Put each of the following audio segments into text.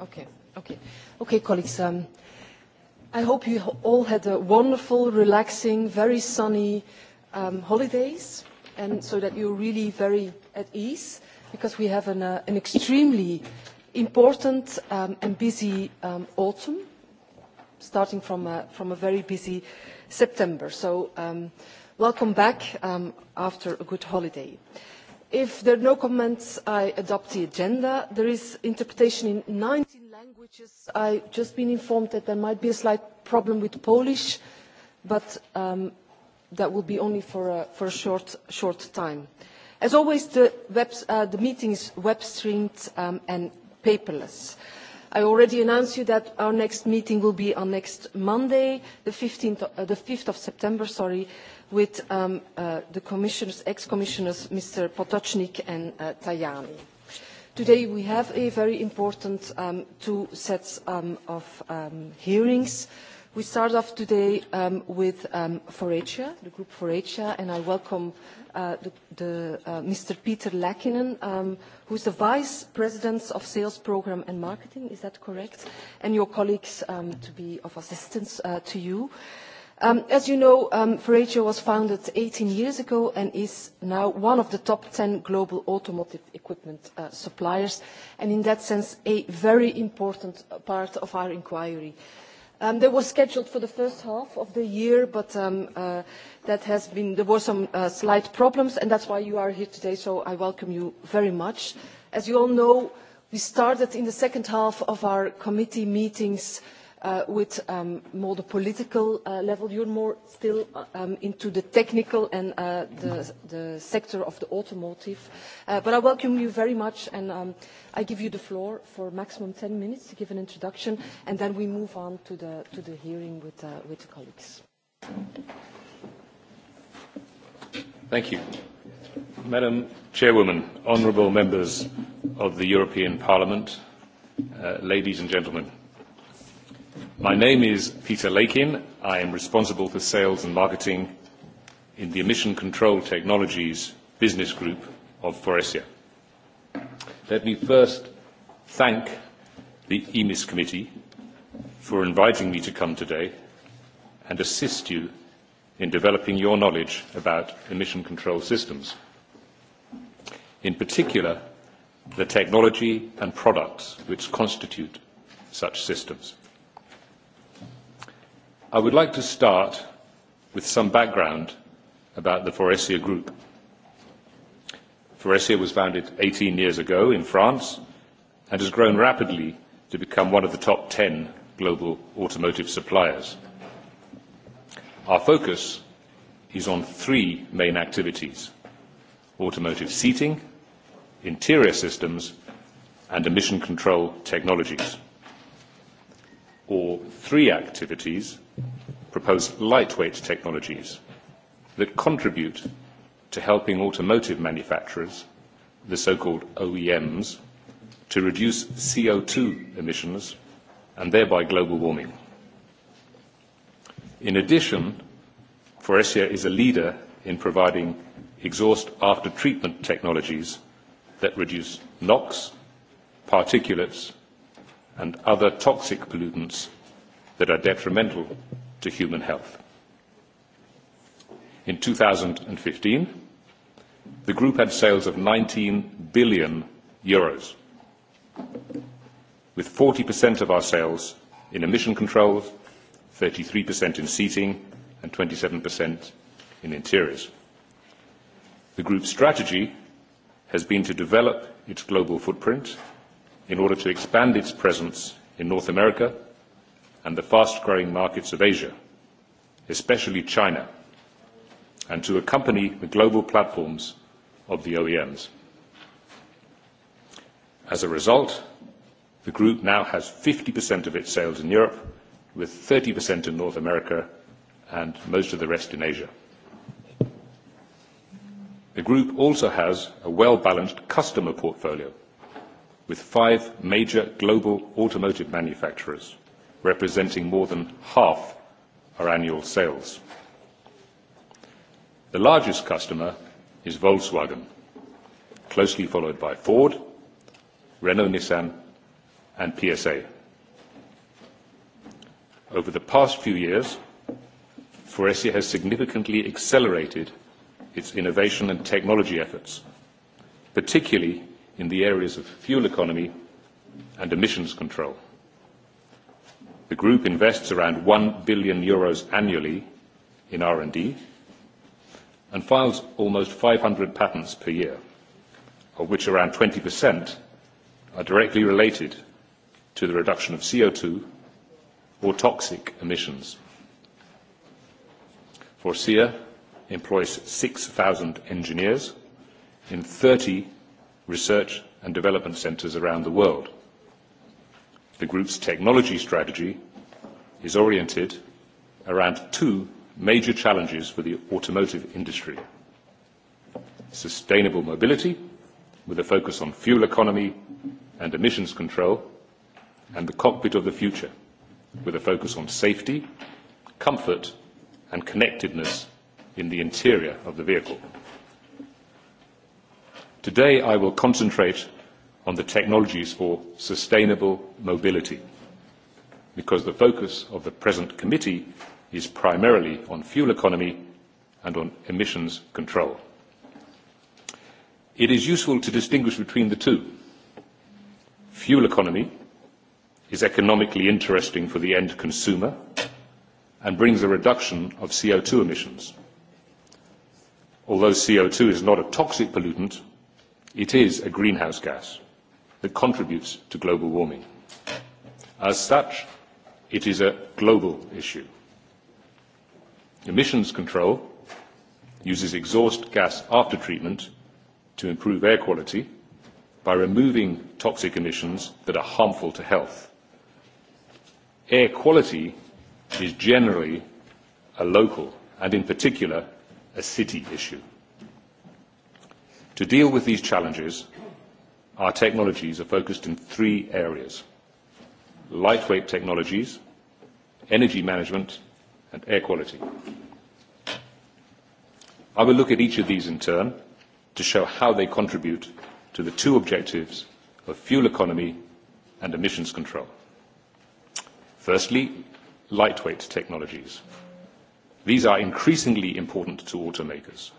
Okay, okay. Okay, colleagues, um, I hope you all had a wonderful, relaxing, very sunny um, holidays, and so that you're really very at ease, because we have an, uh, an extremely important um, and busy um, autumn, starting from a, from a very busy September. So um, welcome back um, after a good holiday. Uh, If there are no comments, I adopt the agenda. There is interpretation in 19 languages. I've just been informed that there might be a slight problem with Polish, but um, that will be only for a, for a short, short time. As always, the, web, uh, the meeting is web-streamed um, and paperless. I already announced you that our next meeting will be on next Monday, the, 15th, uh, the 5th of September, sorry, uh, with um, uh, the commissioners, ex-commissioners Mr. Potocnik and uh, Tajani. Today we have a very important um, two sets um, of um, hearings. We start off today um, with um, Foratia, the group Foratia, and I welcome uh, the, the, uh, Mr. Peter Lackinen, um, who is the Vice President of Sales Program and Marketing, is that correct? And your colleagues um, to be of assistance uh, to you. Uh, Um, as you know, um, Ferragio was founded 18 years ago and is now one of the top 10 global automotive equipment uh, suppliers, and in that sense, a very important uh, part of our inquiry. Um, they were scheduled for the first half of the year, but um, uh, that has been, there were some uh, slight problems, and that's why you are here today, so I welcome you very much. As you all know, we started in the second half of our committee meetings uh, uh, with um, more the political uh, level. You're more still uh, um, into the technical and uh, the, the sector of the automotive. Uh, but I welcome you very much, and um, I give you the floor for maximum 10 minutes to give an introduction, and then we move on to the, to the hearing with, uh, with the colleagues. Thank you. Madam Chairwoman, honourable members of the European Parliament, uh, ladies and gentlemen. My name is Peter Lakin. I am responsible for sales and marketing in the Emission Control Technologies business group of Faurecia. Let me first thank the EMIS committee for inviting me to come today and assist you in developing your knowledge about emission control systems. In particular, the technology and products which constitute such systems. I would like to start with some background about the Faurecia Group. Faurecia was founded 18 years ago in France and has grown rapidly to become one of the top 10 global automotive suppliers. Our focus is on three main activities: automotive seating, interior systems, and emission control technologies. All three activities propose lightweight technologies that contribute to helping automotive manufacturers, the so-called OEMs, to reduce CO2 emissions and thereby global warming. In addition, Faurecia is a leader in providing exhaust after-treatment technologies that reduce NOx, particulates, and other toxic pollutants that are detrimental to human health. In 2015, the group had sales of 19 billion euros, with 40% of our sales in emission controls, 33% in seating, and 27% in interiors. The group's strategy has been to develop its global footprint in order to expand its presence in North America, and the fast-growing markets of Asia, especially China, and to accompany the global platforms of the OEMs. As a result, the group now has 50% of its sales in Europe, with 30% in North America and most of the rest in Asia. The group also has a well-balanced customer portfolio with five major global automotive manufacturers representing more than half our annual sales. The largest customer is Volkswagen, closely followed by Ford, Renault-Nissan, and PSA. Over the past few years, Faurecia has significantly accelerated its innovation and technology efforts, particularly in the areas of fuel economy and emissions control. The group invests around 1 billion euros annually in R&D and files almost 500 patents per year, of which around 20% are directly related to the reduction of CO2 or toxic emissions. Faurecia employs 6,000 engineers in 30 research and development centers around the world the group's technology strategy is oriented around two major challenges for the automotive industry: sustainable mobility, with a focus on fuel economy and emissions control, and the cockpit of the future, with a focus on safety, comfort, and connectedness in the interior of the vehicle. Today, I will concentrate on the technologies for sustainable mobility, because the focus of the present committee is primarily on fuel economy and on emissions control. It is useful to distinguish between the two. Fuel economy is economically interesting for the end consumer and brings a reduction of CO2 emissions. Although CO2 is not a toxic pollutant, it is a greenhouse gas that contributes to global warming. As such, it is a global issue. Emissions control uses exhaust gas after treatment to improve air quality by removing toxic emissions that are harmful to health. Air quality is generally a local and, in particular, a city issue. To deal with these challenges, our technologies are focused in three areas: lightweight technologies, energy management, and air quality. I will look at each of these in turn to show how they contribute to the two objectives of fuel economy and emissions control. Firstly, lightweight technologies. These are increasingly important to automakers,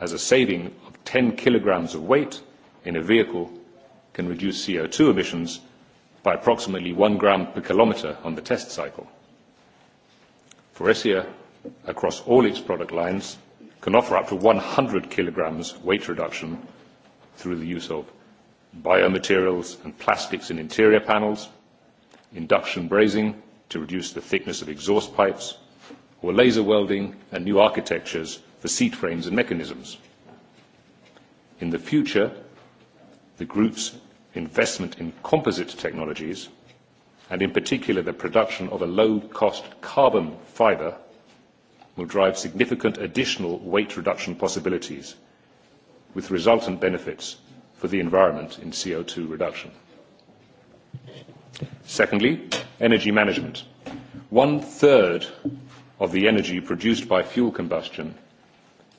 as a saving of 10 kilograms of weight in a vehicle can reduce CO2 emissions by approximately one gram per kilometre on the test cycle. Faurecia, across all its product lines, can offer up to 100 kilograms weight reduction through the use of biomaterials and plastics in interior panels, induction brazing to reduce the thickness of exhaust pipes, or laser welding and new architectures for seat frames and mechanisms. In the future, the group's investment in composite technologies, and in particular, the production of a low-cost carbon fiber, will drive significant additional weight reduction possibilities with resultant benefits for the environment in CO2 reduction. Secondly, energy management. One-third of the energy produced by fuel combustion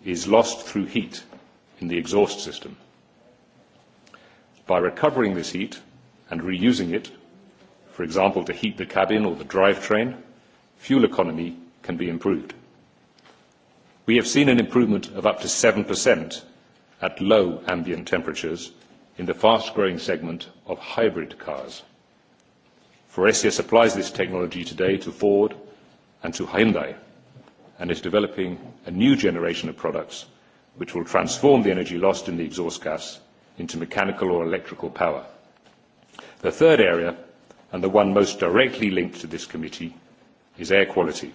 is lost through heat in the exhaust system by recovering this heat and reusing it, for example, to heat the cabin or the drivetrain, fuel economy can be improved. We have seen an improvement of up to 7% at low ambient temperatures in the fast-growing segment of hybrid cars. Faurecia supplies this technology today to Ford and to Hyundai, and is developing a new generation of products which will transform the energy lost in the exhaust gas into mechanical or electrical power. The third area, and the one most directly linked to this committee, is air quality.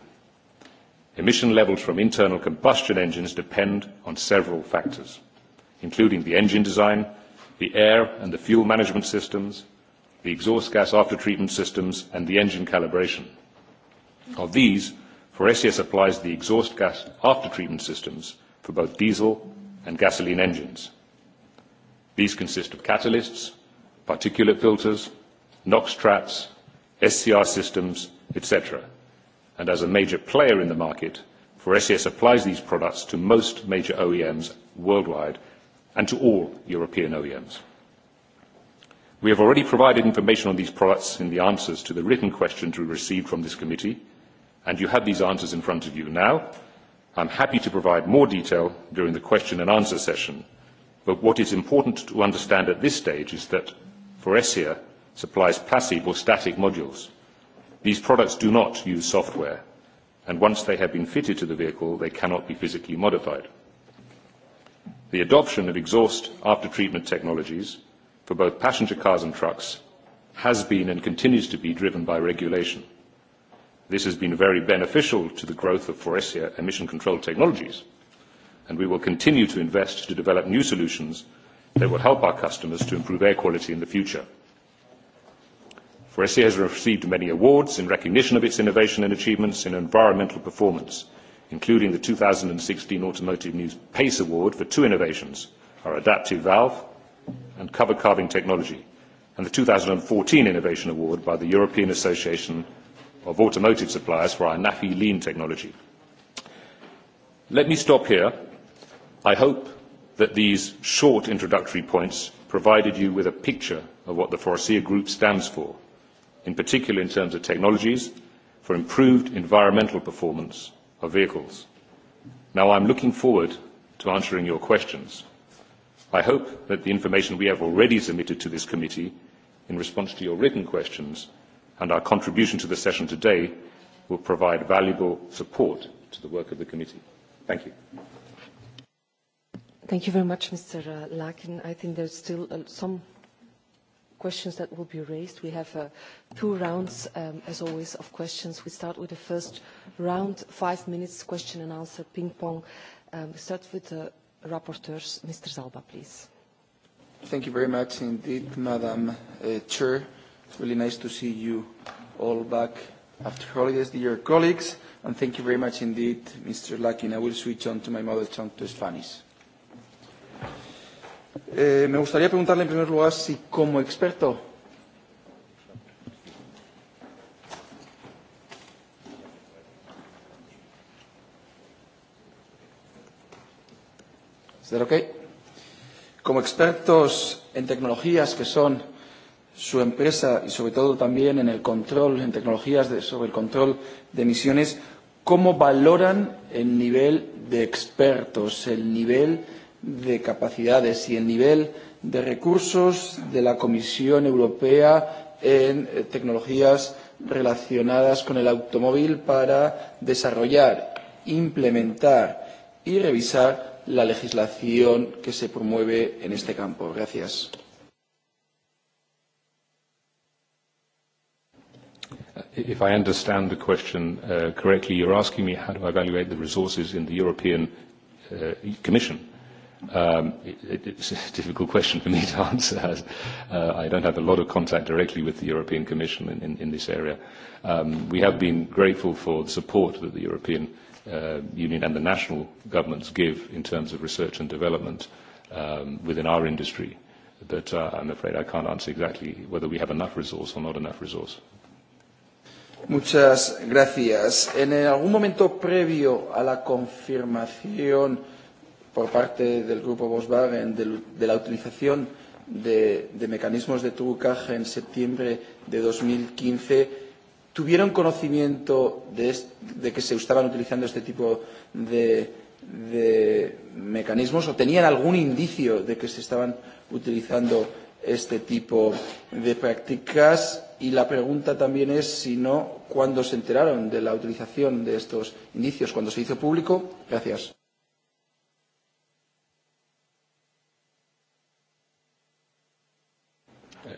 Emission levels from internal combustion engines depend on several factors, including the engine design, the air and the fuel management systems, the exhaust gas aftertreatment systems, and the engine calibration. Of these, Faurecia supplies the exhaust gas aftertreatment systems for both diesel and gasoline engines. These consist of catalysts, particulate filters, NOx traps, SCR systems, etc. And as a major player in the market, Faurecia supplies these products to most major OEMs worldwide and to all European OEMs. We have already provided information on these products in the answers to the written questions we received from this committee, and you have these answers in front of you now. I'm happy to provide more detail during the question and answer session But what is important to understand at this stage is that Faurecia supplies passive or static modules. These products do not use software, and once they have been fitted to the vehicle, they cannot be physically modified. The adoption of exhaust after-treatment technologies for both passenger cars and trucks has been and continues to be driven by regulation. This has been very beneficial to the growth of Faurecia emission control technologies, and we will continue to invest to develop new solutions that will help our customers to improve air quality in the future. Faurecia has received many awards in recognition of its innovation and achievements in environmental performance, including the 2016 Automotive News PACE Award for two innovations, our adaptive valve and cover carving technology, and the 2014 Innovation Award by the European Association of Automotive Suppliers for our NAFI lean technology. Let me stop here I hope that these short introductory points provided you with a picture of what the Faurecia Group stands for, in particular in terms of technologies for improved environmental performance of vehicles. Now, I'm looking forward to answering your questions. I hope that the information we have already submitted to this committee in response to your written questions and our contribution to the session today will provide valuable support to the work of the committee. Thank you. Thank you very much, Mr. Uh, Laken. I think there's still uh, some questions that will be raised. We have uh, two rounds, um, as always, of questions. We start with the first round, five minutes question and answer, ping pong. Um, start with the rapporteurs. Mr. Zalba, please. Thank you very much indeed, Madam uh, Chair. It's really nice to see you all back after holidays, dear colleagues, and thank you very much indeed, Mr. Lakin. I will switch on to my mother tongue, to Spanish. Eh, me gustaría preguntarle en primer lugar si como experto ¿Is that okay? Como expertos en tecnologías que son su empresa y sobre todo también en el control, en tecnologías de, sobre el control de emisiones, ¿cómo valoran el nivel de expertos, el nivel de capacidades y el nivel de recursos de la Comisión Europea en eh, tecnologías relacionadas con el automóvil para desarrollar, implementar y revisar la legislación que se promueve en este campo. Gracias. If I understand the question uh, correctly, you're asking me how to evaluate the resources in the European uh, Commission Um, it, it's a difficult question for me to answer as uh, I don't have a lot of contact directly with the European Commission in, in, in this area. Um, we have been grateful for the support that the European uh, Union and the national governments give in terms of research and development um, within our industry. But uh, I'm afraid I can't answer exactly whether we have enough resource or not enough resource. Muchas gracias. En algún momento previo a la confirmación por parte del grupo Volkswagen de, de la utilización de, de mecanismos de trucaje en septiembre de 2015 tuvieron conocimiento de, de que se estaban utilizando este tipo de, de mecanismos o tenían algún indicio de que se estaban utilizando este tipo de prácticas y la pregunta también es si no, ¿cuándo se enteraron de la utilización de estos indicios? ¿Cuándo se hizo público? Gracias.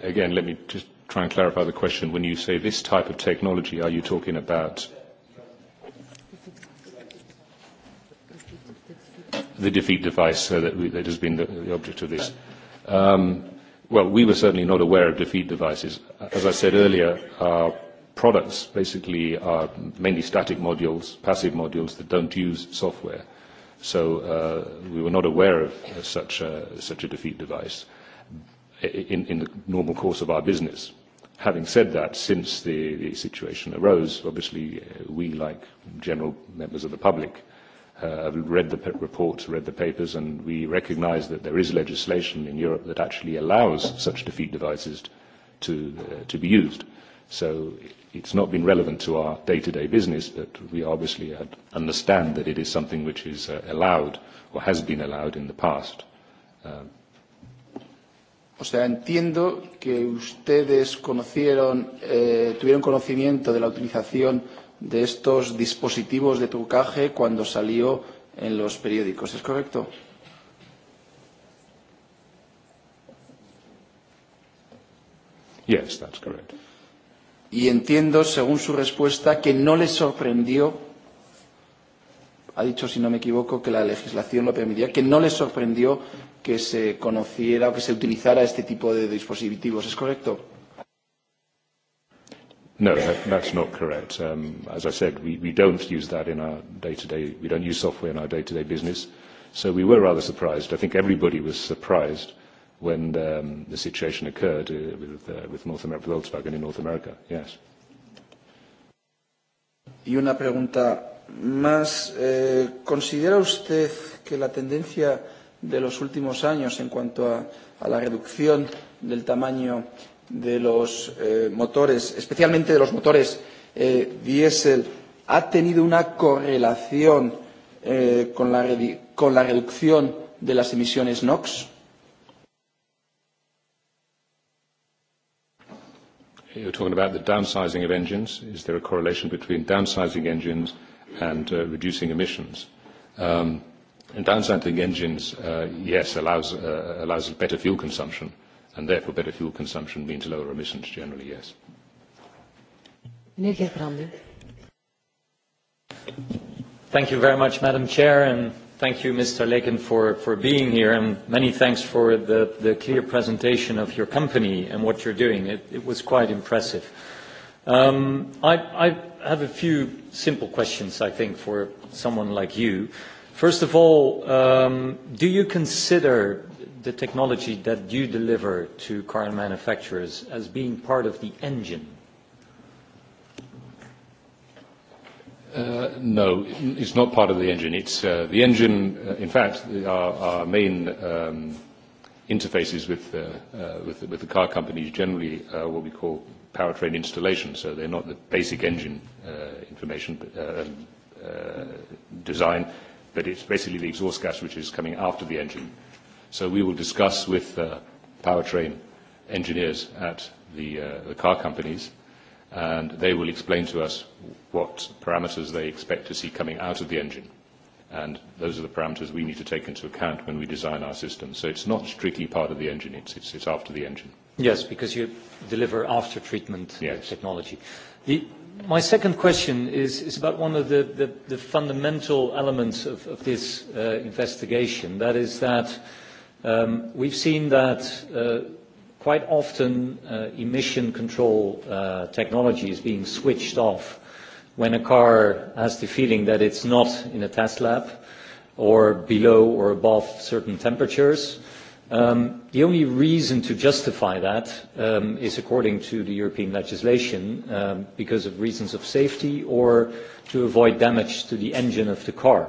again, let me just try and clarify the question. When you say this type of technology, are you talking about the defeat device uh, that, we, that has been the, the object of this? Um, well, we were certainly not aware of defeat devices. As I said earlier, our products basically are mainly static modules, passive modules that don't use software. So uh, we were not aware of uh, such, a, such a defeat device. Uh, in, in the normal course of our business. Having said that, since the, the situation arose, obviously uh, we, like general members of the public, uh, have read the reports, read the papers, and we recognise that there is legislation in Europe that actually allows such defeat devices to, uh, to be used. So it's not been relevant to our day-to-day -day business, but we obviously understand that it is something which is uh, allowed or has been allowed in the past. Um, O sea, entiendo que ustedes conocieron, eh, tuvieron conocimiento de la utilización de estos dispositivos de trucaje cuando salió en los periódicos. ¿Es correcto? Yes, that's correct. Y entiendo, según su respuesta, que no les sorprendió ha dicho, si no me equivoco, que la legislación lo permitía, que no les sorprendió que se conociera o que se utilizara este tipo de dispositivos. ¿Es correcto? No, that, that's not correct. Um, as I said, we, we don't use that in our day-to-day. -day, we don't use software in our day-to-day -day business. So we were rather surprised. I think everybody was surprised when the, um, the situation occurred uh, with, uh, with North America, Volkswagen in North America. Yes. Y una pregunta más eh, considera usted que la tendencia de los últimos años en cuanto a, a la reducción del tamaño de los eh, motores, especialmente de los motores eh, diésel, ha tenido una correlación eh, con, la con la reducción de las emisiones NOx? You're talking about the downsizing of engines. Is there a correlation between downsizing engines and uh, reducing emissions. Um, and downcycling engines, uh, yes, allows, uh, allows better fuel consumption, and therefore better fuel consumption means lower emissions generally, yes. Meneer Gerbrandy. Thank you very much, Madam Chair, and thank you, Mr. Leken, for, for being here, and many thanks for the, the clear presentation of your company and what you're doing. It, it was quite impressive. Uh, Um, I, I have a few simple questions, I think, for someone like you. First of all, um, do you consider the technology that you deliver to car manufacturers as being part of the engine? Uh, no, it's not part of the engine. It's uh, the engine. Uh, in fact, our, our main um, interfaces with, uh, uh, with, with the car companies generally uh, what we call powertrain installation, so they're not the basic engine uh, information uh, um, uh, design, but it's basically the exhaust gas which is coming after the engine. So we will discuss with uh, powertrain engineers at the, uh, the car companies, and they will explain to us what parameters they expect to see coming out of the engine. And those are the parameters we need to take into account when we design our system. So it's not strictly part of the engine, it's, it's, it's after the engine. Yes, because you deliver after treatment yes. technology. The, my second question is, is about one of the, the, the fundamental elements of, of this uh, investigation. That is that um, we've seen that uh, quite often uh, emission control uh, technology is being switched off when a car has the feeling that it's not in a test lab or below or above certain temperatures. Uh, Um, the only reason to justify that um, is according to the European legislation um, because of reasons of safety or to avoid damage to the engine of the car.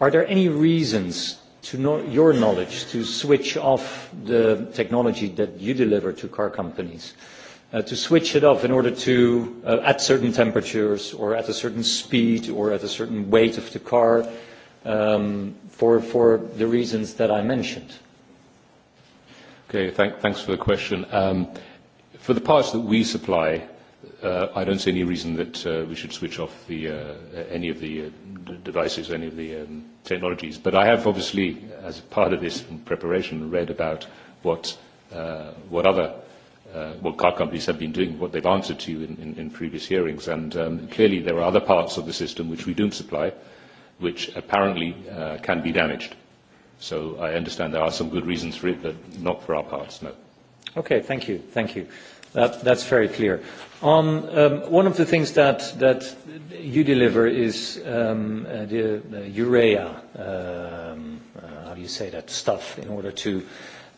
Are there any reasons, to no your knowledge, to switch off the technology that you deliver to car companies? Uh, to switch it off in order to, uh, at certain temperatures or at a certain speed or at a certain weight of the car, um, for, for the reasons that I mentioned? Uh, Okay, thank, thanks for the question. Um, for the parts that we supply, uh, I don't see any reason that uh, we should switch off the, uh, any of the uh, devices, any of the um, technologies. But I have obviously, as part of this preparation, read about what, uh, what other uh, what car companies have been doing, what they've answered to you in, in, in previous hearings. And um, clearly, there are other parts of the system which we don't supply, which apparently can be damaged. So I understand there are some good reasons for it, but not for our parts, no. Okay, thank you. Thank you. That, that's very clear. On um, one of the things that, that you deliver is um, uh, the, the urea, um, uh, how do you say that, stuff in order to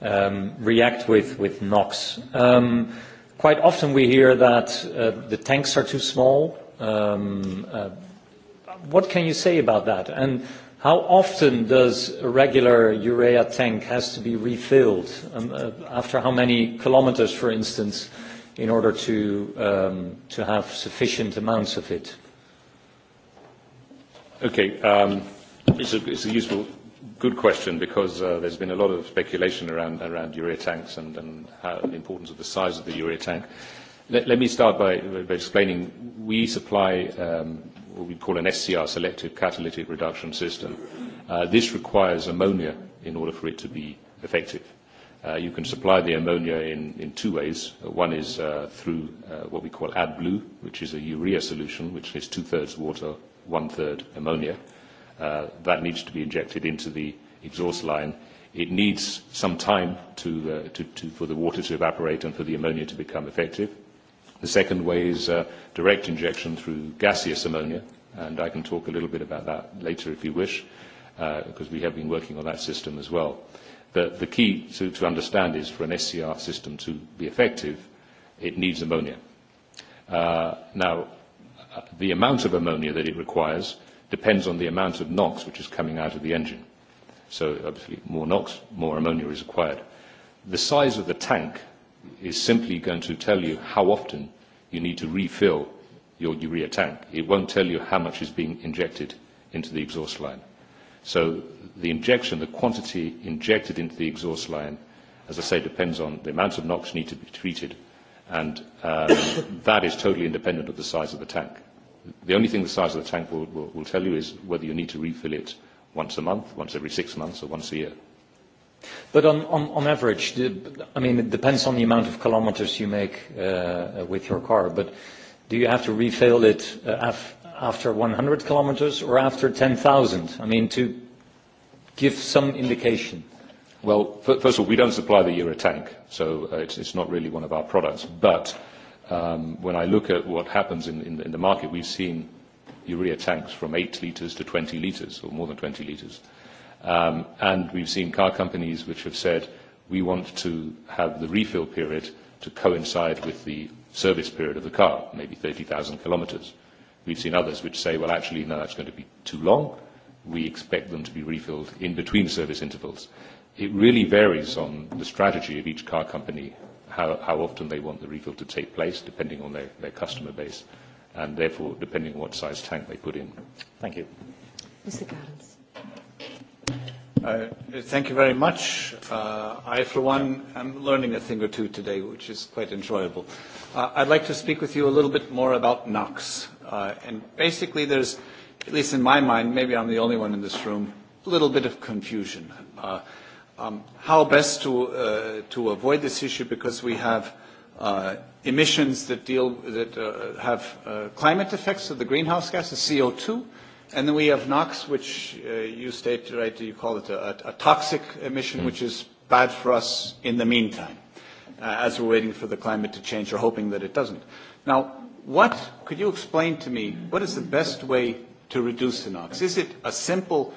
um, react with, with NOx. Um, quite often we hear that uh, the tanks are too small. Um, uh, what can you say about that? And How often does a regular urea tank has to be refilled? Um, uh, after how many kilometers, for instance, in order to, um, to have sufficient amounts of it? Okay. Um, it's, a, it's a useful, good question because uh, there's been a lot of speculation around, around urea tanks and, and how, the importance of the size of the urea tank. Let, let me start by, by explaining. We supply um, what we call an SCR, selective catalytic reduction system. Uh, this requires ammonia in order for it to be effective. Uh, you can supply the ammonia in, in two ways. Uh, one is uh, through uh, what we call AdBlue, which is a urea solution, which is two-thirds water, one-third ammonia. Uh, that needs to be injected into the exhaust line. It needs some time to, uh, to, to, for the water to evaporate and for the ammonia to become effective. The second way is uh, direct injection through gaseous ammonia, and I can talk a little bit about that later if you wish, uh, because we have been working on that system as well. The, the key to, to understand is for an SCR system to be effective, it needs ammonia. Uh, now, the amount of ammonia that it requires depends on the amount of NOx which is coming out of the engine. So obviously, more NOx, more ammonia is required. The size of the tank is simply going to tell you how often you need to refill your urea tank. It won't tell you how much is being injected into the exhaust line. So the injection, the quantity injected into the exhaust line, as I say, depends on the amount of NOx need to be treated, and um, that is totally independent of the size of the tank. The only thing the size of the tank will, will, will tell you is whether you need to refill it once a month, once every six months, or once a year. But on, on, on average, I mean, it depends on the amount of kilometers you make uh, uh with your car, but do you have to refill it uh, af after 100 kilometers or after 10,000? I mean, to give some indication. Well, first of all, we don't supply the Euro tank, so uh, it's, it's not really one of our products. But um, when I look at what happens in, in, in the market, we've seen urea tanks from 8 liters to 20 liters or more than 20 liters. Uh, Um, and we've seen car companies which have said, "We want to have the refill period to coincide with the service period of the car, maybe 30,000 kilometers." We've seen others which say, "Well, actually, no, that's going to be too long. We expect them to be refilled in between service intervals." It really varies on the strategy of each car company, how, how often they want the refill to take place, depending on their, their customer base, and therefore, depending on what size tank they put in. Thank you. Mr. Gardens. Uh, thank you very much. Uh, I, for one, am learning a thing or two today, which is quite enjoyable. Uh, I'd like to speak with you a little bit more about NOx. Uh, and basically, there's, at least in my mind, maybe I'm the only one in this room, a little bit of confusion. Uh, um, how best to, uh, to avoid this issue because we have uh, emissions that, deal, that uh, have uh, climate effects of the greenhouse gases, CO2, And then we have NOx, which uh, you state, right, you call it a, a, a toxic emission, mm. which is bad for us in the meantime, uh, as we're waiting for the climate to change or hoping that it doesn't. Now, what, could you explain to me, what is the best way to reduce the NOx? Is it a simple,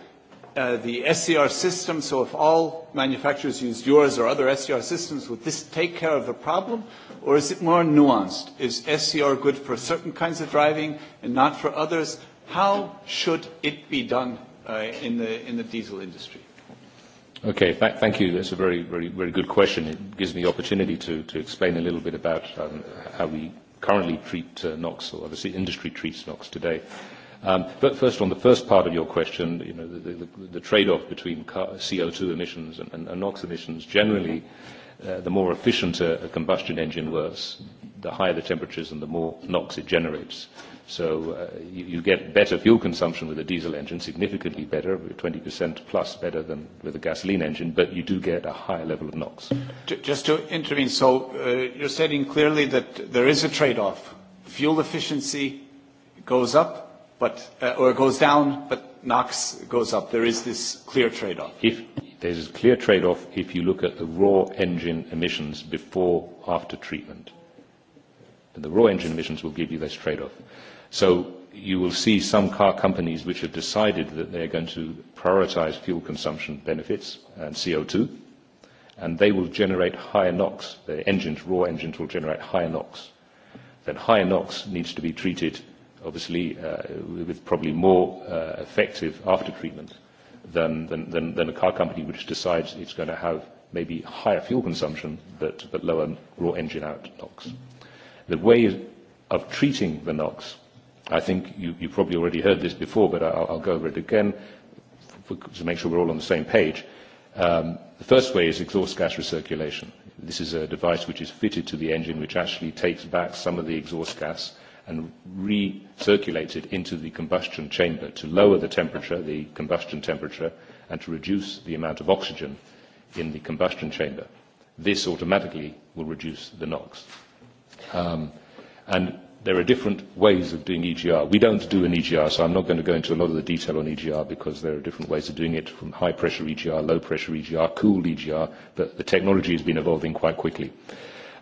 uh, the SCR system, so if all manufacturers used yours or other SCR systems, would this take care of the problem? Or is it more nuanced? Is SCR good for certain kinds of driving and not for others? How should it be done uh, in, the, in the diesel industry? Okay. Th thank you. That's a very, very, very good question. It gives me the opportunity to, to explain a little bit about um, how we currently treat uh, NOx, or obviously industry treats NOx today. Um, but first, on the first part of your question, you know, the, the, the trade-off between car, CO2 emissions and, and, and NOx emissions, generally, uh, the more efficient a, a combustion engine was, the higher the temperatures and the more NOx it generates. Uh, So uh, you, you get better fuel consumption with a diesel engine, significantly better, 20% plus better than with a gasoline engine, but you do get a higher level of NOx. Just to intervene, so uh, you're stating clearly that there is a trade-off. Fuel efficiency goes up, but uh, or goes down, but NOx goes up. There is this clear trade-off. If there's a clear trade-off if you look at the raw engine emissions before after treatment. And the raw engine emissions will give you this trade-off So you will see some car companies which have decided that they're going to prioritize fuel consumption benefits and CO2, and they will generate higher NOx. The engines, raw engines will generate higher NOx. That higher NOx needs to be treated, obviously, uh, with probably more uh, effective after-treatment than, than, than, than a car company which decides it's going to have maybe higher fuel consumption but, but lower raw engine out NOx. The way of treating the NOx I think you, you probably already heard this before, but I'll, I'll go over it again to make sure we're all on the same page. Um, the first way is exhaust gas recirculation. This is a device which is fitted to the engine, which actually takes back some of the exhaust gas and recirculates it into the combustion chamber to lower the temperature, the combustion temperature, and to reduce the amount of oxygen in the combustion chamber. This automatically will reduce the NOx. Um, and There are different ways of doing EGR. We don't do an EGR, so I'm not going to go into a lot of the detail on EGR because there are different ways of doing it from high pressure EGR, low pressure EGR, cool EGR, but the technology has been evolving quite quickly.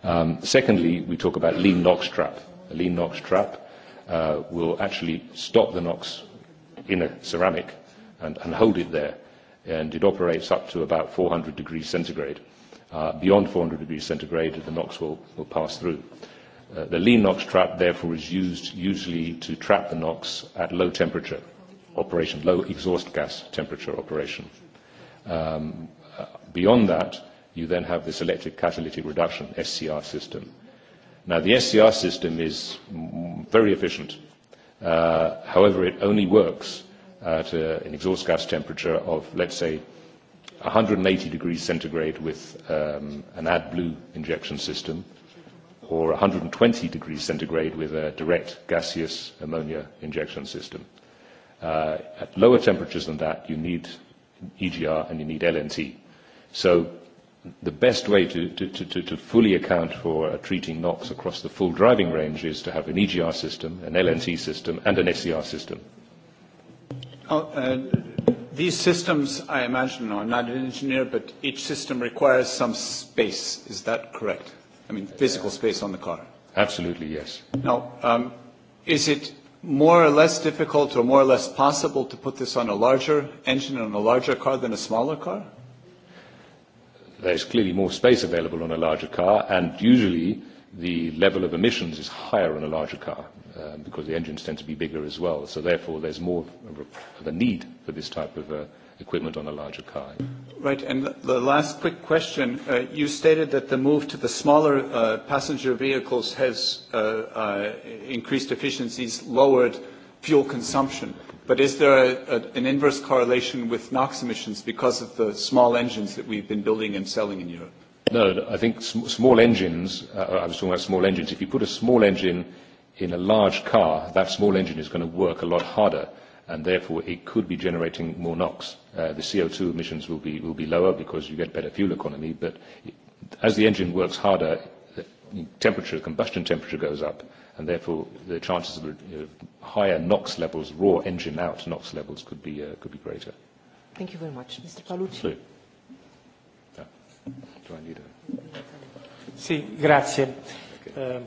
Um, secondly, we talk about lean NOx trap. A lean NOx trap uh, will actually stop the NOx in a ceramic and, and hold it there, and it operates up to about 400 degrees centigrade. Uh, beyond 400 degrees centigrade, the NOx will, will pass through. Uh, Uh, the lean NOx trap, therefore, is used usually to trap the NOx at low temperature operation, low exhaust gas temperature operation. Um, uh, beyond that, you then have the selective catalytic reduction, SCR system. Now, the SCR system is very efficient. Uh, however, it only works at uh, an exhaust gas temperature of, let's say, 180 degrees centigrade with um, an AdBlue injection system or 120 degrees centigrade with a direct gaseous ammonia injection system. Uh, at lower temperatures than that, you need EGR and you need LNT. So the best way to, to, to, to fully account for treating NOx across the full driving range is to have an EGR system, an LNT system, and an SCR e system. Oh, uh, these systems, I imagine, no, I'm not an engineer, but each system requires some space. Is that correct? I mean, physical space on the car. Absolutely, yes. Now, um, is it more or less difficult or more or less possible to put this on a larger engine on a larger car than a smaller car? There's clearly more space available on a larger car, and usually the level of emissions is higher on a larger car um, because the engines tend to be bigger as well. So therefore, there's more of a need for this type of uh, equipment on a larger car. Right. And the last quick question. Uh, you stated that the move to the smaller uh, passenger vehicles has uh, uh, increased efficiencies, lowered fuel consumption. But is there a, a, an inverse correlation with NOx emissions because of the small engines that we've been building and selling in Europe? No, no I think sm small engines, uh, I was talking about small engines. If you put a small engine in a large car, that small engine is going to work a lot harder and therefore it could be generating more NOx. Uh, the CO2 emissions will be, will be lower because you get better fuel economy, but it, as the engine works harder, temperature, combustion temperature goes up, and therefore the chances of uh, higher NOx levels, raw engine out NOx levels, could be, uh, could be greater. Thank you very much. Mr. Paolucci. Sì. Yeah. Do I need a... Sì, grazie. Okay. Eh,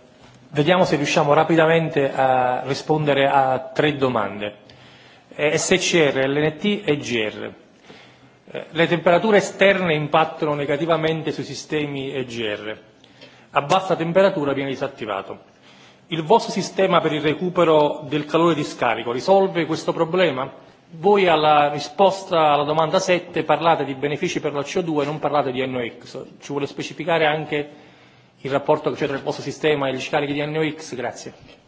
vediamo se riusciamo rapidamente a rispondere a tre domande. SCR, LNT e GR. Eh, le temperature esterne impattano negativamente sui sistemi EGR. A bassa temperatura viene disattivato. Il vostro sistema per il recupero del calore di scarico risolve questo problema? Voi alla risposta alla domanda 7 parlate di benefici per la CO2 e non parlate di NOx. Ci vuole specificare anche il rapporto che c'è tra il vostro sistema e gli scarichi di NOx? Grazie.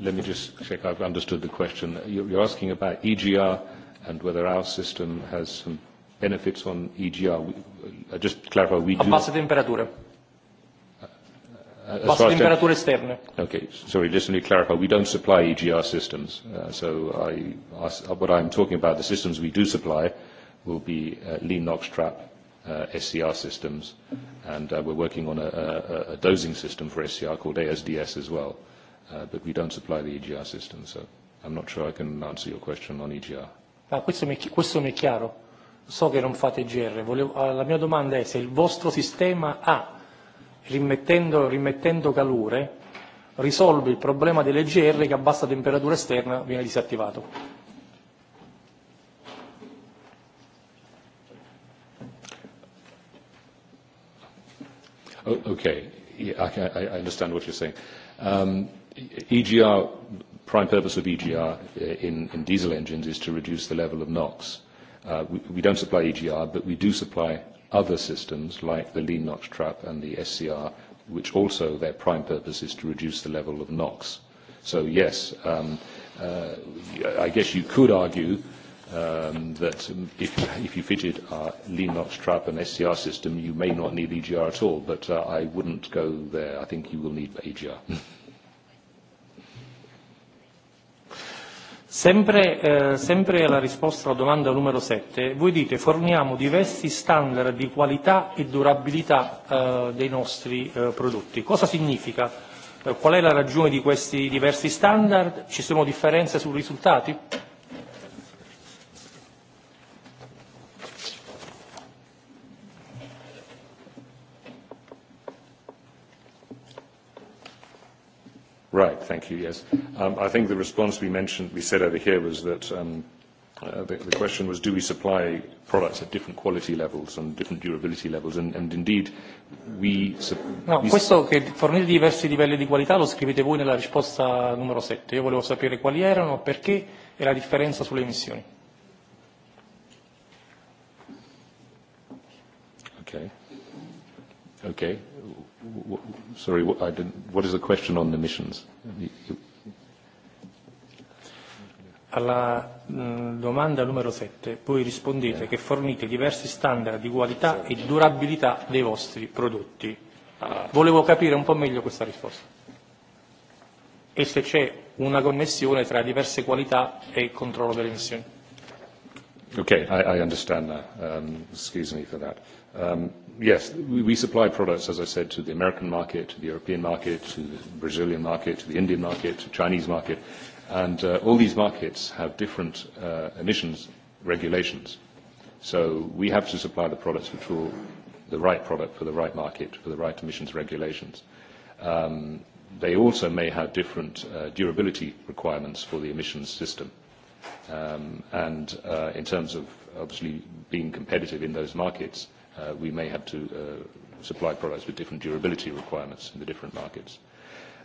Let me just check I've understood the question. You're asking about EGR and whether our system has some benefits on EGR. Uh, just to clarify, we do- A basse temperature. Uh, as far as- Basse temperature esterne. Okay. Sorry, just let me clarify. We don't supply EGR systems. Uh, I, what I'm talking about, the systems we do supply will be lean NOx trap SCR systems, and we're working on a dosing system for SCR called ASDS as well uh, but we don't supply the EGR system, so I'm not sure I can answer your question on EGR. Ah, questo, mi, questo mi è chiaro. So che non fate EGR. Volevo, uh, la mia domanda è se il vostro sistema ha, rimettendo, rimettendo calore, risolve il problema dell'EGR che a bassa temperatura esterna viene disattivato. Oh, okay. Yeah, I, I understand what you're saying. Um, EGR, prime purpose of EGR uh, in, in diesel engines is to reduce the level of NOx. Uh, we, we don't supply EGR, but we do supply other systems like the lean NOx trap and the SCR, which also their prime purpose is to reduce the level of NOx. So yes, um, uh, I guess you could argue um, that if, if you fitted our lean NOx trap and SCR system, you may not need EGR at all, but uh, I wouldn't go there. I think you will need EGR. Sempre, eh, sempre alla risposta alla domanda numero 7, voi dite forniamo diversi standard di qualità e durabilità eh, dei nostri eh, prodotti. Cosa significa? Eh, qual è la ragione di questi diversi standard? Ci sono differenze sui risultati? Right. Thank you. Yes. Um, I think the response we mentioned, we said over here was that um, uh, the, the question was, do we supply products at different quality levels and different durability levels? And, and indeed, we- No, we questo che fornire diversi livelli di qualità lo scrivete voi nella risposta numero 7. Io volevo sapere quali erano, perché e la differenza sulle emissioni. Okay. Okay what, sorry, what, I didn't, what is the question on emissions? You, you... Alla mh, mm, domanda numero 7 voi rispondete yeah. che fornite diversi standard di qualità e di durabilità dei vostri prodotti. Volevo capire un po' meglio questa risposta e se c'è una connessione tra diverse qualità e il controllo delle emissioni. Okay, I, I understand that. Um, excuse me for that. Um, Yes, we supply products, as I said, to the American market, to the European market, to the Brazilian market, to the Indian market, to Chinese market. And uh, all these markets have different uh, emissions regulations. So we have to supply the products which will the right product for the right market, for the right emissions regulations. Um, they also may have different uh, durability requirements for the emissions system. Um, and uh, in terms of obviously being competitive in those markets, uh, we may have to uh, supply products with different durability requirements in the different markets.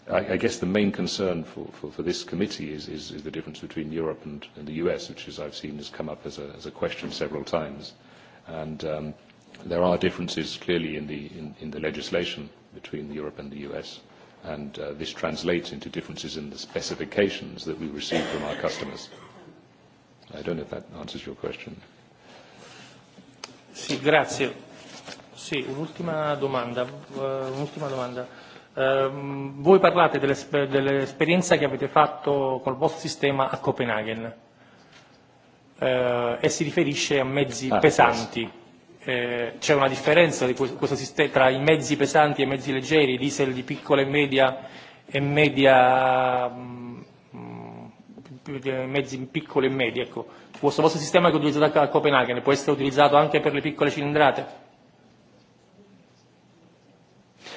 I, I guess the main concern for, for, for this committee is, is, is the difference between Europe and, and the US, which as I've seen has come up as a, as a question several times. And um, there are differences clearly in the, in, in the legislation between Europe and the US, and uh, this translates into differences in the specifications that we receive from our customers. I don't know if that answers your question. Uh, Sì, grazie. Sì, un'ultima domanda. Uh, un'ultima domanda. Uh, voi parlate dell'esper- dell'esperienza che avete fatto col vostro sistema a Copenaghen uh, e si riferisce a mezzi ah, pesanti. Yes. Eh, c'è una differenza di questo, questo sistema, tra i mezzi pesanti e i mezzi leggeri, diesel di piccola e media e media mh, mm, Eh, mezzi piccoli e medi. Ecco. Questo vostro sistema che utilizzate a Copenaghen può essere utilizzato anche per le piccole cilindrate?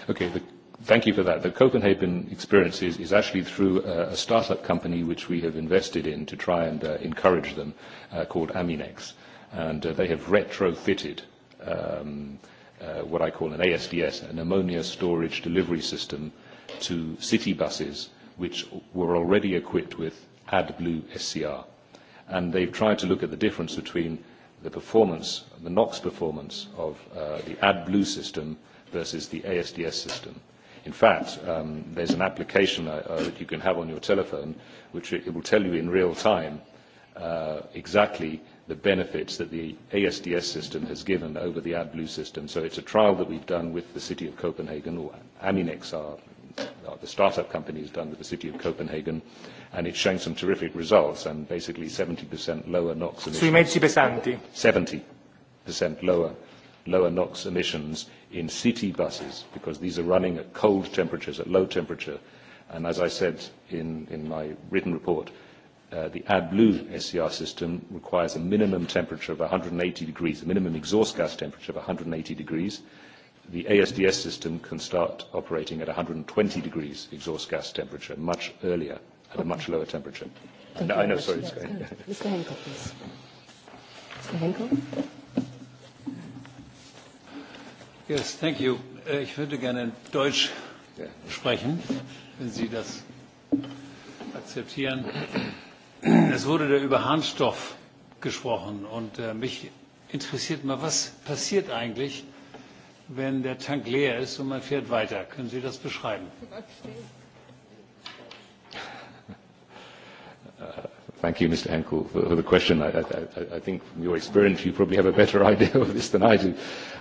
Okay, the, thank you for that. The Copenhagen experience is, is actually through a, a startup company which we have invested in to try and uh, encourage them uh, called Aminex. And uh, they have retrofitted um, uh, what I call an ASDS, an ammonia storage delivery system, to city buses which were already equipped with AdBlue SCR. And they've tried to look at the difference between the performance, the NOx performance of uh, the AdBlue system versus the ASDS system. In fact, um, there's an application uh, uh, that you can have on your telephone, which it will tell you in real time uh, exactly the benefits that the ASDS system has given over the AdBlue system. So it's a trial that we've done with the City of Copenhagen, or Aminex, our uh, the startup company has done with the city of Copenhagen, and it's showing some terrific results and basically 70% lower NOx emissions. Sui mezzi pesanti. 70% lower lower NOx emissions in city buses because these are running at cold temperatures, at low temperature. And as I said in, in my written report, uh, the AdBlue SCR system requires a minimum temperature of 180 degrees, a minimum exhaust gas temperature of 180 degrees the ASDS system can start operating at 120 degrees exhaust gas temperature much earlier at okay. a much lower temperature. Thank no, I know, much. sorry. Yes. Going. Uh, Mr. Henkel, please. Mr. Henkel. Yes, thank you. Äh, ich würde gerne in Deutsch yeah. sprechen, wenn Sie das akzeptieren. Es wurde da über Harnstoff gesprochen und äh, mich interessiert mal, was passiert eigentlich, wenn der Tank leer ist und man fährt weiter. Können Sie das beschreiben? Uh, thank you, Mr. Henkel, for, for the question. I, I, I think from your experience, you probably have a better idea of this than I do.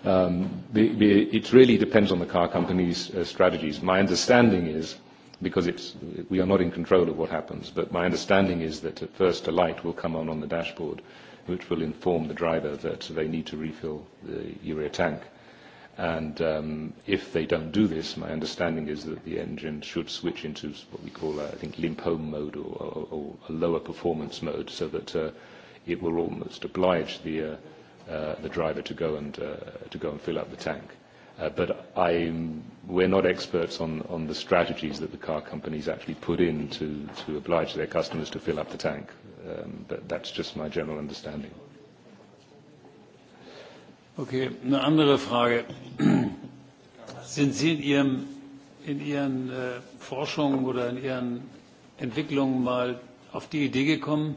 Um, the, the, it really depends on the car company's uh, strategies. My understanding is, because it's, we are not in control of what happens, but my understanding is that at first a light will come on on the dashboard, which will inform the driver that they need to refill the urea tank. Uh, And um, if they don't do this, my understanding is that the engine should switch into what we call, uh, I think, limp home mode or, or, or a lower performance mode, so that uh, it will almost oblige the uh, uh, the driver to go and uh, to go and fill up the tank. Uh, but I'm, we're not experts on, on the strategies that the car companies actually put in to, to oblige their customers to fill up the tank. Um, but that's just my general understanding. Mm-hmm. Okay, eine andere Frage. Sind Sie in, Ihrem, in Ihren äh, Forschungen oder in Ihren Entwicklungen mal auf die Idee gekommen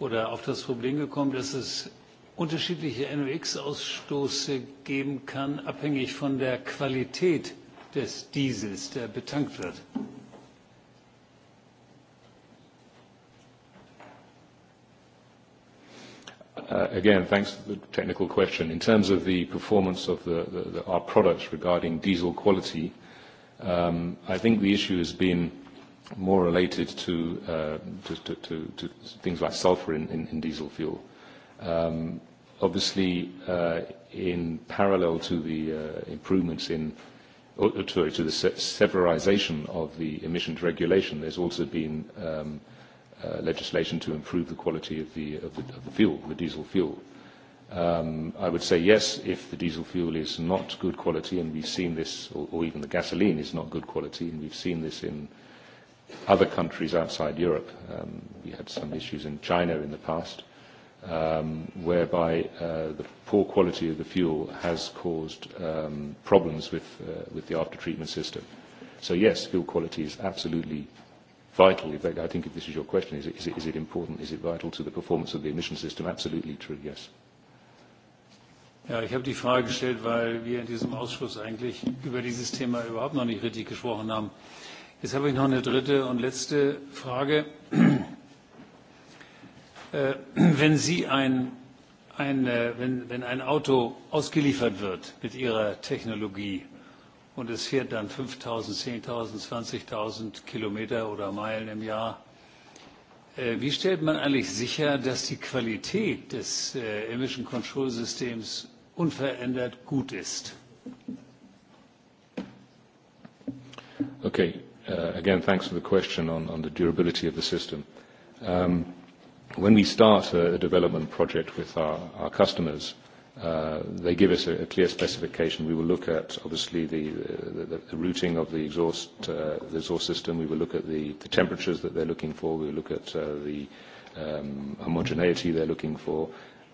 oder auf das Problem gekommen, dass es unterschiedliche NOx-Ausstoße geben kann, abhängig von der Qualität des Diesels, der betankt wird? Uh, again, thanks for the technical question. In terms of the performance of the, the, the, our products regarding diesel quality, um, I think the issue has been more related to, uh, to, to, to things like sulfur in, in, in diesel fuel. Um, obviously, uh, in parallel to the uh, improvements in or, oh, sorry, to the se severization of the emissions regulation, there's also been um, uh, legislation to improve the quality of the, of the, of the fuel, the diesel fuel. Um, I would say yes, if the diesel fuel is not good quality, and we've seen this, or, or even the gasoline is not good quality, and we've seen this in other countries outside Europe. Um, we had some issues in China in the past, um, whereby uh, the poor quality of the fuel has caused um, problems with, uh, with the after-treatment system. So yes, fuel quality is absolutely vital, if that, I think if this is your question, is it, is, it, is it important, is it vital to the performance of the emission system? Absolutely true, yes. Ja, ich habe die Frage gestellt, weil wir in diesem Ausschuss eigentlich über dieses Thema überhaupt noch nicht richtig gesprochen haben. Jetzt habe ich noch eine dritte und letzte Frage. Äh, wenn Sie ein, ein, äh, wenn, wenn ein Auto ausgeliefert wird mit Ihrer Technologie, und es fährt dann 5.000, 10.000, 20.000 Kilometer oder Meilen im Jahr. Äh, wie stellt man eigentlich sicher, dass die Qualität des äh, Emission Control Systems unverändert gut ist? Okay. Uh, again, thanks for the question on, on the durability of the system. Um, when we start a, a development project with our, our customers, Uh, they give us a, a clear specification. We will look at, obviously, the, uh, the, the routing of the exhaust, uh, the exhaust system. We will look at the, the temperatures that they're looking for. We will look at uh, the um, homogeneity they're looking for,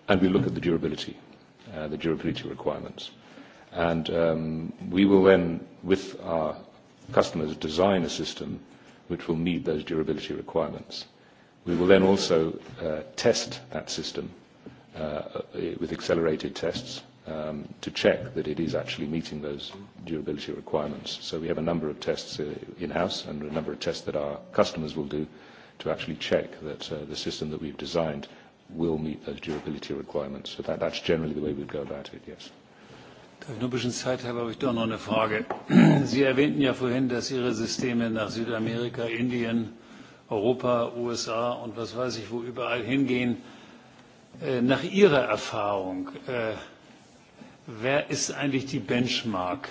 and we look at the durability, uh, the durability requirements. And um, we will then, with our customers, design a system which will meet those durability requirements. We will then also uh, test that system uh, Uh, uh, with accelerated tests um, to check that it is actually meeting those durability requirements. So we have a number of tests uh, in-house and a number of tests that our customers will do to actually check that uh, the system that we've designed will meet those durability requirements. So that, that's generally the way we'd go about it, yes. Darf ich nur ein bisschen Zeit haben, habe ich doch noch eine Frage. Sie erwähnten ja vorhin, dass Ihre Systeme nach Südamerika, Indien, Europa, USA und was weiß ich wo überall hingehen. Äh, Äh, nach Ihrer Erfahrung, äh, wer ist eigentlich die Benchmark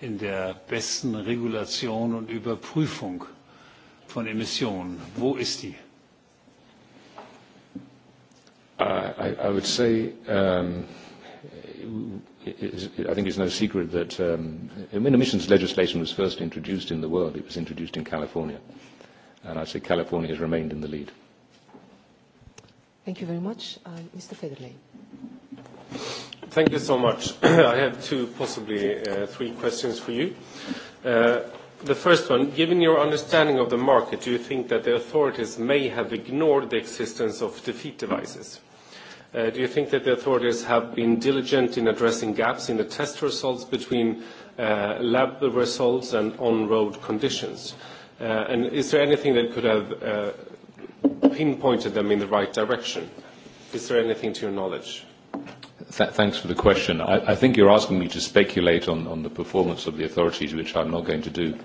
in der besten Regulation und Überprüfung von Emissionen? Wo ist die? I, I would say um, I think it's no secret that um, when emissions legislation was first introduced in the world, it was introduced in California. And I'd say California has remained in the lead. Uh, Thank you very much. Uh, Mr. Federley. Thank you so much. I have two, possibly uh, three questions for you. Uh, the first one, given your understanding of the market, do you think that the authorities may have ignored the existence of defeat devices? Uh, do you think that the authorities have been diligent in addressing gaps in the test results between uh, lab results and on-road conditions? Uh, and is there anything that could have uh, pinpointed them in the right direction? Is there anything to your knowledge? Th thanks for the question. I, I think you're asking me to speculate on, on the performance of the authorities, which I'm not going to do.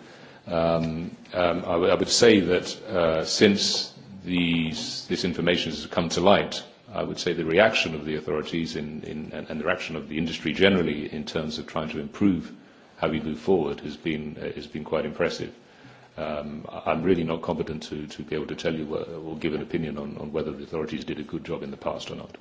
Um, um, I, I would say that uh, since these, this information has come to light, I would say the reaction of the authorities in, in, and, and the reaction of the industry generally in terms of trying to improve how we move forward has been, uh, has been quite impressive. Uh, um, I'm really not competent to, to be able to tell you uh, or give an opinion on, on whether the authorities did a good job in the past or not.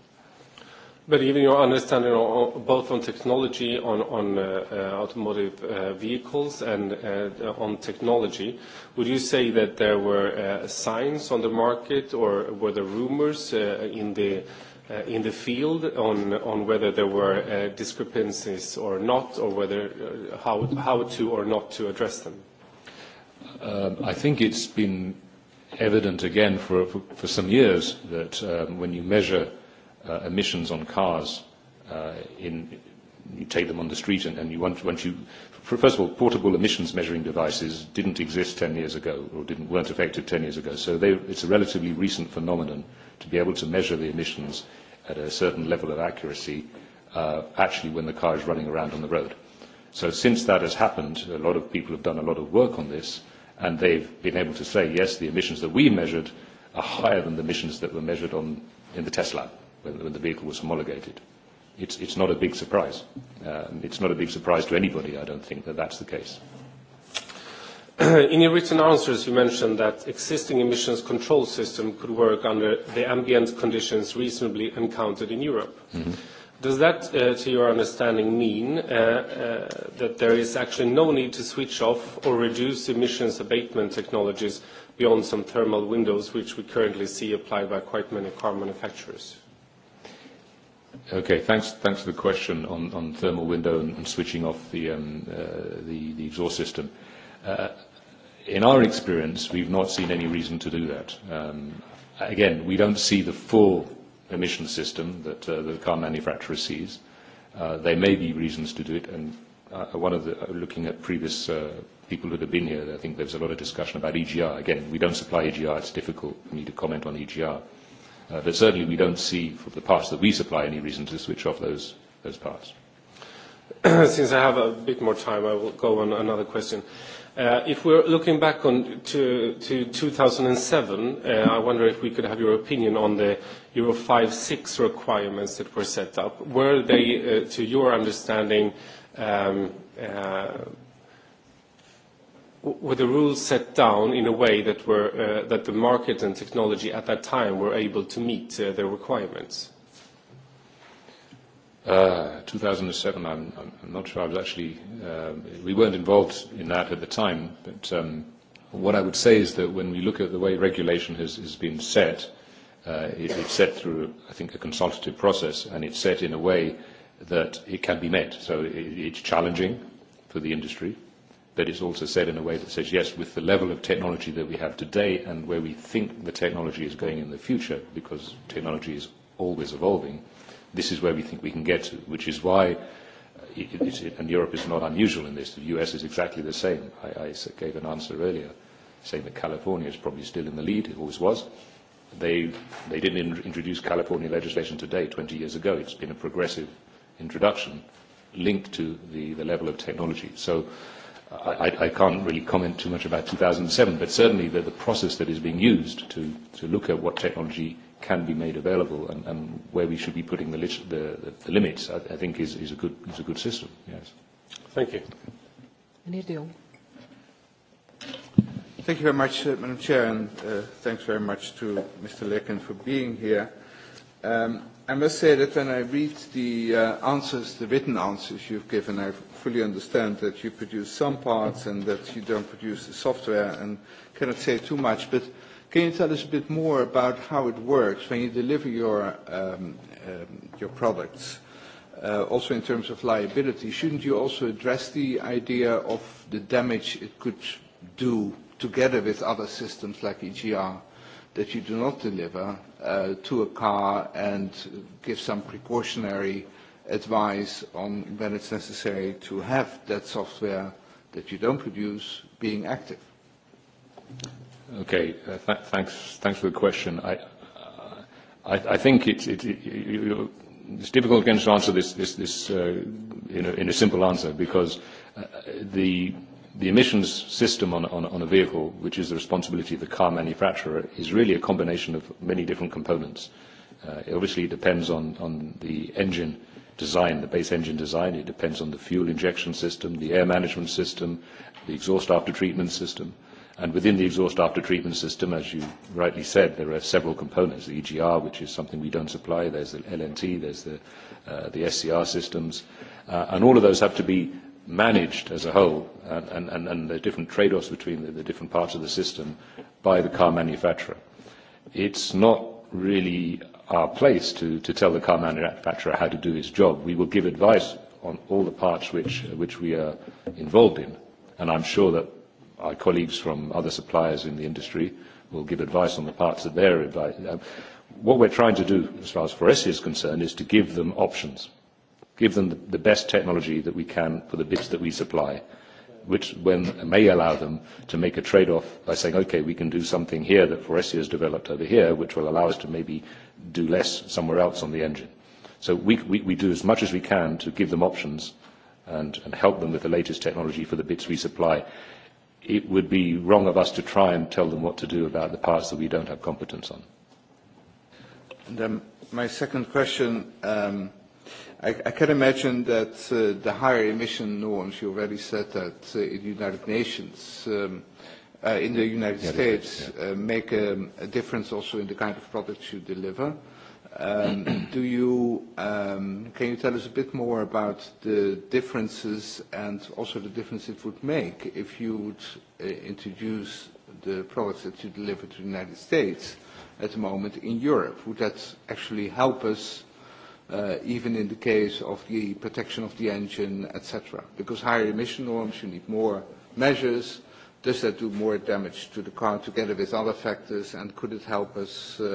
But given your understanding on, both on technology, on, on uh, uh, automotive uh, vehicles and uh, uh, on technology, would you say that there were uh, signs on the market or were there rumors uh, in the Uh, in the field on, on whether there were uh, discrepancies or not, or whether uh, how, how to or not to address them? Um, I think it's been evident again for, for, for some years that um, when you measure uh, emissions on cars, uh, in, you take them on the street and, and you want, once you, first of all, portable emissions measuring devices didn't exist 10 years ago or didn't, weren't effective 10 years ago. So they, it's a relatively recent phenomenon to be able to measure the emissions at a certain level of accuracy uh, actually when the car is running around on the road. So since that has happened, a lot of people have done a lot of work on this. Uh, and they've been able to say, yes, the emissions that we measured are higher than the emissions that were measured on, in the test lab when, when the vehicle was homologated. It's, it's not a big surprise. Um, it's not a big surprise to anybody, I don't think, that that's the case. In your written answers, you mentioned that existing emissions control system could work under the ambient conditions reasonably encountered in Europe. Mm-hmm. Does that, uh, to your understanding, mean uh, uh, that there is actually no need to switch off or reduce emissions abatement technologies beyond some thermal windows, which we currently see applied by quite many car manufacturers? Okay. Thanks, thanks for the question on, on thermal window and, and switching off the, um, uh, the, the exhaust system. Uh, in our experience, we've not seen any reason to do that. Um, again, we don't see the full emission system that uh, the car manufacturer sees. Uh, there may be reasons to do it, and uh, one of the, uh, looking at previous uh, people that have been here, I think there was a lot of discussion about EGR. Again, we don't supply EGR. It's difficult for me to comment on EGR. Uh, but certainly we don't see from the parts that we supply any reason to switch off those, those parts. Since I have a bit more time, I will go on another question. Uh, Uh, if we're looking back on to, to 2007, uh, I wonder if we could have your opinion on the Euro 5/6 requirements that were set up. Were they, uh, to your understanding, um, uh, were the rules set down in a way that, were, uh, that the market and technology at that time were able to meet uh, their requirements? Uh, 2007, I'm, I'm not sure I was actually, uh, we weren't involved in that at the time, but um, what I would say is that when we look at the way regulation has, has been set, uh, it, it's set through, I think, a consultative process, and it's set in a way that it can be met. So it, it's challenging for the industry, but it's also set in a way that says, yes, with the level of technology that we have today and where we think the technology is going in the future, because technology is always evolving, uh, This is where we think we can get to, which is why, uh, it, it, it, and Europe is not unusual in this, the US is exactly the same. I, I gave an answer earlier saying that California is probably still in the lead, it always was. They, they didn't in, introduce California legislation today, 20 years ago. It's been a progressive introduction linked to the, the level of technology. So I, I can't really comment too much about 2007, but certainly the, the process that is being used to, to look at what technology can be made available and, and where we should be putting the, lit- the, the, the limits, I, I think is, is, a good, is a good system. Yes. Thank you. Meneer de Jong. Thank you very much, uh, Madam Chair, and uh, thanks very much to Mr. Lekin for being here. Um, I must say that when I read the uh, answers, the written answers you've given, I fully understand that you produce some parts and that you don't produce the software and cannot say too much, but uh, Can you tell us a bit more about how it works when you deliver your, um, um, your products? Uh, also in terms of liability, shouldn't you also address the idea of the damage it could do together with other systems like EGR that you do not deliver uh, to a car and give some precautionary advice on when it's necessary to have that software that you don't produce being active? Okay. Uh, th thanks, thanks for the question. I, I, I think it, it, it, you, it's difficult again to answer this, this, this uh, in, a, in a simple answer because uh, the, the emissions system on, on, on a vehicle, which is the responsibility of the car manufacturer, is really a combination of many different components. Uh, it obviously depends on, on the engine design, the base engine design. It depends on the fuel injection system, the air management system, the exhaust after treatment system. And within the exhaust after treatment system, as you rightly said, there are several components, the EGR, which is something we don't supply, there's the LNT, there's the, uh, the SCR systems, uh, and all of those have to be managed as a whole, and, and, and the different trade-offs between the, the different parts of the system by the car manufacturer. It's not really our place to, to tell the car manufacturer how to do its job. We will give advice on all the parts which, which we are involved in, and I'm sure that our colleagues from other suppliers in the industry will give advice on the parts that they're advising. Um, what we're trying to do, as far as Foresia is concerned, is to give them options, give them the, the best technology that we can for the bits that we supply, which when may allow them to make a trade-off by saying, okay, we can do something here that Foresia has developed over here, which will allow us to maybe do less somewhere else on the engine. So we, we, we do as much as we can to give them options and, and help them with the latest technology for the bits we supply it would be wrong of us to try and tell them what to do about the parts that we don't have competence on. And, um, my second question, um, I, I can imagine that uh, the higher emission norms, you already said that uh, in the United Nations, um, uh, in the United yeah, States, yeah. Uh, make um, a difference also in the kind of products you deliver. Uh, Um, do you, um, can you tell us a bit more about the differences and also the difference it would make if you would uh, introduce the products that you deliver to the United States at the moment in Europe? Would that actually help us Uh, even in the case of the protection of the engine, et cetera? Because higher emission norms, you need more measures. Does that do more damage to the car together with other factors, and could it help us uh,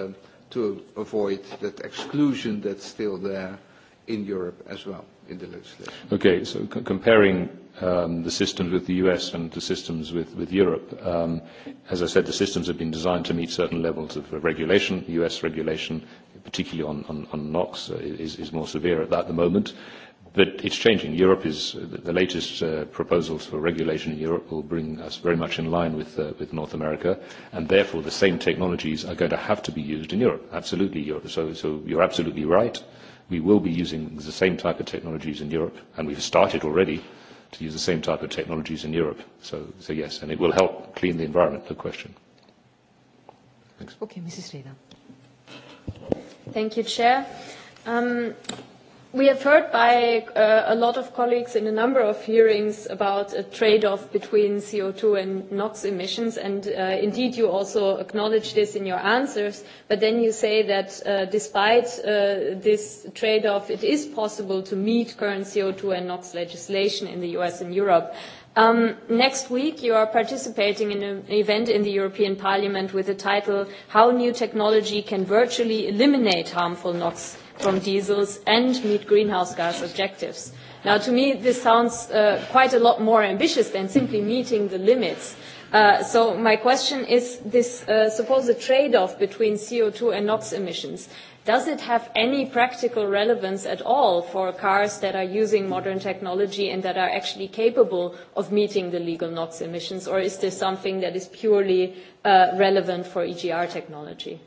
to avoid that exclusion that's still there in Europe as well in the legislation. Okay, so c- comparing um, the systems with the US and the systems with, with Europe, um, as I said, the systems have been designed to meet certain levels of regulation. The US regulation, particularly on, on, on NOx, uh, is, is more severe at that at the moment. Uh, But it's changing. Europe is the latest uh, proposals for regulation in Europe will bring us very much in line with, uh, with North America, and therefore the same technologies are going to have to be used in Europe. Absolutely. Europe. So, so you're absolutely right. We will be using the same type of technologies in Europe, and we've started already to use the same type of technologies in Europe. So, so yes, and it will help clean the environment, no question. Thanks. Okay, Mrs. Reda. Thank you, Chair. Um, We have heard by uh, a lot of colleagues in a number of hearings about a trade-off between CO2 and NOx emissions, and uh, indeed you also acknowledge this in your answers, but then you say that uh, despite uh, this trade-off, it is possible to meet current CO2 and NOx legislation in the US and Europe. Um, next week, you are participating in an event in the European Parliament with the title How New Technology Can Virtually Eliminate Harmful NOx from diesels and meet greenhouse gas objectives. Now, to me, this sounds uh, quite a lot more ambitious than simply meeting the limits. Uh, so my question is this uh, supposed trade-off between CO2 and NOx emissions, does it have any practical relevance at all for cars that are using modern technology and that are actually capable of meeting the legal NOx emissions, or is this something that is purely uh, relevant for EGR technology?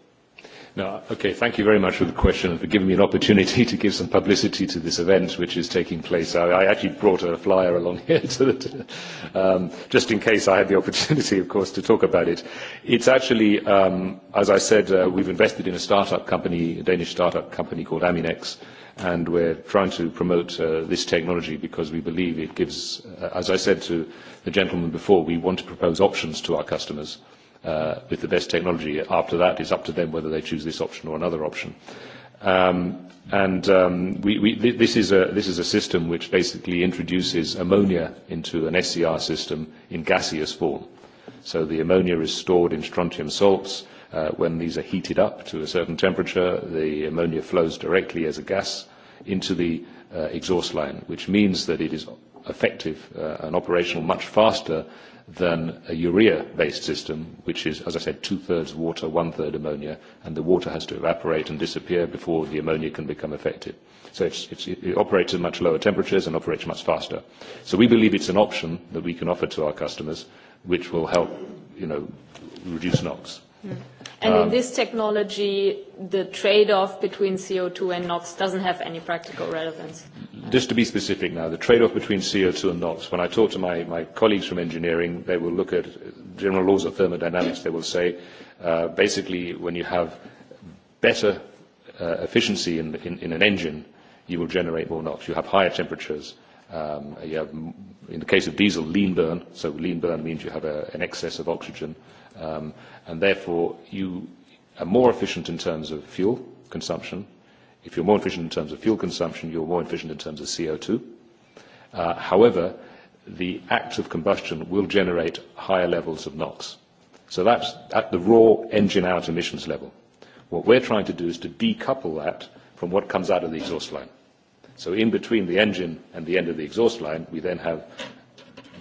No, okay, thank you very much for the question and for giving me an opportunity to give some publicity to this event which is taking place. I, I actually brought a flyer along here to the, um, just in case I had the opportunity, of course, to talk about it. It's actually, um, as I said, uh, we've invested in a startup company, a Danish startup company called Aminex, and we're trying to promote uh, this technology because we believe it gives, uh, as I said to the gentleman before, we want to propose options to our customers. Uh, uh, with the best technology. After that, it's up to them whether they choose this option or another option. Um, and um, we, we, th this, is a, this is a system which basically introduces ammonia into an SCR system in gaseous form. So the ammonia is stored in strontium salts. Uh, when these are heated up to a certain temperature, the ammonia flows directly as a gas into the uh, exhaust line, which means that it is effective uh, and operational much faster than a urea-based system, which is, as I said, two-thirds water, one-third ammonia, and the water has to evaporate and disappear before the ammonia can become effective. So it's, it's, it operates at much lower temperatures and operates much faster. So we believe it's an option that we can offer to our customers, which will help, you know, reduce NOx. Mm. And um, in this technology, the trade-off between CO2 and NOx doesn't have any practical relevance. Just to be specific now, the trade-off between CO2 and NOx, when I talk to my, my colleagues from engineering, they will look at general laws of thermodynamics. They will say, uh, basically, when you have better uh, efficiency in, in, in an engine, you will generate more NOx. You have higher temperatures. Um, you have, in the case of diesel, lean burn. So lean burn means you have a, uh, an excess of oxygen. Um, and therefore you are more efficient in terms of fuel consumption. If you're more efficient in terms of fuel consumption, you're more efficient in terms of CO2. Uh, however, the act of combustion will generate higher levels of NOx. So that's at the raw engine out emissions level. What we're trying to do is to decouple that from what comes out of the exhaust line. So in between the engine and the end of the exhaust line, we then have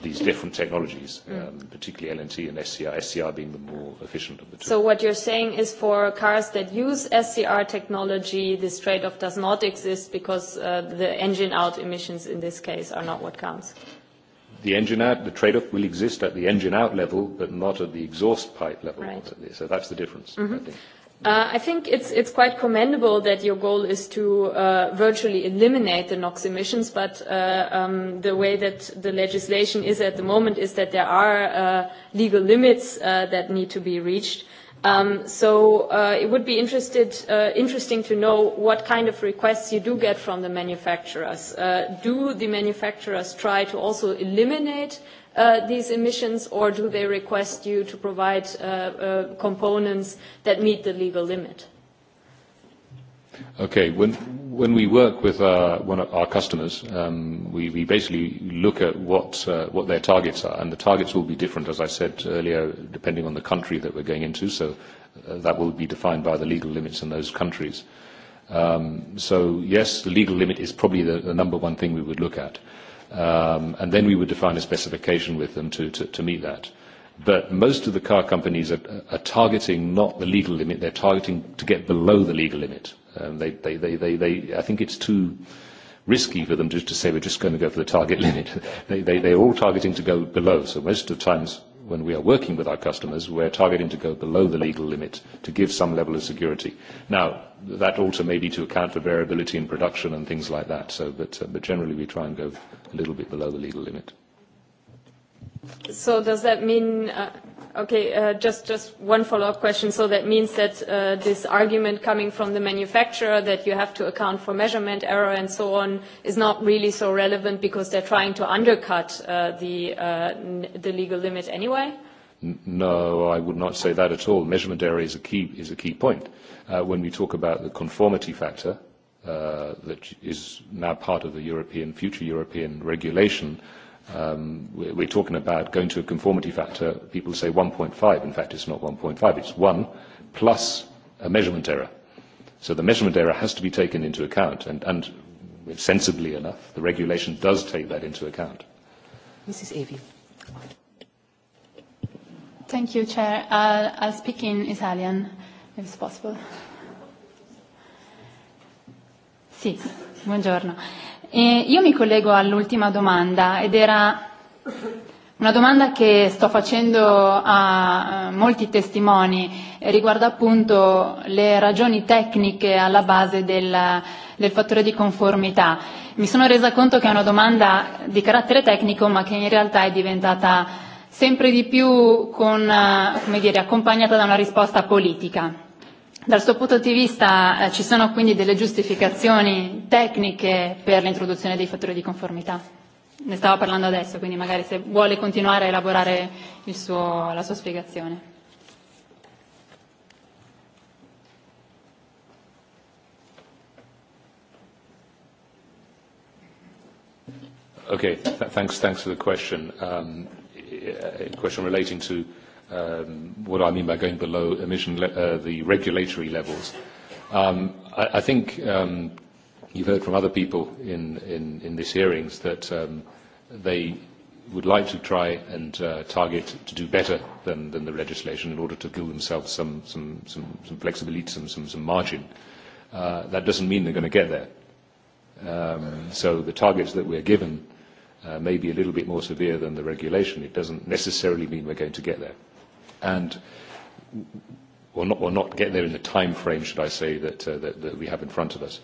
these different technologies, mm. um, particularly LNT and SCR, SCR being the more efficient of the two. So what you're saying is for cars that use SCR technology, this trade-off does not exist because uh, the engine-out emissions in this case are not what counts? The engine out, the trade-off will exist at the engine out level, but not at the exhaust pipe level. Right. So that's the difference, mm-hmm. I think. Uh, I think it's, it's quite commendable that your goal is to uh, virtually eliminate the NOx emissions, but uh, um, the way that the legislation is at the moment is that there are uh, legal limits uh, that need to be reached. Um, so uh, it would be interesting to know what kind of requests you do get from the manufacturers. Do the manufacturers try to also eliminate uh, these emissions, or do they request you to provide uh, uh, components that meet the legal limit? Okay. When, when we work with our, one of our customers, um, we, we basically look at what, uh, what their targets are, and the targets will be different, as I said earlier, depending on the country that we're going into. So, uh, that will be defined by the legal limits in those countries. Um, so yes, the legal limit is probably the, the number one thing we would look at. Um, and then we would define a specification with them to, to, to meet that. But most of the car companies are, are targeting not the legal limit, they're targeting to get below the legal limit. Um, they, they, they, they, they, I think it's too risky for them just to say we're just going to go for the target limit. they, they, they're all targeting to go below. So most of the times when we are working with our customers, we're targeting to go below the legal limit to give some level of security. Now, that also may be to account for variability in production and things like that. So, but, uh, but generally, we try and go a little bit below the legal limit. So does that mean, uh, Okay, uh, just, just one follow-up question. So that means that uh, this argument coming from the manufacturer that you have to account for measurement error and so on is not really so relevant because they're trying to undercut uh, the, uh, the legal limit anyway? No, I would not say that at all. Measurement error is a key, is a key point. Uh, when we talk about the conformity factor, uh, that is now part of the European, future European regulation, Um, we're talking about going to a conformity factor. People say 1.5. In fact, it's not 1.5. It's 1 plus a measurement error. So the measurement error has to be taken into account, and, and sensibly enough, the regulation does take that into account. Mrs. Evi. Thank you, Chair. I'll, uh, I'll speak in Italian, if it's possible. Sì, buongiorno. E io mi collego all'ultima domanda ed era una domanda che sto facendo a molti testimoni e riguarda appunto le ragioni tecniche alla base del, del fattore di conformità. Mi sono resa conto che è una domanda di carattere tecnico ma che in realtà è diventata sempre di più con, come dire, accompagnata da una risposta politica Dal suo punto di vista eh, ci sono quindi delle giustificazioni tecniche per l'introduzione dei fattori di conformità? Ne stava parlando adesso, quindi magari se vuole continuare a elaborare il suo, la sua spiegazione. Okay, th thanks, thanks for the question. Um, a eh, eh, question relating to um, what I mean by going below emission le- uh, the regulatory levels. Um, I, I think um, you've heard from other people in, in, in these hearings that um, they would like to try and uh, target to do better than, than the legislation in order to give themselves some, some, some, some flexibility, some, some, some margin. Uh, that doesn't mean they're going to get there. Um, so the targets that we're given uh, may be a little bit more severe than the regulation. It doesn't necessarily mean we're going to get there and or not, or not get there in the time frame, should I say, that, uh, that, that we have in front of us.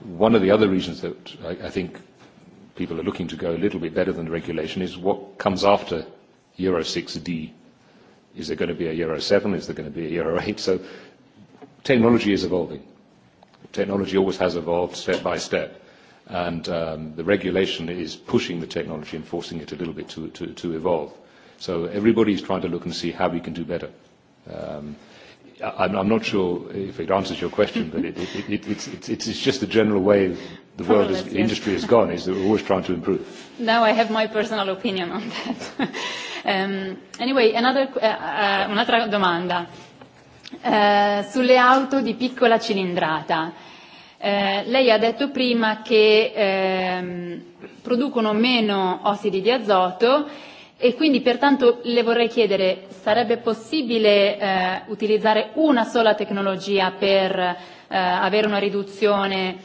One of the other reasons that I, I think people are looking to go a little bit better than the regulation is what comes after Euro 6D. Is there going to be a Euro 7? Is there going to be a Euro 8? So technology is evolving. Technology always has evolved step by step. And um, the regulation is pushing the technology and forcing it a little bit to, to, to evolve. So everybody's trying to look and see how we can do better. Um, I'm, I'm not sure if it answers your question, but it, it, it, it's, it's, it's just the general way the More world, is, yes. industry has gone, is that we're always trying to improve. Now I have my personal opinion on that. um, anyway, another, uh, uh, un'altra domanda. Uh, sulle auto di piccola cilindrata. Eh, uh, lei ha detto prima che ehm, uh, producono meno ossidi di azoto E quindi pertanto le vorrei chiedere, sarebbe possibile eh, utilizzare una sola tecnologia per eh, avere una riduzione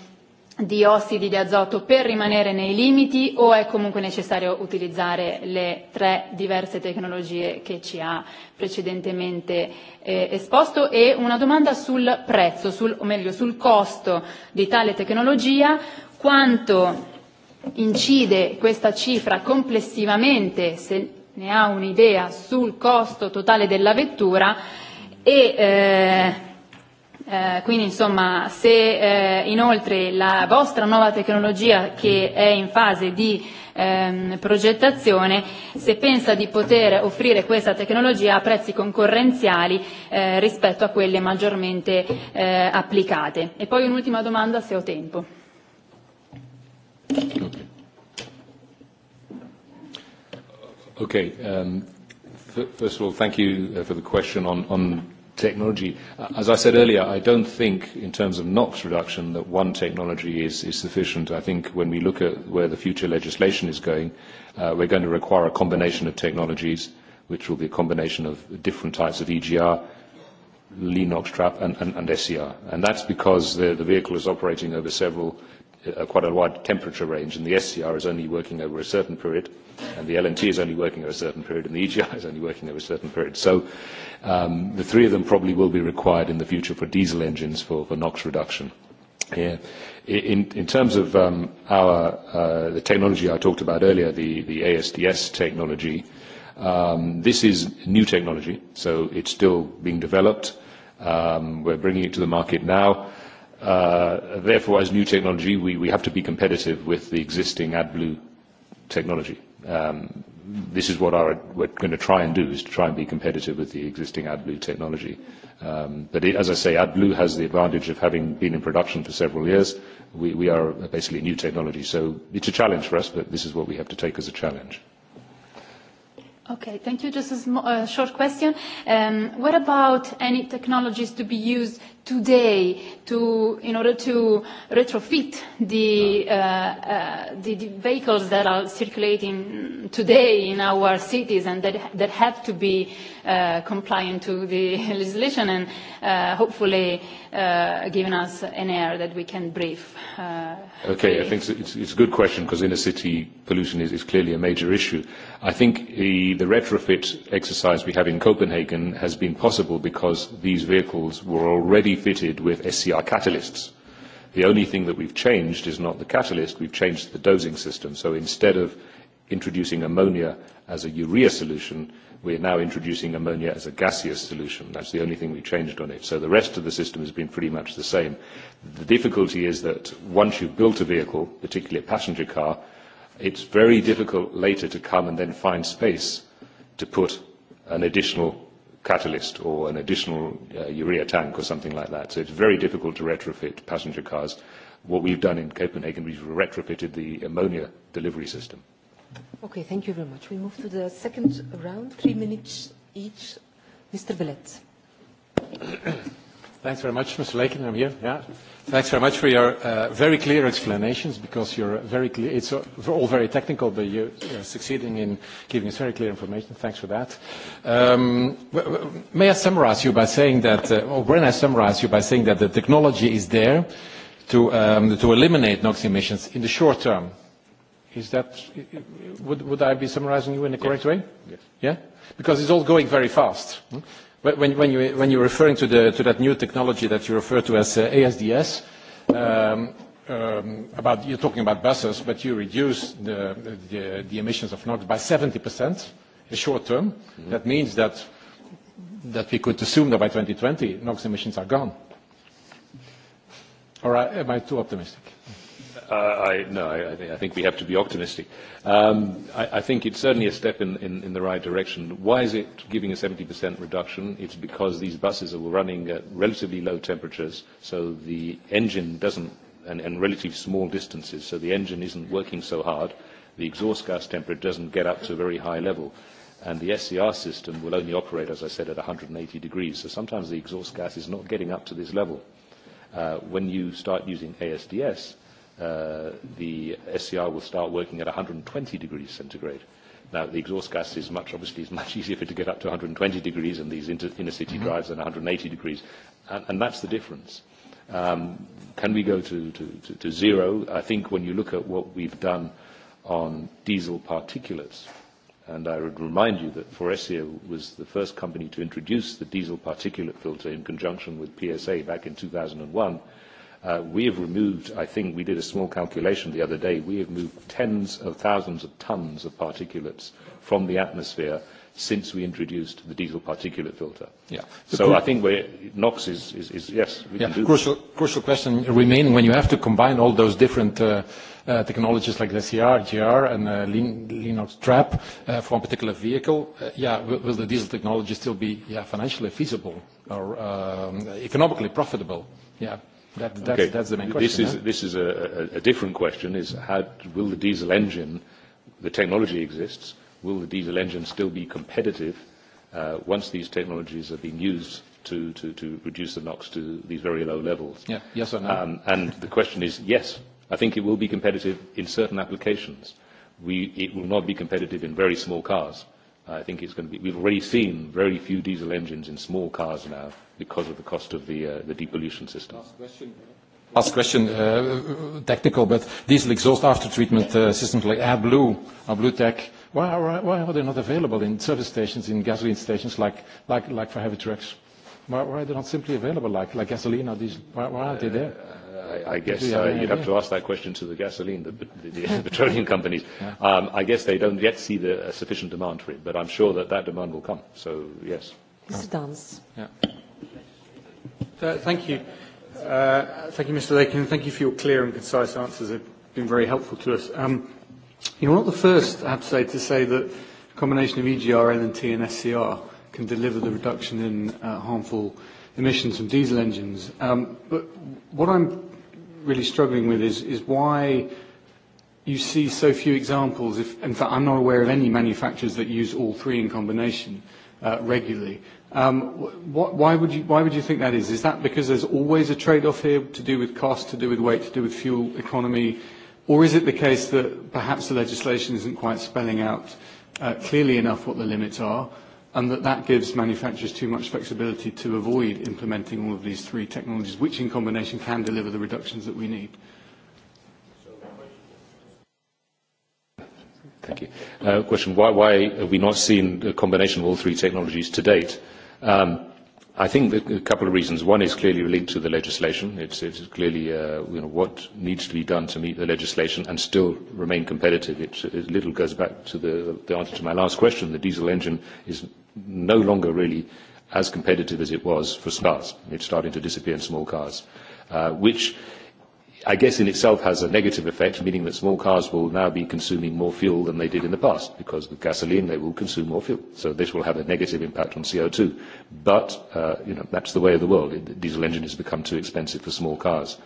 di ossidi di azoto per rimanere nei limiti o è comunque necessario utilizzare le tre diverse tecnologie che ci ha precedentemente eh, esposto? E una domanda sul prezzo, sul, o meglio sul costo di tale tecnologia, quanto incide questa cifra complessivamente, se ne ha un'idea, sul costo totale della vettura e eh, eh, quindi insomma se eh, inoltre la vostra nuova tecnologia che è in fase di ehm, progettazione, se pensa di poter offrire questa tecnologia a prezzi concorrenziali eh, rispetto a quelle maggiormente eh, applicate. E poi un'ultima domanda se ho tempo. Okay. Um, first of all, thank you uh, for the question on, on technology. Uh, as I said earlier, I don't think in terms of NOx reduction that one technology is, is sufficient. I think when we look at where the future legislation is going, uh, we're going to require a combination of technologies, which will be a combination of different types of EGR, lean NOx trap, and, and, and SCR. E and that's because the, the vehicle is operating over several uh, quite a wide temperature range, and the SCR is only working over a certain period, and the LNT is only working over a certain period, and the EGI is only working over a certain period. So um, the three of them probably will be required in the future for diesel engines for, for NOx reduction. Yeah. In, in terms of um, our, uh, the technology I talked about earlier, the, the ASDS technology, um, this is new technology, so it's still being developed. Um, we're bringing it to the market now. Uh, therefore, as new technology, we, we have to be competitive with the existing AdBlue technology. Um, this is what our, we're going to try and do, is to try and be competitive with the existing AdBlue technology. Um, but it, as I say, AdBlue has the advantage of having been in production for several years. We, we are basically new technology, so it's a challenge for us, but this is what we have to take as a challenge. Okay, thank you. Just a small, uh, short question. Um, what about any technologies to be used today to, in order to retrofit the, uh, uh, the, the vehicles that are circulating today in our cities and that, that have to be uh, compliant to the legislation and uh, hopefully uh, giving us an air that we can breathe. Uh, okay, free. I think it's, it's a good question because inner city pollution is, is clearly a major issue. I think the, the retrofit exercise we have in Copenhagen has been possible because these vehicles were already refitted with SCR catalysts. The only thing that we've changed is not the catalyst, we've changed the dosing system. So instead of introducing ammonia as a urea solution, we're now introducing ammonia as a gaseous solution. That's the only thing we changed on it. So the rest of the system has been pretty much the same. The difficulty is that once you've built a vehicle, particularly a passenger car, it's very difficult later to come and then find space to put an additional catalyst or an additional uh, urea tank or something like that. So it's very difficult to retrofit passenger cars. What we've done in Copenhagen, we've retrofitted the ammonia delivery system. Okay, thank you very much. We move to the second round, three minutes each. Mr. Belet. Thanks very much, Mr. Laken. I'm here. Yeah. Thanks very much for your uh, very clear explanations because you're very clear. It's all very technical, but you're succeeding in giving us very clear information. Thanks for that. Um, may I summarize you by saying that, uh, or when I summarize you by saying that the technology is there to, um, to eliminate NOx emissions in the short term. Is that, would, would I be summarizing you in the correct yes. way? Yes. Yeah? Because it's all going very fast. Hmm? When, when, you, when you're referring to, the, to that new technology that you refer to as uh, ASDS, um, um, about, you're talking about buses, but you reduce the, the, the emissions of NOx by 70% in short term. Mm-hmm. That means that, that we could assume that by 2020, NOx emissions are gone. Or am I too optimistic? Uh, I, no, I, I think we have to be optimistic. Um, I, I think it's certainly a step in, in, in the right direction. Why is it giving a 70% reduction? It's because these buses are running at relatively low temperatures, so the engine doesn't, and, and relatively small distances, so the engine isn't working so hard. The exhaust gas temperature doesn't get up to a very high level and the SCR system will only operate, as I said, at 180 degrees. So sometimes the exhaust gas is not getting up to this level. Uh, when you start using ASDS, uh, the SCR will start working at 120 degrees centigrade. Now, the exhaust gas is much, obviously, it's much easier for it to get up to 120 degrees in these inter, inner city mm-hmm. drives than 180 degrees. And, and that's the difference. Um, can we go to, to, to, to zero? I think when you look at what we've done on diesel particulates, and I would remind you that Faurecia was the first company to introduce the diesel particulate filter in conjunction with PSA back in 2001, Uh, we have removed, I think we did a small calculation the other day, we have moved tens of thousands of tons of particulates from the atmosphere since we introduced the diesel particulate filter. Yeah. So I think we're, NOx is, is, is yes, we yeah. can do crucial, that. Crucial question remain when you have to combine all those different uh, uh, technologies like the CR, GR, and uh, lean, Linux trap uh, for a particular vehicle. Uh, yeah, will, will the diesel technology still be yeah, financially feasible or um, economically profitable? Yeah. That, that, okay. That's the main question. This is, huh? this is a, a, a different question, is how will the diesel engine, the technology exists, will the diesel engine still be competitive uh, once these technologies are being used to, to, to reduce the NOx to these very low levels? Yeah. Yes or no? Um, and the question is, yes, I think it will be competitive in certain applications. We, it will not be competitive in very small cars I think it's going to be. We've already seen very few diesel engines in small cars now because of the cost of the uh, the depollution system. Last question. Last question, uh, technical, but diesel exhaust after treatment uh, systems like AdBlue, AdBlue Tech, why, why, why are they not available in service stations, in gasoline stations, like, like, like for heavy trucks? Why, why are they not simply available like, like gasoline or diesel? Why, why aren't they there? Uh, I, I guess you uh, you'd idea? have to ask that question to the gasoline, the, the, the petroleum companies. Yeah. Um, I guess they don't yet see the uh, sufficient demand for it, but I'm sure that that demand will come. So, yes. Mr. Oh. Dance. Yeah. Uh, thank you. Uh, thank you, Mr. Lakin. Thank you for your clear and concise answers. They've been very helpful to us. Um, you're not the first, I have to say, to say that a combination of EGRN and TNSCR can deliver the reduction in uh, harmful emissions from diesel engines. Um, but what I'm really struggling with is, is why you see so few examples. If, in fact, I'm not aware of any manufacturers that use all three in combination uh, regularly. Um, what, why, would you, why would you think that is? Is that because there's always a trade-off here to do with cost, to do with weight, to do with fuel economy? Or is it the case that perhaps the legislation isn't quite spelling out uh, clearly enough what the limits are? and that that gives manufacturers too much flexibility to avoid implementing all of these three technologies, which in combination can deliver the reductions that we need. Thank you. Uh, question, why, why have we not seen a combination of all three technologies to date? Um, I think that a couple of reasons. One is clearly linked to the legislation. It's, it's clearly uh, you know, what needs to be done to meet the legislation and still remain competitive. It's, it little goes back to the, the answer to my last question. The diesel engine is no longer really as competitive as it was for cars. It's starting to disappear in small cars, uh, which I guess in itself has a negative effect, meaning that small cars will now be consuming more fuel than they did in the past, because with gasoline they will consume more fuel. So this will have a negative impact on CO2. But, uh, you know, that's the way of the world. It, the diesel engine has become too expensive for small cars.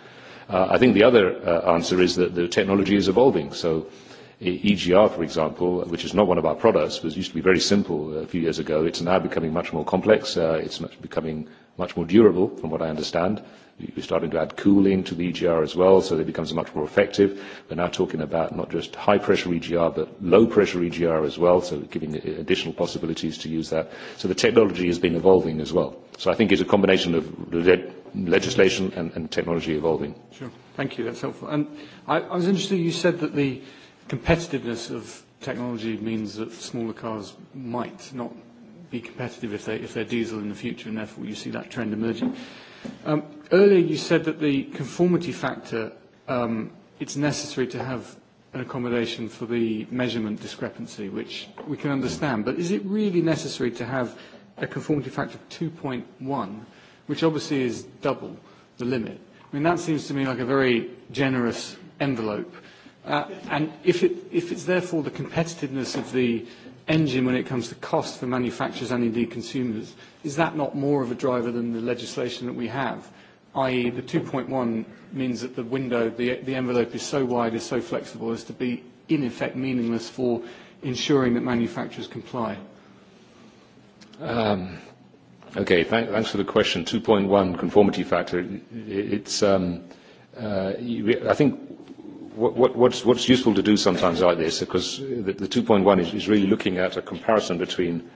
Uh, I think the other uh, answer is that the technology is evolving. So uh, EGR, for example, which is not one of our products, was used to be very simple a few years ago. It's now becoming much more complex. Uh, it's much, becoming much more durable, from what I understand. You're starting to add cooling to the EGR as well, so it becomes much more effective. We're now talking about not just high-pressure EGR, but low-pressure EGR as well, so giving additional possibilities to use that. So the technology has been evolving as well. So I think it's a combination of le legislation and, and technology evolving. Sure. Thank you. That's helpful. And I, I was interested, you said that the competitiveness of technology means that smaller cars might not be competitive if, they, if they're diesel in the future, and therefore you see that trend emerging. Um, earlier you said that the conformity factor, um, it's necessary to have an accommodation for the measurement discrepancy, which we can understand, but is it really necessary to have a conformity factor of 2.1, which obviously is double the limit? I mean, that seems to me like a very generous envelope Uh, and if, it, if it's therefore the competitiveness of the engine when it comes to cost for manufacturers and indeed consumers, is that not more of a driver than the legislation that we have? i.e., the 2.1 means that the window, the, the envelope is so wide, is so flexible as to be in effect meaningless for ensuring that manufacturers comply. Um, okay. Thank, thanks for the question. 2.1 conformity factor. It, it's, um, uh, I think what, what, what's, what's useful to do sometimes like this, because the, the 2.1 is, is really looking at a comparison between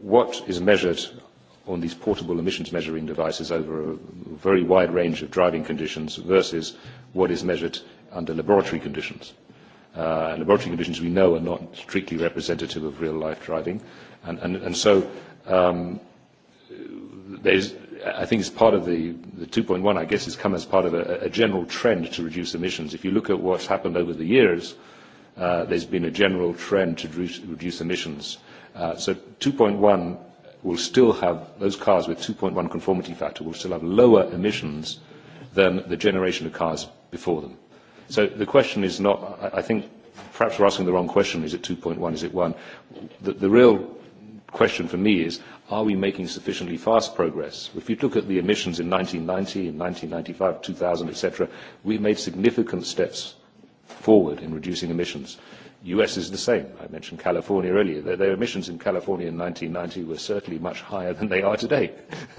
what is measured on these portable emissions measuring devices over a very wide range of driving conditions versus what is measured under laboratory conditions. Uh, laboratory conditions we know are not strictly representative of real-life driving. And, and, and so um, there's I think it's part of the, the 2.1, I guess, has come as part of a, a general trend to reduce emissions. If you look at what's happened over the years, uh, there's been a general trend to reduce, reduce emissions. Uh, so 2.1 will still have, those cars with 2.1 conformity factor will still have lower emissions than the generation of cars before them. So the question is not, I, I think perhaps we're asking the wrong question, is it 2.1, is it 1? The, the real question for me is, are we making sufficiently fast progress? If you look at the emissions in 1990, in 1995, 2000, et cetera, we made significant steps forward in reducing emissions. U.S. is the same. I mentioned California earlier. Their, their emissions in California in 1990 were certainly much higher than they are today.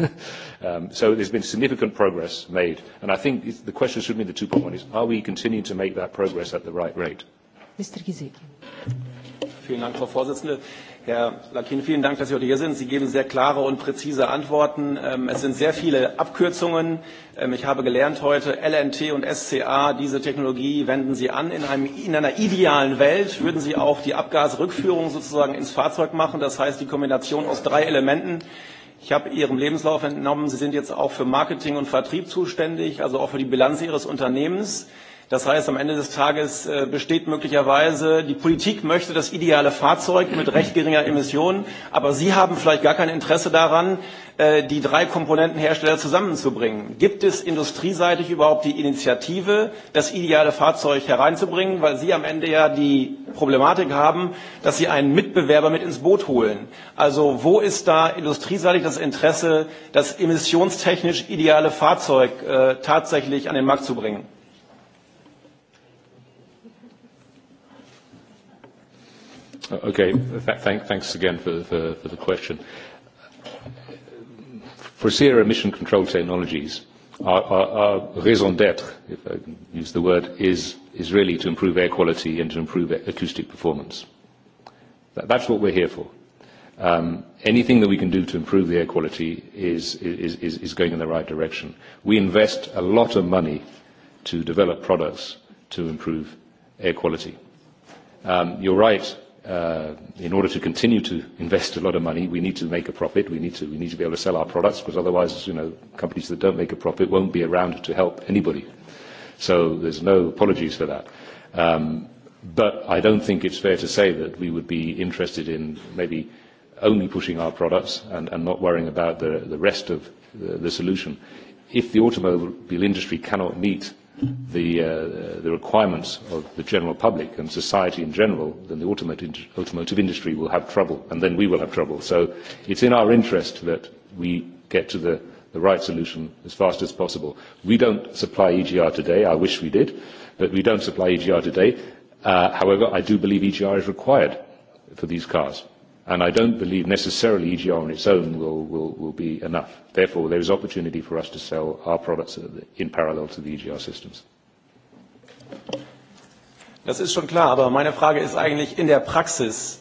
um, so there's been significant progress made, and I think the question should be the 2.1 is, are we continuing to make that progress at the right rate? Mr. Giesecke. Vielen Dank, Frau Vorsitzende. Herr Lakin, vielen Dank, dass Sie heute hier sind. Sie geben sehr klare und präzise Antworten. Ähm, es sind sehr viele Abkürzungen. Ähm, ich habe gelernt heute, LNT und SCA, diese Technologie wenden Sie an. In, einem, in einer idealen Welt würden Sie auch die Abgasrückführung sozusagen ins Fahrzeug machen. Das heißt, die Kombination aus drei Elementen. Ich habe Ihrem Lebenslauf entnommen, Sie sind jetzt auch für Marketing und Vertrieb zuständig, also auch für die Bilanz Ihres Unternehmens. Das heißt, am Ende des Tages äh, besteht möglicherweise, die Politik möchte das ideale Fahrzeug mit recht geringer Emission, aber Sie haben vielleicht gar kein Interesse daran, äh, die drei Komponentenhersteller zusammenzubringen. Gibt es industrieseitig überhaupt die Initiative, das ideale Fahrzeug hereinzubringen, weil Sie am Ende ja die Problematik haben, dass Sie einen Mitbewerber mit ins Boot holen? Also wo ist da industrieseitig das Interesse, das emissionstechnisch ideale Fahrzeug äh, tatsächlich an den Markt zu bringen? Okay. Th thanks again for, for, for the question. For CERA emission control technologies, our, our, our raison d'être, if I can use the word, is, is really to improve air quality and to improve acoustic performance. That, that's what we're here for. Um, anything that we can do to improve the air quality is, is, is, is going in the right direction. We invest a lot of money to develop products to improve air quality. Um, you're right, uh, in order to continue to invest a lot of money, we need to make a profit. We need to, we need to be able to sell our products because otherwise, you know, companies that don't make a profit won't be around to help anybody. So there's no apologies for that. Um, but I don't think it's fair to say that we would be interested in maybe only pushing our products and, and not worrying about the, the rest of the, the solution. If the automobile industry cannot meet the, uh, the requirements of the general public and society in general, then the automotive, automotive industry will have trouble, and then we will have trouble. So it's in our interest that we get to the, the right solution as fast as possible. We don't supply EGR today. I wish we did, but we don't supply EGR today. Uh, however, I do believe EGR is required for these cars and I don't believe necessarily EGR on its own will, will, will be enough. Therefore, there is opportunity for us to sell our products in parallel to the EGR systems. Das ist schon klar, aber meine Frage ist eigentlich in der Praxis.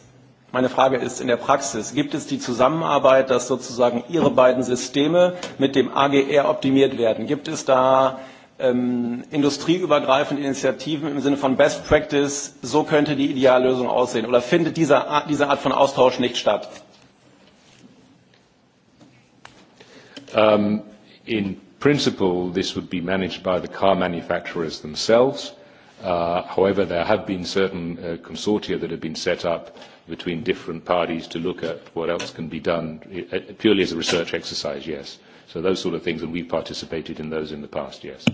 Meine Frage ist in der Praxis, gibt es die Zusammenarbeit, dass sozusagen Ihre beiden Systeme mit dem AGR optimiert werden? Gibt es da äh, ähm, industrieübergreifend Initiativen im Sinne von Best Practice, so könnte die Ideallösung aussehen? Oder findet diese Art, diese Art von Austausch nicht statt? Um, in principle, this would be managed by the car manufacturers themselves. Uh, however, there have been certain uh, consortia that have been set up between different parties to look at what else can be done, it, uh, it, purely as a research exercise, yes. So those sort of things, and we've participated in those in the past, yes.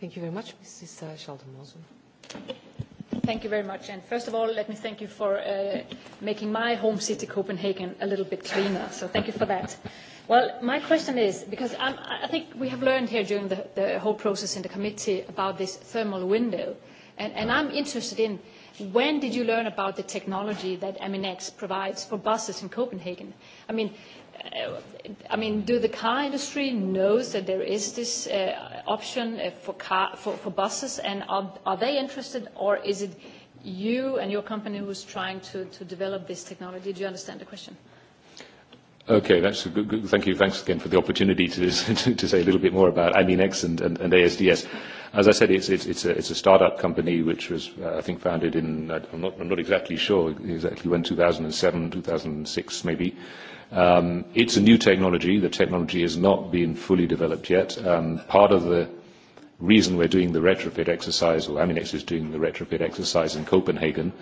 Thank you very much, Mrs. Uh, Schaldemoser. Thank you very much. And first of all, let me thank you for uh, making my home city, Copenhagen, a little bit cleaner. So thank you for that. Well, my question is, because I'm, I think we have learned here during the, the whole process in the committee about this thermal window, and, and I'm interested in when did you learn about the technology that MNX provides for buses in Copenhagen? I mean, I mean, do the car industry knows that there is this uh, option uh, for, car, for, for buses, and are, are they interested, or is it you and your company who's trying to, to develop this technology? Do you understand the question? Okay, that's a good, good. Thank you. Thanks again for the opportunity to, to, to say a little bit more about Aminex and, and, and ASDS. As I said, it's, it's, it's, a, it's a startup company which was, uh, I think, founded in, uh, I'm not, I'm not exactly sure exactly when, 2007, 2006 maybe. Uh, Um, it's a new technology. The technology has not been fully developed yet. Um, part of the reason we're doing the retrofit exercise, or Aminex is doing the retrofit exercise in Copenhagen,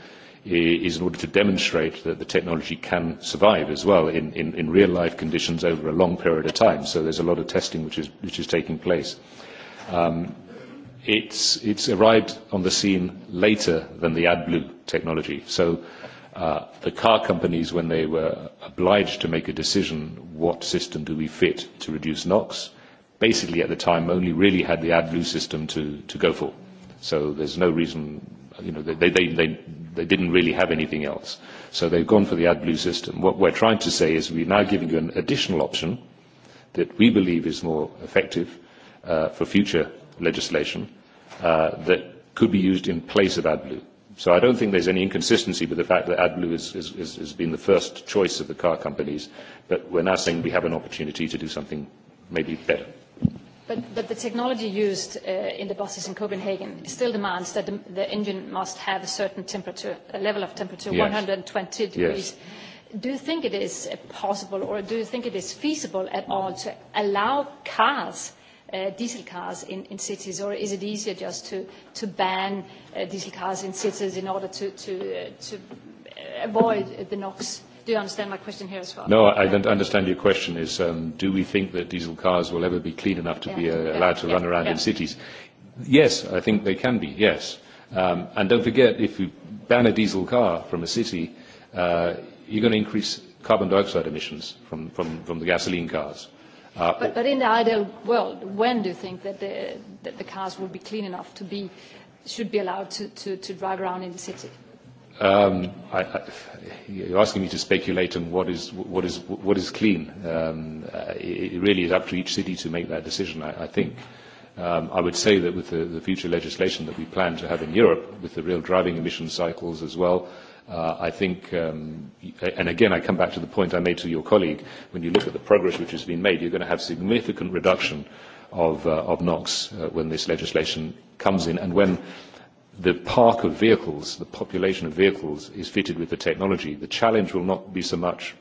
is in order to demonstrate that the technology can survive as well in, in, in real life conditions over a long period of time. So there's a lot of testing which is, which is taking place. Um, it's, it's arrived on the scene later than the AdBlue technology. So Uh, the car companies, when they were obliged to make a decision, what system do we fit to reduce NOx, basically at the time only really had the AdBlue system to, to go for. So there's no reason, you know, they, they, they, they didn't really have anything else. So they've gone for the AdBlue system. What we're trying to say is we're now giving you an additional option that we believe is more effective uh, for future legislation uh, that could be used in place of AdBlue. So I don't think there's any inconsistency with the fact that AdBlue is, is, is, has been the first choice of the car companies, but we're now saying we have an opportunity to do something maybe better. But, but the technology used uh, in the buses in Copenhagen still demands that the, the engine must have a certain temperature, a level of temperature, yes. 120 degrees. Yes. Do you think it is possible, or do you think it is feasible at all to allow cars uh, diesel cars in, in cities, or is it easier just to, to ban uh, diesel cars in cities in order to, to, uh, to avoid the NOx? Do you understand my question here as well? No, I don't understand your question. Is um, do we think that diesel cars will ever be clean enough to yeah, be uh, yeah, allowed to yeah, run around yeah. in cities? Yes, I think they can be. Yes, um, and don't forget, if you ban a diesel car from a city, uh, you're going to increase carbon dioxide emissions from, from, from the gasoline cars. Uh, but, but in the ideal world, when do you think that the, that the cars will be clean enough to be, should be allowed to, to, to drive around in the city? Um, I, I, you're asking me to speculate on what is, what is, what is clean. Um, uh, it, it really is up to each city to make that decision, I, I think. Um, I would say that with the, the future legislation that we plan to have in Europe, with the real driving emission cycles as well, uh, Uh, I think, um, and again, I come back to the point I made to your colleague. When you look at the progress which has been made, you're going to have significant reduction of, uh, of NOx uh, when this legislation comes in, and when the park of vehicles, the population of vehicles, is fitted with the technology. The challenge will not be so much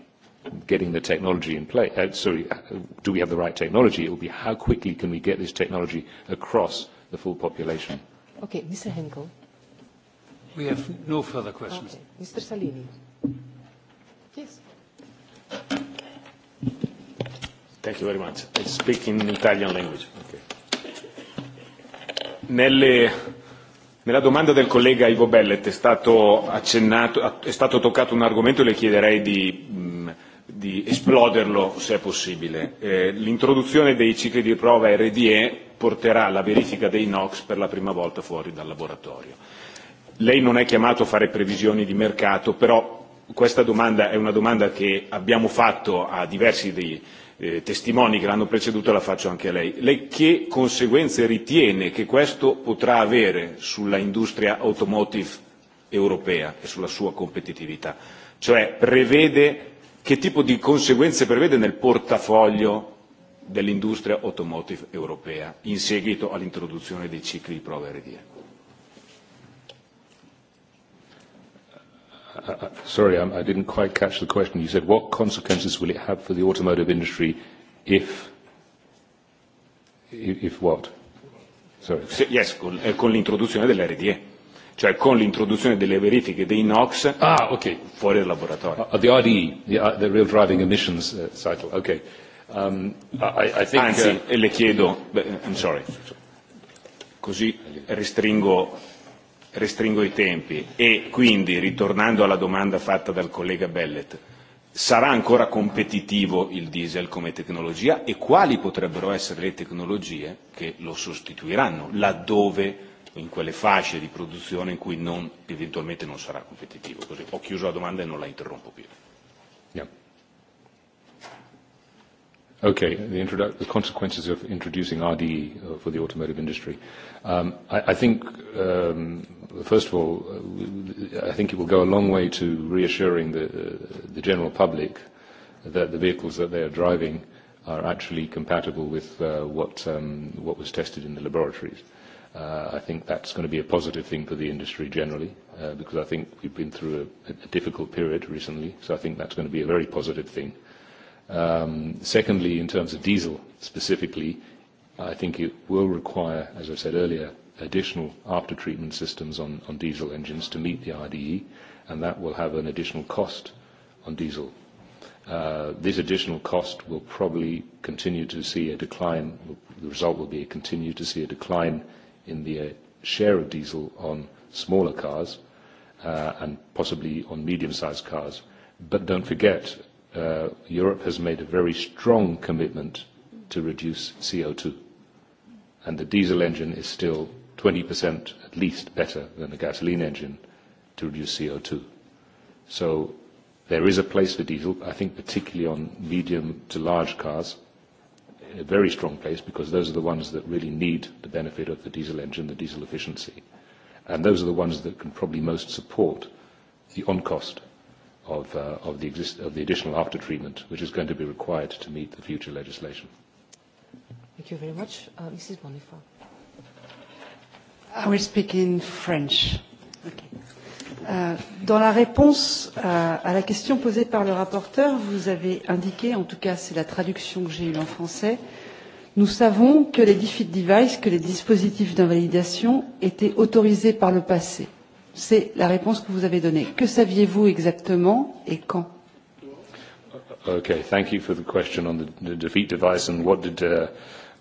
getting the technology in place. Uh, sorry, uh, do we have the right technology? It will be how quickly can we get this technology across the full population. Okay, Mr. Henkel. We have no further questions. Okay. Mr. Salini. Yes. Thank you very much. I speak in Italian language. Okay. Nelle, nella domanda del collega Ivo Bellet è stato accennato, è stato toccato un argomento e le chiederei di, mh, mm, di esploderlo se è possibile. Eh, l'introduzione dei cicli di prova RDE porterà la verifica dei NOx per la prima volta fuori dal laboratorio lei non è chiamato a fare previsioni di mercato, però questa domanda è una domanda che abbiamo fatto a diversi dei eh, testimoni che l'hanno preceduta, la faccio anche a lei. Lei che conseguenze ritiene che questo potrà avere sulla industria automotive europea e sulla sua competitività? Cioè prevede, che tipo di conseguenze prevede nel portafoglio dell'industria automotive europea in seguito all'introduzione dei cicli di prova RDE? I, uh, I, uh, sorry, I, um, I didn't quite catch the question. You said, what consequences will it have for the automotive industry if... If what? Sorry. Se, yes, con, eh, con l'introduzione dell'RDE. E. Cioè con l'introduzione delle verifiche dei NOx ah, okay. fuori dal laboratorio. Uh, uh the RDE, the, uh, the Real Driving Emissions uh, cycle, okay. Um, I, I think, Anzi, uh, le chiedo, beh, I'm sorry, così restringo restringo i tempi e quindi, ritornando alla domanda fatta dal collega Bellet, sarà ancora competitivo il diesel come tecnologia e quali potrebbero essere le tecnologie che lo sostituiranno laddove in quelle fasce di produzione in cui non, eventualmente non sarà competitivo. Così ho chiuso la domanda e non la interrompo più. Yeah. Okay. The, the consequences of introducing RDE uh, for the automotive industry. Um, I, I think, um, first of all, uh, I think it will go a long way to reassuring the, uh, the general public that the vehicles that they are driving are actually compatible with uh, what, um, what was tested in the laboratories. Uh, I think that's gonna be a positive thing for the industry generally, uh, because I think we've been through a, a difficult period recently, so I think that's gonna be a very positive thing. Um, secondly, in terms of diesel specifically, I think it will require, as I said earlier, additional after-treatment systems on, on diesel engines to meet the RDE, and that will have an additional cost on diesel. Uh, this additional cost will probably continue to see a decline. The result will be continue to see a decline in the uh, share of diesel on smaller cars, uh, and possibly on medium-sized cars. But don't forget, uh, Europe has made a very strong commitment to reduce CO2, and the diesel engine is still 20% at least better than a gasoline engine to reduce CO2. So there is a place for diesel, I think particularly on medium to large cars, a very strong place because those are the ones that really need the benefit of the diesel engine, the diesel efficiency. And those are the ones that can probably most support the on-cost of, uh, of, the, exist- of the additional aftertreatment, which is going to be required to meet the future legislation. Thank you very much. Uh, Mrs. Bonifa. I will speak in French. Okay. Euh, dans la réponse euh, à la question posée par le rapporteur, vous avez indiqué, en tout cas c'est la traduction que j'ai eue en français, nous savons que les defeat devices, que les dispositifs d'invalidation étaient autorisés par le passé. Euh, C'est la réponse que vous avez donnée. Que saviez-vous exactement et quand Okay, thank you for the question on the, the defeat device and what did uh,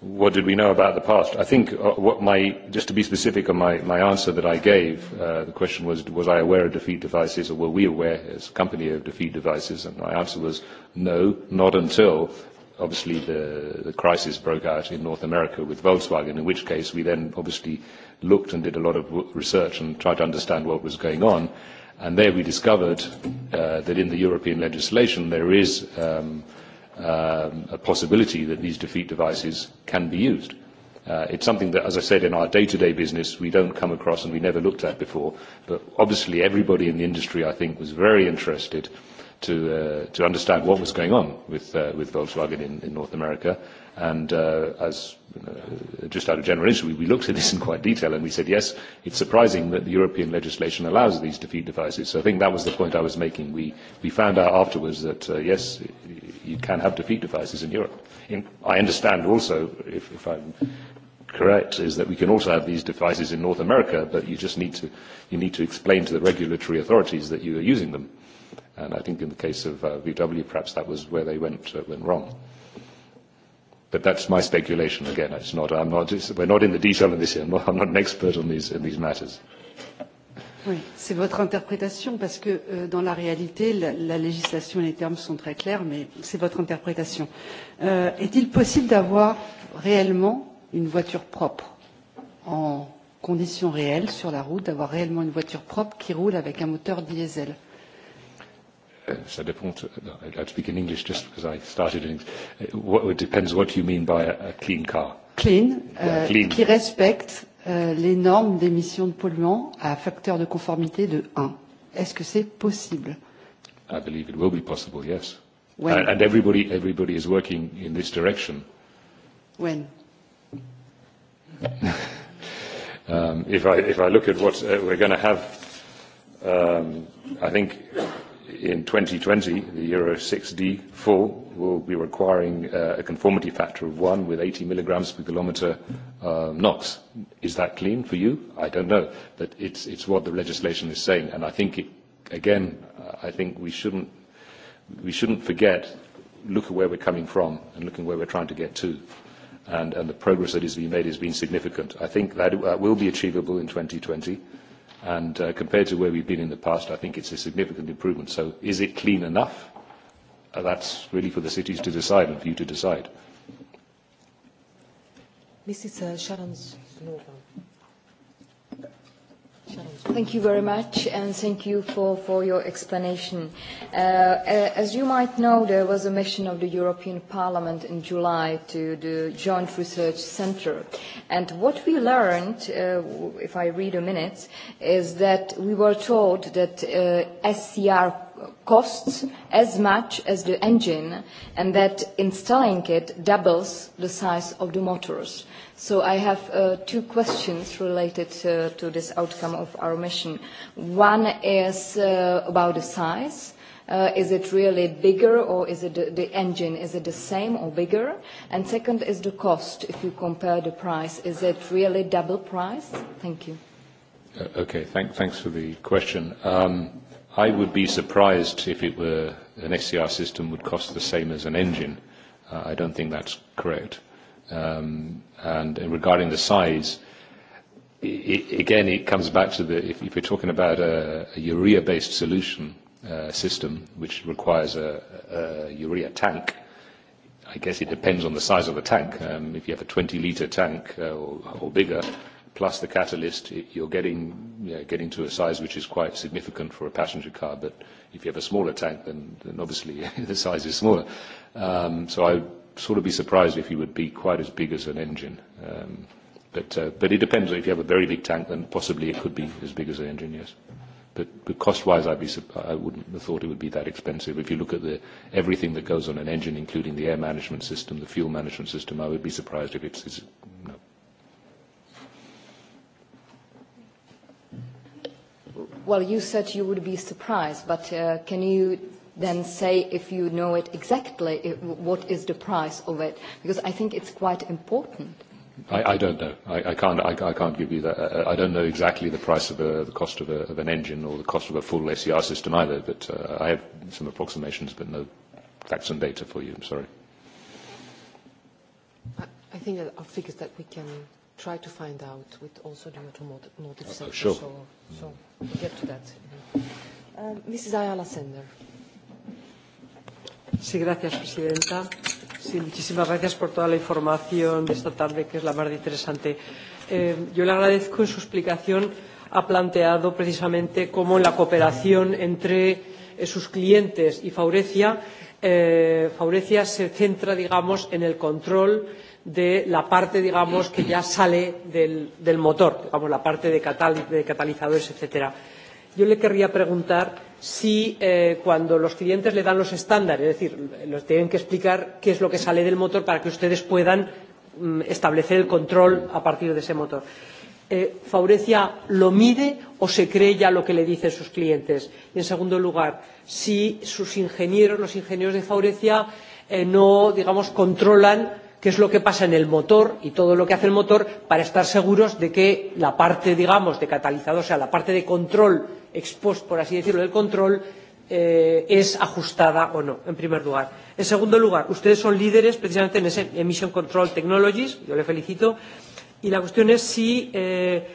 what did we know about the past? I think uh, what my just to be specific on my, my answer that I gave, uh, the question was was I aware of defeat devices or were we aware as a company of defeat devices? And my answer was no, not until obviously the, the crisis broke out in North America with Volkswagen, in which case we then obviously uh, looked and did a lot of research and tried to understand what was going on. And there we discovered uh, that in the European legislation there is um, um, a possibility that these defeat devices can be used. Uh, it's something that, as I said, in our day-to-day -day business, we don't come across and we never looked at before. But obviously, everybody in the industry, I think, was very interested to uh, to understand what was going on with uh, with Volkswagen in, in North America And uh, as uh, just out of general interest, we, we looked at this in quite detail and we said, yes, it's surprising that the European legislation allows these defeat devices. So I think that was the point I was making. We, we found out afterwards that, uh, yes, you can have defeat devices in Europe. In, I understand also, if, if I'm correct, is that we can also have these devices in North America, but you just need to, you need to explain to the regulatory authorities that you are using them. And I think in the case of uh, VW, perhaps that was where they went, uh, went wrong. But that's my speculation again. It's not, I'm not, it's, we're not in the detail of this. I'm not, I'm not an expert on these, in these matters. Oui, c'est votre interprétation parce que euh, dans la réalité, la, la législation et les termes sont très clairs, mais c'est votre interprétation. Euh, Est-il possible d'avoir réellement une voiture propre en conditions réelles sur la route, d'avoir réellement une voiture propre qui roule avec un moteur diesel euh, Uh, so depends, uh, I speak in English just because I started in English. Uh, what, it depends what you mean by a, a clean car. Clean, yeah, uh, clean. qui respecte euh, les normes d'émissions de polluants à facteur de conformité de 1. Est-ce que c'est possible I believe it will be possible, yes. When? And, and everybody, everybody is working in this direction. When? um, if, I, if I look at what uh, we're going to have, um, I think in 2020, the Euro 6d4 will be requiring uh, a conformity factor of 1 with 80 milligrams per kilometer uh, NOx. Is that clean for you? I don't know. But it's, it's what the legislation is saying. And I think, it, again, uh, I think we shouldn't, we shouldn't forget, look at where we're coming from and looking where we're trying to get to. And, and the progress that is being made has been significant. I think that, that uh, will be achievable in 2020 and uh, compared to where we've been in the past, I think it's a significant improvement. So is it clean enough? Uh, that's really for the cities to decide and for you to decide. Mrs. Uh, Sharon Snowball. Thank you very much, and thank you for, for your explanation. Uh, as you might know, there was a mission of the European Parliament in July to the Joint Research Centre. And what we learned, uh, if I read a minute, is that we were told that uh, SCR costs as much as the engine and that installing it doubles the size of the motors. So I have uh, two questions related uh, to this outcome of our mission. One is uh, about the size. Uh, is it really bigger or is it the, the engine? Is it the same or bigger? And second is the cost. If you compare the price, is it really double price? Thank you. Uh, okay, thank, thanks for the question. Um, I would be surprised if it were an SCR system would cost the same as an engine. Uh, I don't think that's correct. Um, and, and regarding the size, it, again, it comes back to the, if, if you're talking about a, a urea-based solution uh, system, which requires a, a urea tank, I guess it depends on the size of the tank. Um, if you have a 20-liter tank uh, or, or bigger, plus the catalyst, it, you're getting, you know, getting to a size which is quite significant for a passenger car. But if you have a smaller tank, then, then obviously the size is smaller. Um, so I sort of be surprised if you would be quite as big as an engine. Um, but, uh, but it depends. If you have a very big tank, then possibly it could be as big as an engine, yes. But, but cost-wise, I'd be, I wouldn't have thought it would be that expensive. If you look at the, everything that goes on an engine, including the air management system, the fuel management system, I would be surprised if it's, it's no. Well, you said you would be surprised, but uh, can you then say if you know it exactly, it, what is the price of it? Because I think it's quite important. I, I don't know. I, I can't. I, I can't give you that. I, I don't know exactly the price of a, the cost of, a, of an engine or the cost of a full ACR e system either. But uh, I have some approximations, but no facts and data for you. I'm sorry. I, I think there are figures that we can try to find out with also the automotive uh, sector. Oh, sure. So, so mm. we'll get to that. Um, mm-hmm. uh, Mrs. Ayala Sender. Sí, gracias, presidenta. Sí, muchísimas gracias por toda la información de esta tarde, que es la más de interesante. Eh, yo le agradezco en su explicación ha planteado precisamente cómo en la cooperación entre eh, sus clientes y Faurecia, eh, Faurecia se centra, digamos, en el control de la parte, digamos, que ya sale del, del motor, digamos, la parte de, catal de catalizadores, etcétera. Eh, yo le querría preguntar si eh, cuando los clientes le dan los estándares, es decir, les tienen que explicar qué es lo que sale del motor para que ustedes puedan mm, establecer el control a partir de ese motor. Eh, ¿Faurecia lo mide o se cree ya lo que le dicen sus clientes? Y en segundo lugar, si sus ingenieros, los ingenieros de Faurecia, eh, no, digamos, controlan qué es lo que pasa en el motor y todo lo que hace el motor para estar seguros de que la parte, digamos, de catalizador, o sea, la parte de control ex post, por así decirlo, del control eh, es ajustada o no, en primer lugar. En segundo lugar, ustedes son líderes precisamente en ese Emission Control Technologies, yo le felicito, y la cuestión es si eh,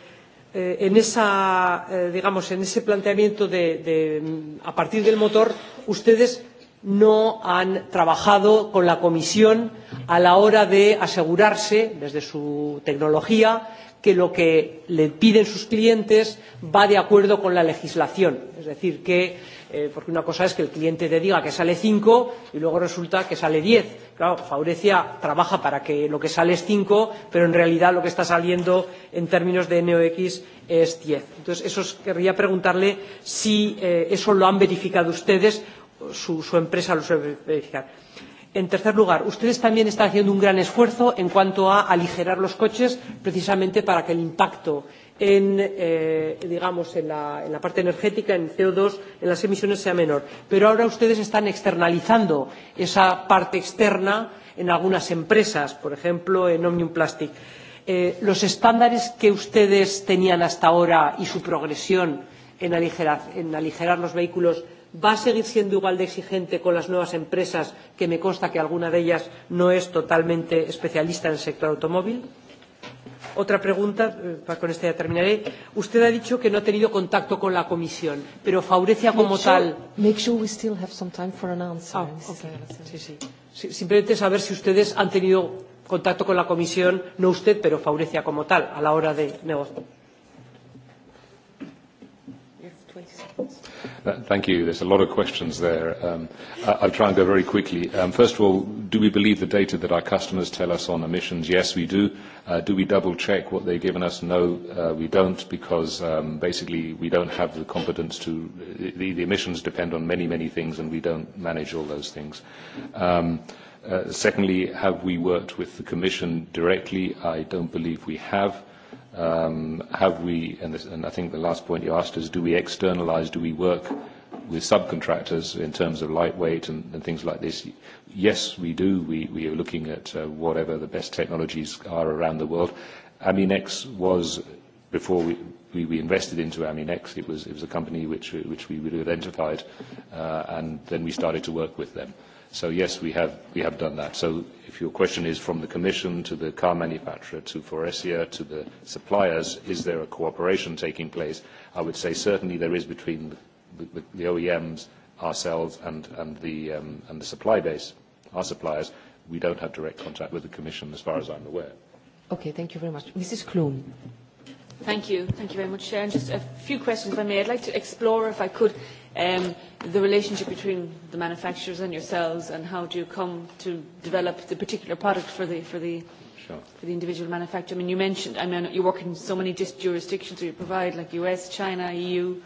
eh, en, esa, eh, digamos, en ese planteamiento de, de, a partir del motor ustedes no han trabajado con la Comisión a la hora de asegurarse desde su tecnología que lo que le piden sus clientes va de acuerdo con la legislación. Es decir, que, eh, porque una cosa es que el cliente te diga que sale 5 y luego resulta que sale 10. Claro, Faurecia trabaja para que lo que sale es 5, pero en realidad lo que está saliendo en términos de NOx es 10. Entonces, eso es, querría preguntarle si eh, eso lo han verificado ustedes, su, su empresa lo suele verificar. En tercer lugar, ustedes también están haciendo un gran esfuerzo en cuanto a aligerar los coches, precisamente para que el impacto en, eh, digamos, en, la, en la parte energética, en CO2, en las emisiones sea menor. Pero ahora ustedes están externalizando esa parte externa en algunas empresas, por ejemplo, en Omnium Plastic. Eh, los estándares que ustedes tenían hasta ahora y su progresión en aligerar, en aligerar los vehículos va a seguir siendo igual de exigente con las nuevas empresas, que me consta que alguna de ellas no es totalmente especialista en el sector automóvil? Otra pregunta, eh, con esta ya terminaré. Usted ha dicho que no ha tenido contacto con la comisión, pero Faurecia como make sure, tal. Make sure we still have some time for an answer. Ah, okay. sí, sí. Sí, simplemente saber si ustedes han tenido contacto con la comisión, no usted, pero Faurecia como tal, a la hora de negociar. Uh, thank you. There's a lot of questions there. Um, I'll try and go very quickly. Um, first of all, do we believe the data that our customers tell us on emissions? Yes, we do. Uh, do we double-check what they've given us? No, uh, we don't, because um, basically, we don't have the competence to. The, the emissions depend on many, many things, and we don't manage all those things. Um, uh, secondly, have we worked with the commission directly? I don't believe we have um, have we, and, this, and I think the last point you asked is, do we externalize, do we work with subcontractors in terms of lightweight and, and things like this? Yes, we do. We, we are looking at uh, whatever the best technologies are around the world. Aminex was, before we, we, we invested into Aminex, it was, it was a company which, which we identified, uh, and then we started to work with them. So yes, we have, we have done that. So if your question is from the Commission to the car manufacturer to Faurecia to the suppliers, is there a cooperation taking place? I would say certainly there is between the, the, the OEMs, ourselves, and, and, the, um, and the supply base, our suppliers. We don't have direct contact with the Commission as far as I'm aware. Okay, thank you very much. Mrs. Klum. Thank you. Thank you very much, Sharon. Just a few questions, if I may. I'd like to explore, if I could, um, the relationship between the manufacturers and yourselves and how do you come to develop the particular product for the, for the, sure. for the individual manufacturer. I mean, you mentioned, I mean, you work in so many jurisdictions where you provide, like US, China, EU.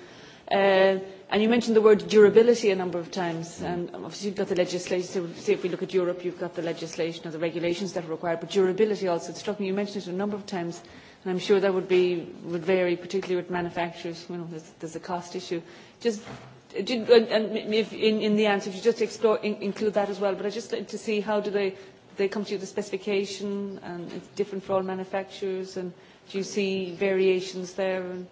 Uh, and you mentioned the word durability a number of times. Mm-hmm. And obviously you've got the legislation, say if we look at Europe, you've got the legislation or the regulations that are required, but durability also, it struck me, you mentioned it a number of times, and I'm sure that would, be, would vary, particularly with manufacturers, you know, there's, there's a cost issue. Just did, and if in, in the answer, if you just explore, in, include that as well, but I just like to see how do they, they come to you, the specification, and it's different for all manufacturers, and do you see variations there? And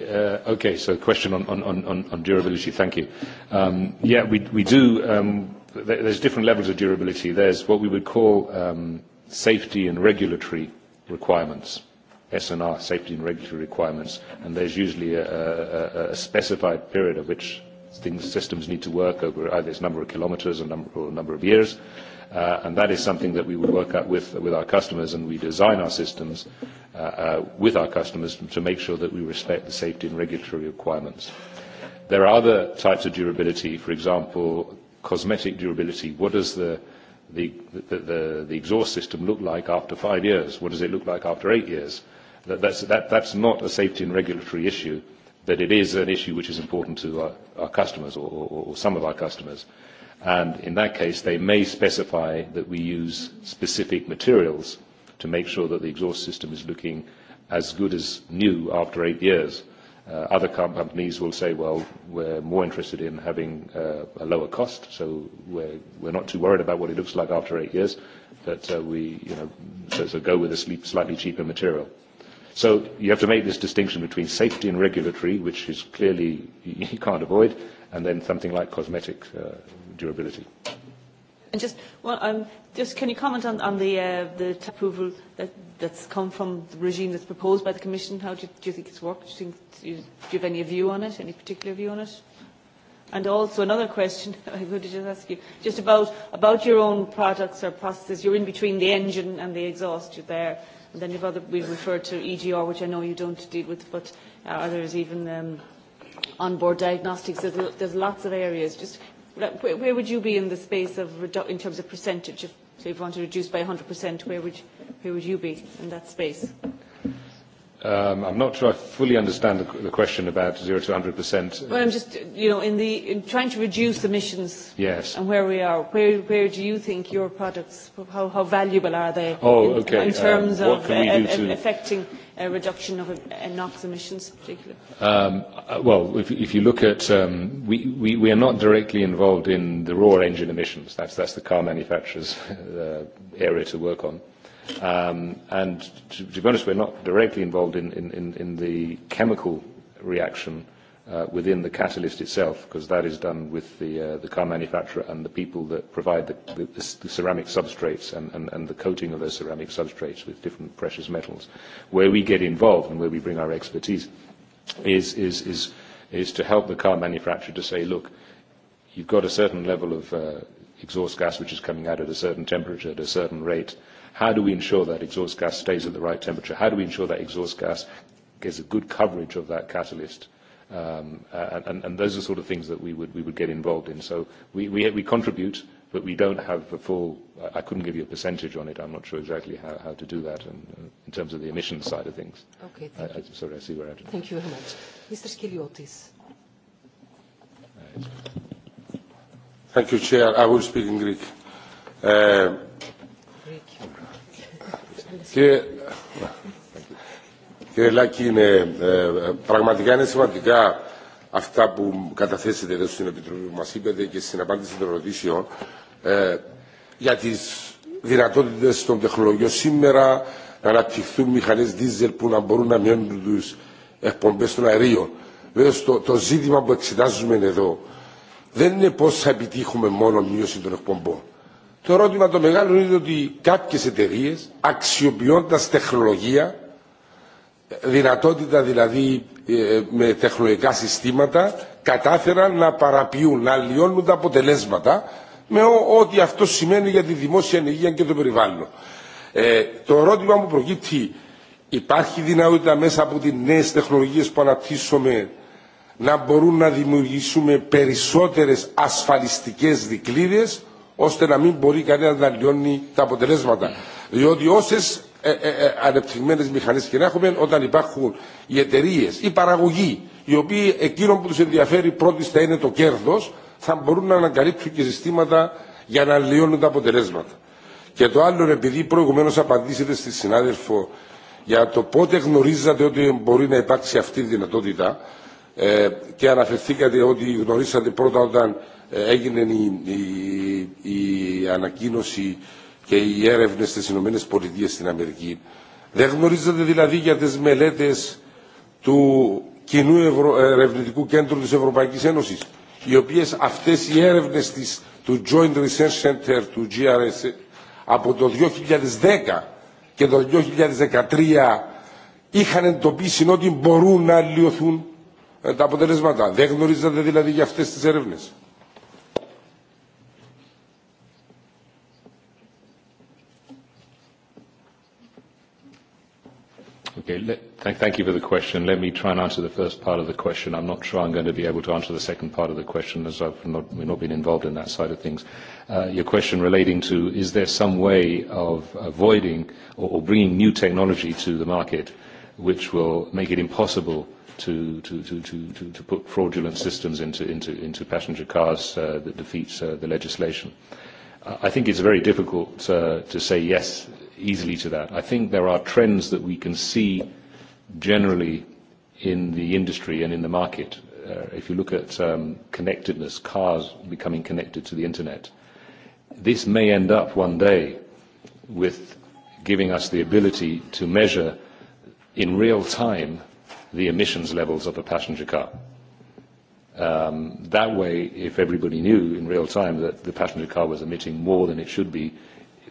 Uh, okay, so question on, on, on, on durability. Thank you. Um, yeah, we, we do. Um, there, there's different levels of durability. There's what we would call um, safety and regulatory requirements. SNR safety and regulatory requirements, and there's usually a, a, a specified period of which things, systems need to work over either its number of kilometers or number, or number of years. Uh, and that is something that we would work out with, with our customers, and we design our systems uh, uh, with our customers to, to make sure that we respect the safety and regulatory requirements. There are other types of durability, for example, cosmetic durability. What does the, the, the, the, the exhaust system look like after five years? What does it look like after eight years? Uh, That, that's, that, that's not a safety and regulatory issue, but it is an issue which is important to our, our customers or, or, or some of our customers. And in that case, they may specify that we use specific materials to make sure that the exhaust system is looking as good as new after eight years. Uh, other companies will say, "Well, we're more interested in having uh, a lower cost, so we're, we're not too worried about what it looks like after eight years, but uh, we, you know, so, so go with a slightly cheaper material." So you have to make this distinction between safety and regulatory, which is clearly you can't avoid, and then something like cosmetic uh, durability. And just, well, um, just can you comment on, on the, uh, the approval that, that's come from the regime that's proposed by the Commission? How do you, do you think it's worked? Do you, think, do, you, do you have any view on it, any particular view on it? And also another question I wanted to just ask you, just about, about your own products or processes. You're in between the engine and the exhaust, you're there And then you've other, we've referred to EGR, which I know you don't deal with, but uh, there's even um, onboard diagnostics. There's, there's lots of areas. Just where, where would you be in the space of redu- in terms of percentage? If, so if you want to reduce by 100%, where would, you, where would you be in that space? Mm-hmm. Um, I'm not sure I fully understand the, the question about 0 to 100%. Well, I'm just, you know, in, the, in trying to reduce emissions. Yes. And where we are, where, where do you think your products, how, how valuable are they? Oh, in, okay. In uh, terms um, of uh, uh, to... affecting a uh, reduction of a, a NOx emissions, particularly. Um, well, if, if you look at, um, we, we, we are not directly involved in the raw engine emissions. That's, that's the car manufacturer's uh, area to work on. Uh, Um, and to, to be honest, we're not directly involved in, in, in the chemical reaction uh, within the catalyst itself, because that is done with the, uh, the car manufacturer and the people that provide the, the, the ceramic substrates and, and, and the coating of those ceramic substrates with different precious metals. Where we get involved and where we bring our expertise is, is, is, is to help the car manufacturer to say, "Look, you've got a certain level of uh, exhaust gas which is coming out at a certain temperature, at a certain rate. How do we ensure that exhaust gas stays at the right temperature? How do we ensure that exhaust gas gets a good coverage of that catalyst? Um, uh, and, and those are the sort of things that we would, we would get involved in. So we, we, we contribute, but we don't have a full. I couldn't give you a percentage on it. I'm not sure exactly how, how to do that and, uh, in terms of the emissions side of things. Okay, thank I, you. I, sorry, I see where I... Thank you very much. Mr. Skiliotis. Thank you, Chair. I will speak in Greek. Uh, Greek. Κύριε, κύριε Λάκη, είναι, ε, πραγματικά είναι σημαντικά αυτά που καταθέσετε εδώ στην Επιτροπή που μας είπατε και στην απάντηση των ερωτήσεων ε, για τις δυνατότητες των τεχνολογιών σήμερα να αναπτυχθούν μηχανές δίζελ που να μπορούν να μειώνουν τους εκπομπές των αερίων. Βέβαια, το, το ζήτημα που εξετάζουμε εδώ δεν είναι πώς θα επιτύχουμε μόνο μείωση των εκπομπών Το ερώτημα το μεγάλο είναι ότι κάποιες εταιρείε αξιοποιώντας τεχνολογία, δυνατότητα δηλαδή με τεχνολογικά συστήματα, κατάφεραν να παραποιούν, να αλλοιώνουν τα αποτελέσματα με ό,τι αυτό σημαίνει για τη δημόσια ενεργεία και το περιβάλλον. Ε, το ερώτημα μου προκύπτει, υπάρχει δυνατότητα μέσα από τις νέες τεχνολογίες που αναπτύσσουμε να μπορούν να δημιουργήσουμε περισσότερες ασφαλιστικές δικλείδες ώστε να μην μπορεί κανένα να λιώνει τα αποτελέσματα. Διότι όσε ε, ε, ε, ανεπτυγμένε μηχανέ και να έχουμε, όταν υπάρχουν οι εταιρείε, οι παραγωγοί, οι οποίοι εκείνο που του ενδιαφέρει πρώτη θα είναι το κέρδο, θα μπορούν να ανακαλύψουν και συστήματα για να λιώνουν τα αποτελέσματα. Και το άλλο, επειδή προηγουμένω απαντήσετε στη συνάδελφο για το πότε γνωρίζατε ότι μπορεί να υπάρξει αυτή η δυνατότητα ε, και αναφερθήκατε ότι γνωρίσατε πρώτα όταν έγινε η, η, η ανακοίνωση και οι έρευνε στι Ηνωμένε Πολιτείε στην Αμερική. Δεν γνωρίζετε δηλαδή για τι μελέτε του κοινού Ευρω... ερευνητικού κέντρου της Ευρωπαϊκής Ένωσης, οι οποίες αυτές οι έρευνες της, του Joint Research Center, του GRS, από το 2010 και το 2013 είχαν εντοπίσει ότι μπορούν να αλλοιωθούν τα αποτελέσματα. Δεν γνωρίζατε δηλαδή για αυτές τις έρευνες. Okay. Thank you for the question. Let me try and answer the first part of the question. I'm not sure I'm going to be able to answer the second part of the question as I've not, we've not been involved in that side of things. Uh, your question relating to, is there some way of avoiding or, or bringing new technology to the market which will make it impossible to, to, to, to, to put fraudulent systems into, into, into passenger cars uh, that defeats uh, the legislation? Uh, I think it's very difficult uh, to say yes easily to that. I think there are trends that we can see generally in the industry and in the market. Uh, if you look at um, connectedness, cars becoming connected to the internet, this may end up one day with giving us the ability to measure in real time the emissions levels of a passenger car. Um, that way, if everybody knew in real time that the passenger car was emitting more than it should be,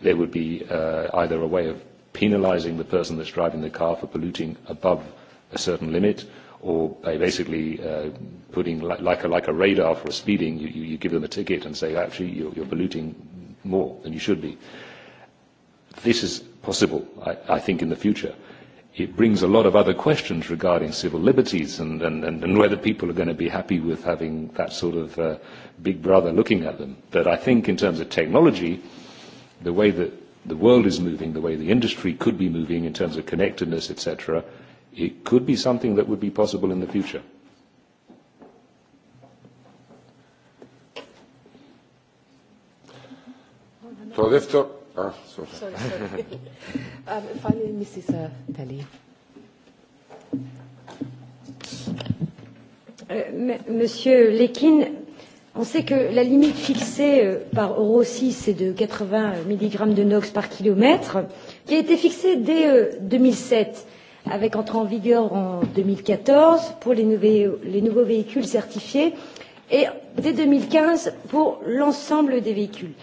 there would be uh, either a way of penalizing the person that's driving the car for polluting above a certain limit or by basically uh, putting li- like, a, like a radar for a speeding, you, you, you give them a ticket and say, actually, you're, you're polluting more than you should be. This is possible, I, I think, in the future. It brings a lot of other questions regarding civil liberties and, and, and, and whether people are going to be happy with having that sort of uh, big brother looking at them. But I think in terms of technology, uh, the way that the world is moving, the way the industry could be moving in terms of connectedness, etc., it could be something that would be possible in the future. Το δεύτερο... Α, sorry. sorry, sorry. um, finally, Mrs. Uh, Pelli. Euh, Monsieur Lekin, On sait que la limite fixée euh, par Euro 6 est de 80 mg de NOx par kilomètre, qui a été fixée dès 2007, euh, avec entrée en vigueur en 2014 pour les, nouveaux, les nouveaux véhicules certifiés et dès 2015 pour l'ensemble des véhicules.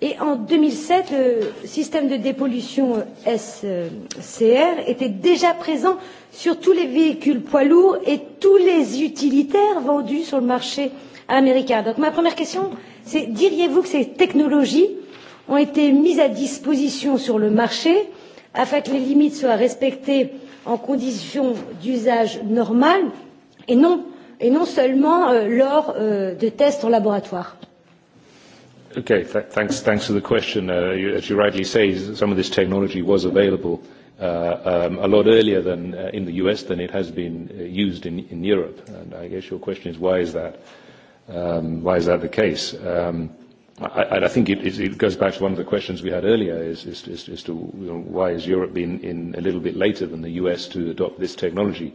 Et en 2007, le système de dépollution euh, SCR était déjà présent sur tous les véhicules poids lourds et tous les utilitaires vendus sur le marché euh, américain. Donc ma première question, c'est diriez-vous que ces technologies ont été mises à disposition sur le marché afin que les limites soient respectées en conditions d'usage normales et non, et non seulement euh, lors euh, de tests en laboratoire Okay, th thanks, thanks for the question. Uh, you, as you rightly say, some of this technology was available Uh, um, a lot earlier than uh, in the U.S. than it has been uh, used in, in Europe. And I guess your question is, why is that? Um, why is that the case? Um, I, I think it, it goes back to one of the questions we had earlier is, is, is, is to you know, why has Europe been in a little bit later than the U.S. to adopt this technology?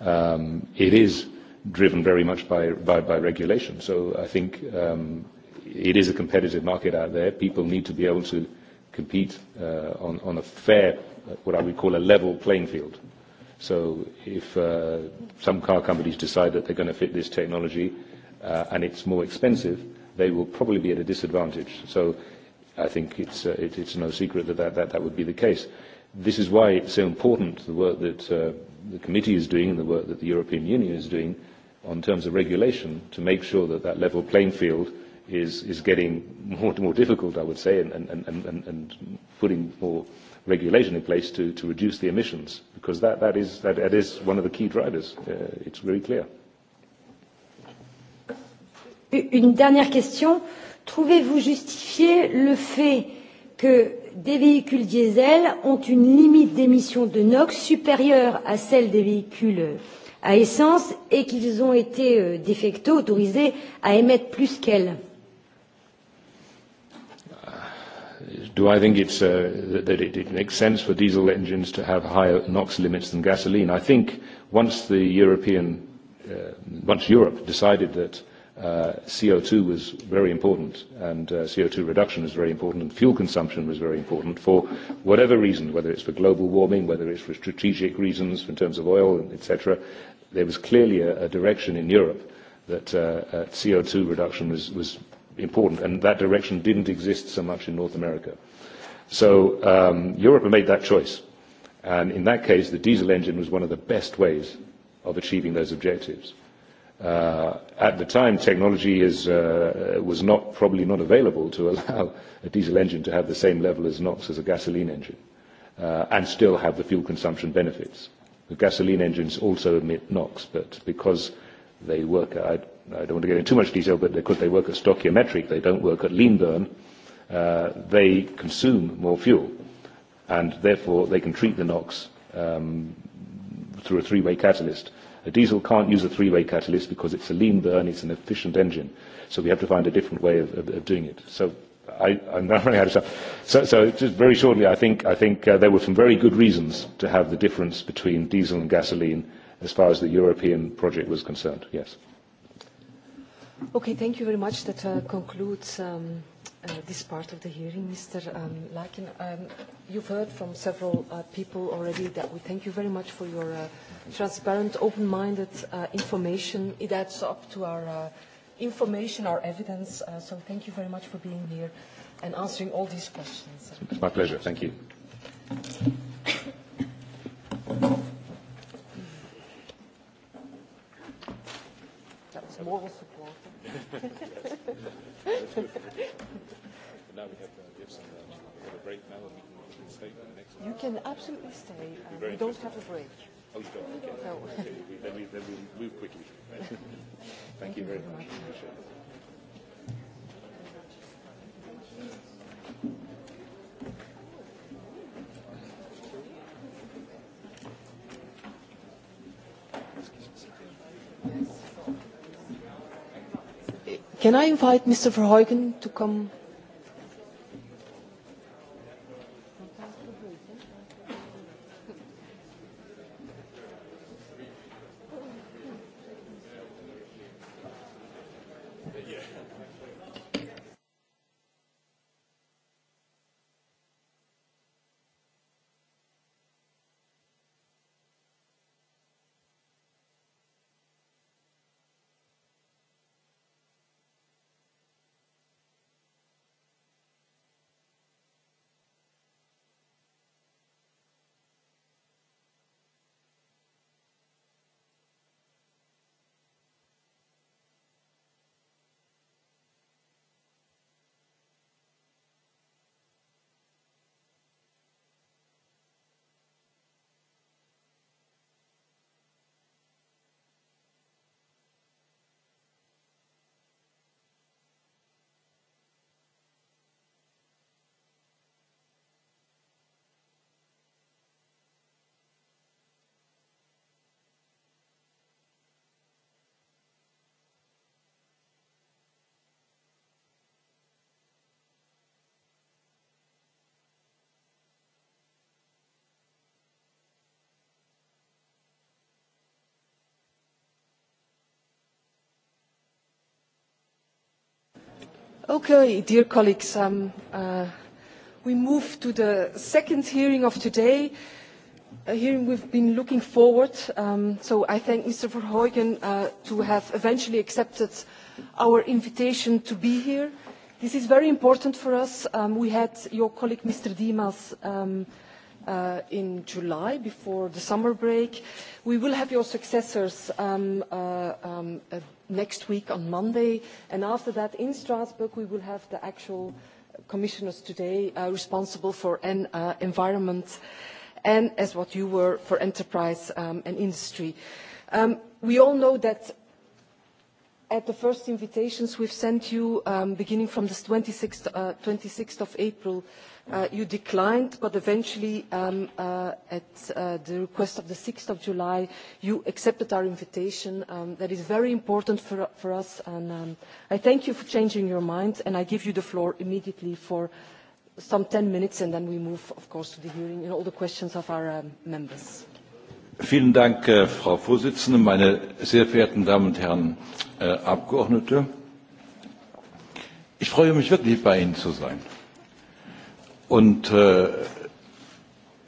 Um, it is driven very much by, by, by regulation. So I think um, it is a competitive market out there. People need to be able to compete uh, on, on a fair, what I would call a level playing field. So if uh, some car companies decide that they're going to fit this technology uh, and it's more expensive, they will probably be at a disadvantage. So I think it's, uh, it, it's no secret that that, that that would be the case. This is why it's so important, the work that uh, the committee is doing and the work that the European Union is doing on terms of regulation to make sure that that level playing field is, is getting more and more difficult, I would say, and, and, and, and, and putting more regulation in place to, to reduce the emissions, because that, that, is, that, that is one of the key drivers. Uh, it's very clear. Une dernière question. Trouvez-vous justifié le fait que des véhicules diesel ont une limite d'émission de NOx supérieure à celle des véhicules euh, à essence et qu'ils ont été euh, de facto autorisés à émettre plus qu'elle uh, Do I think it's, uh, that it, it makes sense for diesel engines to have higher NOx limits than gasoline? I think once the European, uh, once Europe decided that uh, uh, CO2 was very important, and uh, CO2 reduction was very important, and fuel consumption was very important for whatever reason, whether it's for global warming, whether it's for strategic reasons in terms of oil, etc. There was clearly a, a direction in Europe that uh, uh, CO2 reduction was, was important, and that direction didn't exist so much in North America. So um, Europe made that choice, and in that case, the diesel engine was one of the best ways of achieving those objectives. Uh, at the time, technology is, uh, was not, probably not available to allow a diesel engine to have the same level as NOx as a gasoline engine uh, and still have the fuel consumption benefits. The gasoline engines also emit NOx, but because they work at, I, I don't want to get into too much detail, but because they work at stoichiometric, they don't work at lean burn, uh, they consume more fuel. And therefore, they can treat the NOx um, through a three-way catalyst. Uh, A diesel can't use a three-way catalyst because it's a lean burn, it's an efficient engine. So we have to find a different way of, of, of doing it. So I, I'm now running out of time. So, so just very shortly, I think, I think uh, there were some very good reasons to have the difference between diesel and gasoline as far as the European project was concerned. Yes. Okay, thank you very much. That uh, concludes um, uh, this part of the hearing, Mr. Um, Lakin. Um, you've heard from several uh, people already that we thank you very much for your uh, transparent, open-minded uh, information. It adds up to our uh, information, our evidence. Uh, so thank you very much for being here and answering all these questions. It's my pleasure. Thank you. That was moral support. That's good now we have the gifts and then we have a break now and we can, we can stay for the next one. You can absolutely stay. Uh, we don't have a break. Oh, you don't? Okay. No. okay. We, then, we, then we'll move quickly. Right? Thank, Thank you very much. much. Appreciate it. Can I invite Mr. Verheugen to come? Okay, dear colleagues, um, uh, we move to the second hearing of today, a hearing we've been looking forward. Um, so I thank Mr. Verheugen uh, to have eventually accepted our invitation to be here. This is very important for us. Um, we had your colleague, Mr. Dimas, um, uh, in July before the summer break. We will have your successors um, uh, um, uh, next week on Monday. And after that, in Strasbourg, we will have the actual commissioners today uh, responsible for en uh, environment and as what you were for enterprise um, and industry. Um, we all know that at the first invitations we've sent you um, beginning from the 26th, uh, 26th of April, uh, you declined, but eventually um, uh, at uh, the request of the 6th of July, you accepted our invitation. Um, that is very important for, for us, and um, I thank you for changing your mind, and I give you the floor immediately for some 10 minutes, and then we move, of course, to the hearing and all the questions of our um, members. Vielen Dank, äh, Frau Vorsitzende, meine sehr verehrten Damen und Herren äh, Abgeordnete. Ich freue mich wirklich, bei Ihnen zu sein. Und äh,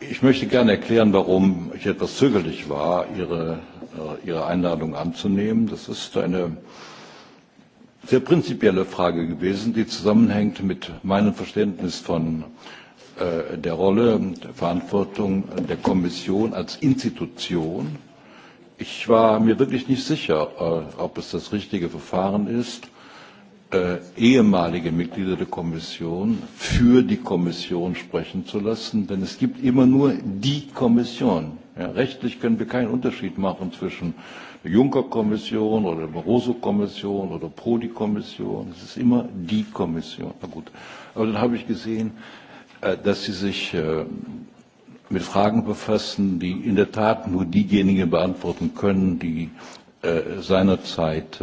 ich möchte gerne erklären, warum ich etwas zögerlich war, Ihre, äh, Ihre Einladung anzunehmen. Das ist eine sehr prinzipielle Frage gewesen, die zusammenhängt mit meinem Verständnis von Äh, der Rolle, der Verantwortung der Kommission als Institution. Ich war mir wirklich nicht sicher, äh, ob es das richtige Verfahren ist, äh, ehemalige Mitglieder der Kommission für die Kommission sprechen zu lassen, denn es gibt immer nur die Kommission. Ja, rechtlich können wir keinen Unterschied machen zwischen der Juncker-Kommission oder der Barroso-Kommission oder Prodi-Kommission. Es ist immer die Kommission. Na gut. Aber dann habe ich gesehen, Äh, dass Sie sich äh, mit Fragen befassen, die in der Tat nur diejenigen beantworten können, die äh, seinerzeit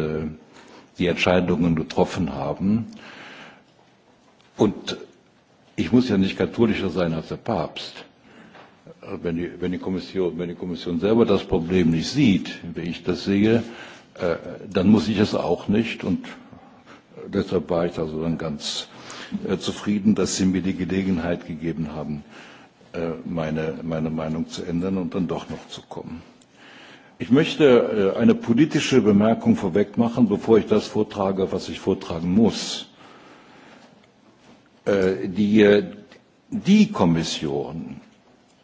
die Entscheidungen getroffen haben. Und ich muss ja nicht katholischer sein als der Papst. Wenn die, wenn die, Kommission, wenn die Kommission selber das Problem nicht sieht, wie ich das sehe, äh, dann muss ich es auch nicht. Und deshalb war ich also dann ganz äh, zufrieden, dass Sie mir die Gelegenheit gegeben haben, äh, meine, meine Meinung zu ändern und dann doch noch zu kommen. Ich möchte äh, eine politische Bemerkung vorweg machen, bevor ich das vortrage, was ich vortragen muss. Äh, die, die Kommission,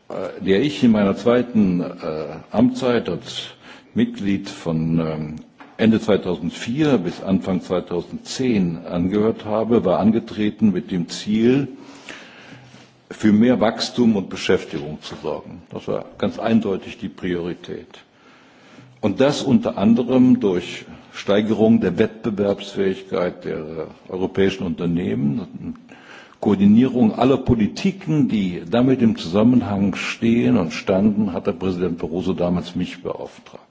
äh, der ich in meiner zweiten äh, Amtszeit als Mitglied von ähm, Ende 2004 bis Anfang 2010 angehört habe, war angetreten mit dem Ziel, für mehr Wachstum und Beschäftigung zu sorgen. Das war ganz eindeutig die Priorität. Und das unter anderem durch Steigerung der Wettbewerbsfähigkeit der europäischen Unternehmen, Koordinierung aller Politiken, die damit im Zusammenhang stehen und standen, hat der Präsident Barroso damals mich beauftragt.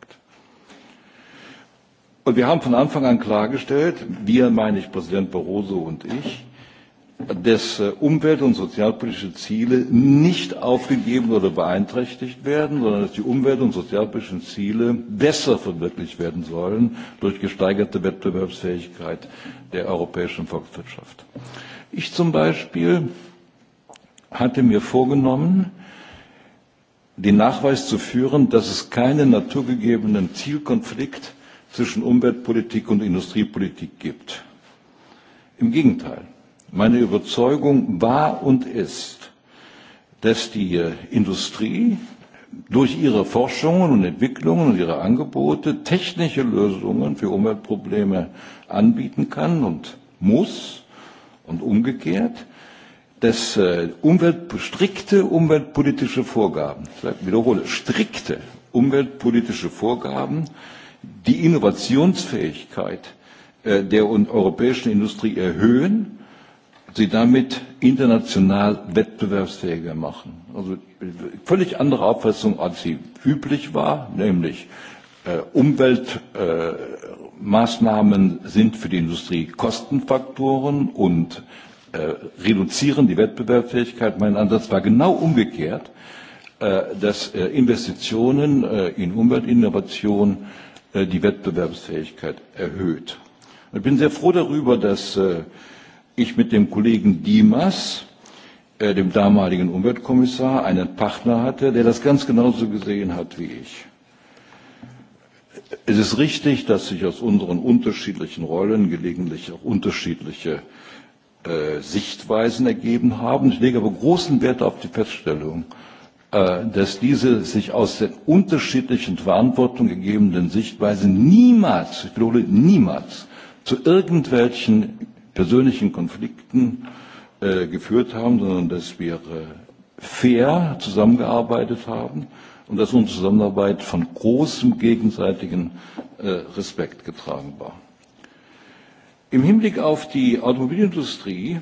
Und wir haben von Anfang an klargestellt, wir meine ich Präsident Barroso und ich, dass äh, umwelt und sozialpolitische ziele nicht aufgegeben oder beeinträchtigt werden sondern dass die umwelt und sozialpolitischen ziele besser verwirklicht werden sollen durch gesteigerte wettbewerbsfähigkeit der europäischen volkswirtschaft. ich zum beispiel hatte mir vorgenommen den nachweis zu führen dass es keinen naturgegebenen zielkonflikt zwischen Umweltpolitik und Industriepolitik gibt. Im Gegenteil, meine Überzeugung war und ist, dass die Industrie durch ihre Forschungen und Entwicklungen und ihre Angebote technische Lösungen für Umweltprobleme anbieten kann und muss und umgekehrt, dass äh, Umwelt, strikte umweltpolitische Vorgaben, ich wiederhole, strikte umweltpolitische Vorgaben die Innovationsfähigkeit äh, der europäischen Industrie erhöhen, sie damit international wettbewerbsfähiger machen. Also völlig andere Auffassung, als sie üblich war, nämlich äh, Umweltmaßnahmen äh, sind für die Industrie Kostenfaktoren und äh, reduzieren die Wettbewerbsfähigkeit. Mein Ansatz war genau umgekehrt, äh, dass äh, Investitionen äh, in Umweltinnovation äh, Äh, die Wettbewerbsfähigkeit erhöht. Ich bin sehr froh darüber, dass äh, ich mit dem Kollegen Dimas, äh, dem damaligen Umweltkommissar, einen Partner hatte, der das ganz genauso gesehen hat wie ich. Es ist richtig, dass sich aus unseren unterschiedlichen Rollen gelegentlich auch unterschiedliche äh, Sichtweisen ergeben haben. Ich lege aber großen Wert auf die Feststellung, äh, Äh, dass diese sich aus den unterschiedlichen Verantwortung gegebenen Sichtweisen niemals, ich wiederhole niemals, zu irgendwelchen persönlichen Konflikten äh, geführt haben, sondern dass wir äh, fair zusammengearbeitet haben und dass unsere Zusammenarbeit von großem gegenseitigen äh, Respekt getragen war. Im Hinblick auf die Automobilindustrie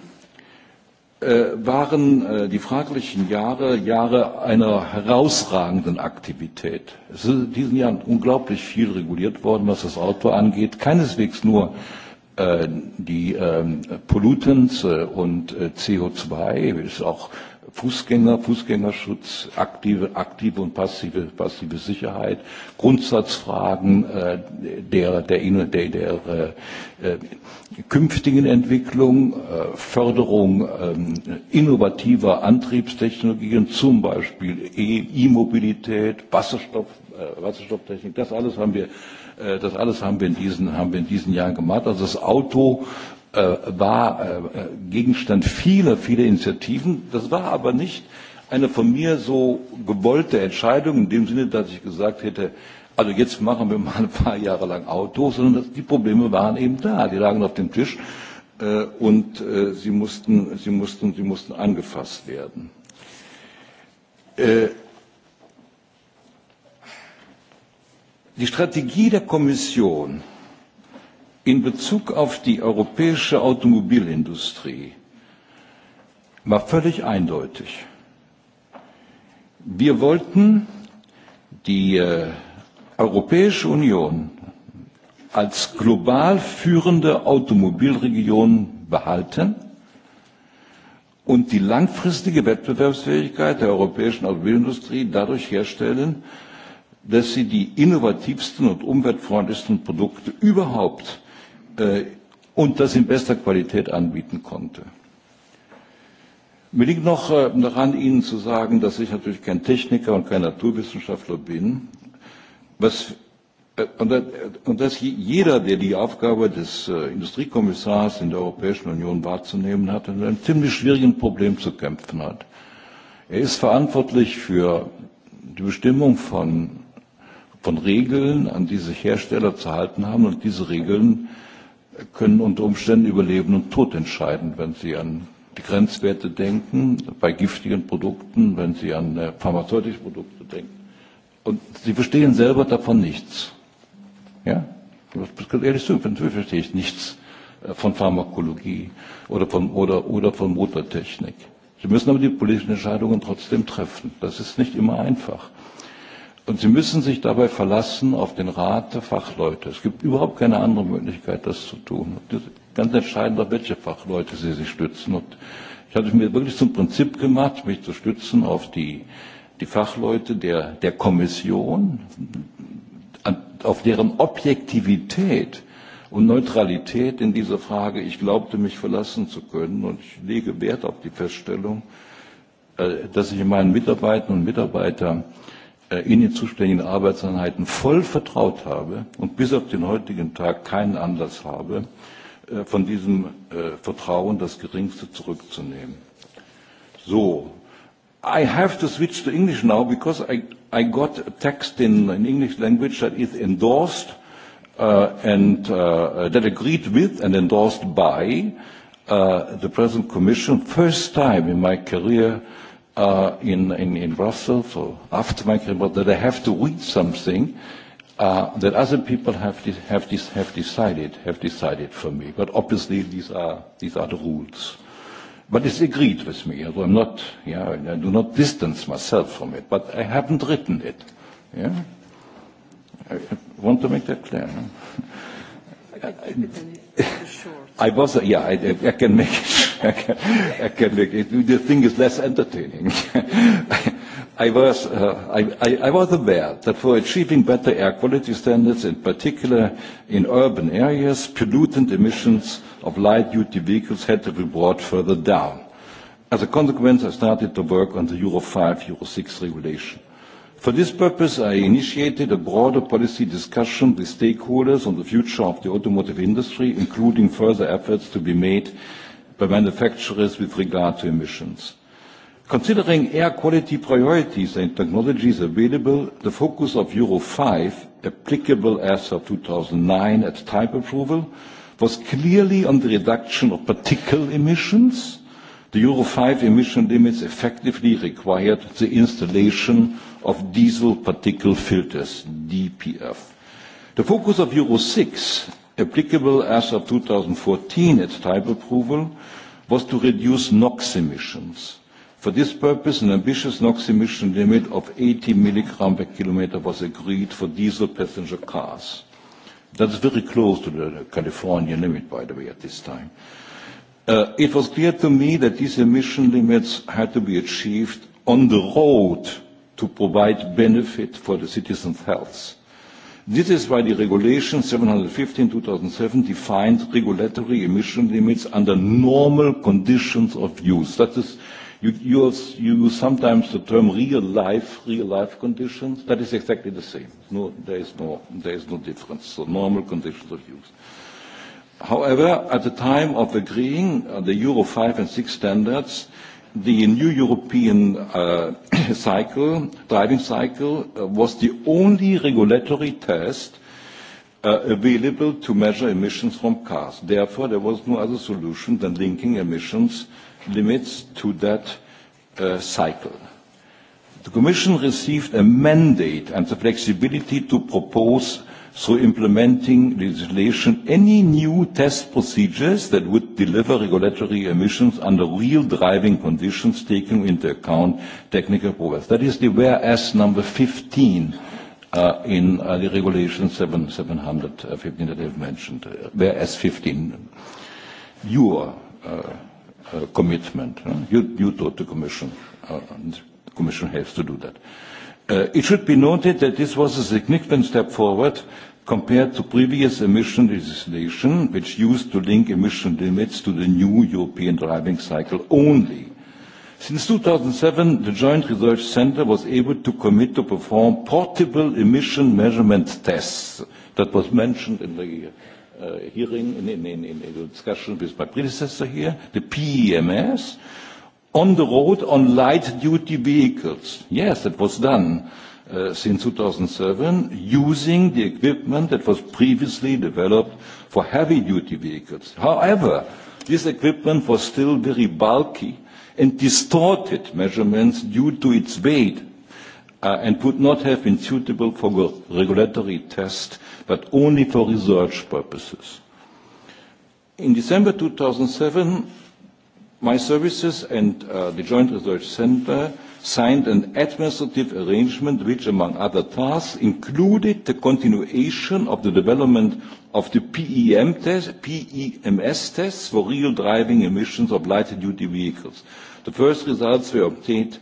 Äh, waren äh, die fraglichen Jahre Jahre einer herausragenden Aktivität. Es ist in diesen Jahren unglaublich viel reguliert worden, was das Auto angeht. Keineswegs nur äh, die ähm, Pollutants und CO2, es ist auch Fußgänger, Fußgängerschutz, aktive, aktive und passive, passive Sicherheit, Grundsatzfragen äh, der, der, der, der, der äh, künftigen Entwicklung, äh, Förderung äh, innovativer Antriebstechnologien, zum Beispiel e-, E-Mobilität, -E Wasserstoff, äh, Wasserstofftechnik, das alles haben wir äh, das alles haben wir in diesen, haben wir in diesen Jahren gemacht. Also das Auto äh, war äh, Gegenstand vieler, vieler Initiativen. Das war aber nicht eine von mir so gewollte Entscheidung in dem Sinne, dass ich gesagt hätte, also jetzt machen wir mal ein paar Jahre lang Autos, sondern dass die Probleme waren eben da, die lagen auf dem Tisch äh, und äh, sie, mussten, sie, mussten, sie mussten angefasst werden. Äh, die Strategie der Kommission äh, in Bezug auf die europäische Automobilindustrie war völlig eindeutig. Wir wollten die äh, Europäische Union als global führende Automobilregion behalten und die langfristige Wettbewerbsfähigkeit der europäischen Automobilindustrie dadurch herstellen, dass sie die innovativsten und umweltfreundlichsten Produkte überhaupt äh, und das in bester Qualität anbieten konnte. Mir liegt noch äh, daran, Ihnen zu sagen, dass ich natürlich kein Techniker und kein Naturwissenschaftler bin. Was, äh, und, äh, und dass jeder, der die Aufgabe des äh, Industriekommissars in der Europäischen Union wahrzunehmen hat, mit einem ziemlich schwierigen Problem zu kämpfen hat. Er ist verantwortlich für die Bestimmung von, von Regeln, an die sich Hersteller zu halten haben. Und diese Regeln äh, können unter Umständen über Leben und Tod entscheiden, wenn sie an die Grenzwerte denken, bei giftigen Produkten, wenn sie an äh, pharmazeutische Produkte denken. Und sie verstehen selber davon nichts. Ja? Das kann ehrlich sagen, natürlich verstehe ich nichts äh, von Pharmakologie oder von, oder, oder von Motortechnik. Sie müssen aber die politischen Entscheidungen trotzdem treffen. Das ist nicht immer einfach. Und Sie müssen sich dabei verlassen auf den Rat der Fachleute. Es gibt überhaupt keine andere Möglichkeit, das zu tun. Das ist ganz entscheidend, auf welche Fachleute Sie sich stützen. Und ich hatte mir wirklich zum Prinzip gemacht, mich zu stützen auf die, die Fachleute der, der Kommission, an, auf deren Objektivität und Neutralität in dieser Frage ich glaubte, mich verlassen zu können. Und ich lege Wert auf die Feststellung, äh, dass ich meinen Mitarbeitern und Mitarbeitern äh, Äh, in den zuständigen Arbeitseinheiten voll vertraut habe und bis auf den heutigen Tag keinen Anlass habe, äh, von diesem äh, Vertrauen das Geringste zurückzunehmen. So, I have to switch to English now because I, I got a text in, in English language that is endorsed uh, and uh, uh that agreed with and endorsed by uh, the present Commission. First time in my career uh, uh, in, in, in Brussels or aftermarket, but that they have to win something uh, that other people have, de- have, de- have decided have decided for me. But obviously these are these are the rules. But it's agreed with me. So I'm not, yeah, I do not distance myself from it. But I haven't written it. Yeah, I want to make that clear. Huh? I was, yeah, I, I can make it. I can, I can make it. The thing is less entertaining. I was, uh, I, I, I was aware that for achieving better air quality standards, in particular in urban areas, pollutant emissions of light-duty vehicles had to be brought further down. As a consequence, I started to work on the Euro 5, Euro 6 regulation. For this purpose, I initiated a broader policy discussion with stakeholders on the future of the automotive industry, including further efforts to be made by manufacturers with regard to emissions. Considering air quality priorities and technologies available, the focus of Euro 5, applicable as of 2009 at type approval, was clearly on the reduction of particle emissions The Euro 5 emission limits effectively required the installation of diesel particle filters, DPF. The focus of Euro 6, applicable as of 2014 at type approval, was to reduce NOx emissions. For this purpose, an ambitious NOx emission limit of 80 milligram per kilometer was agreed for diesel passenger cars. That's very close to the California limit, by the way, at this time. Uh, Uh, it was clear to me that these emission limits had to be achieved on the road to provide benefit for the citizens' health. This is why the Regulation 715/2007 defined regulatory emission limits under normal conditions of use. That is, you, you, use, you use sometimes the term real life, real life conditions. That is exactly the same. No, there is no, there is no difference. So normal conditions of use. However, at the time of agreeing uh, the Euro 5 and 6 standards, the new European uh, cycle, driving cycle, uh, was the only regulatory test uh, available to measure emissions from cars. Therefore, there was no other solution than linking emissions limits to that uh, cycle. The Commission received a mandate and the flexibility to propose through implementing legislation any new test procedures that would deliver regulatory emissions under real driving conditions, taking into account technical progress. That is the whereas number 15 uh, in uh, the regulation 7, 715 uh, that I've mentioned, uh, whereas 15. Your uh, uh, commitment, uh, you, you told the Commission, uh, and the Commission has to do that. Uh, it should be noted that this was a significant step forward uh, compared to previous emission legislation, which used to link emission limits to the new European driving cycle only. Since 2007, the Joint Research Centre was able to commit to perform portable emission measurement tests. That was mentioned in the uh, hearing, in, in, in, in the discussion with my predecessor here, the PEMS, on the road on light-duty vehicles. Yes, that was done. Uh, uh, since 2007 using the equipment that was previously developed for heavy-duty vehicles. However, this equipment was still very bulky and distorted measurements due to its weight uh, and would not have been suitable for regulatory tests, but only for research purposes. In December 2007, my services and uh, the Joint Research Center signed an administrative arrangement which, among other tasks, included the continuation of the development of the PEM test, PEMS tests for real driving emissions of lighter-duty vehicles. The first results were obtained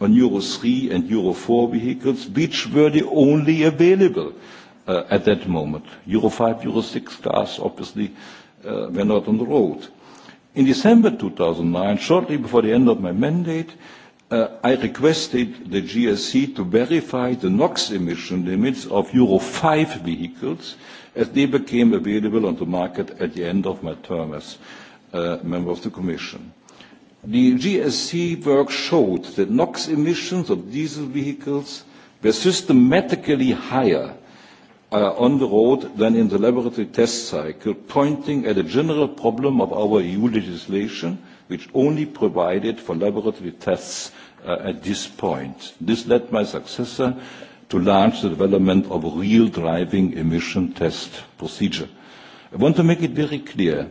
on Euro 3 and Euro 4 vehicles, which were the only available uh, at that moment. Euro 5, Euro 6 cars obviously uh, were not on the road. In December 2009, shortly before the end of my mandate, uh, I requested the GSC to verify the NOx emission limits of Euro 5 vehicles as they became available on the market at the end of my term as uh, member of the Commission. The GSC work showed that NOx emissions of diesel vehicles were systematically higher uh, on the road than in the laboratory test cycle, pointing at a general problem of our EU legislation, which only provided for laboratory tests uh, at this point. This led my successor to launch the development of a real driving emission test procedure. I want to make it very clear.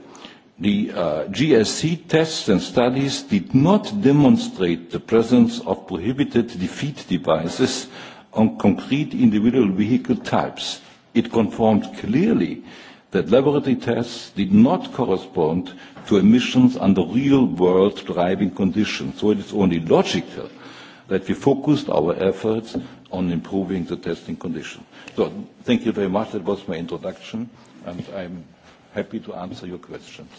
The uh, GSC tests and studies did not demonstrate the presence of prohibited defeat devices on concrete individual vehicle types. It confirmed clearly that laboratory tests did not correspond to emissions under real-world driving conditions. So it is only logical that we focused our efforts on improving the testing condition. So thank you very much. That was my introduction, and I'm happy to answer your questions.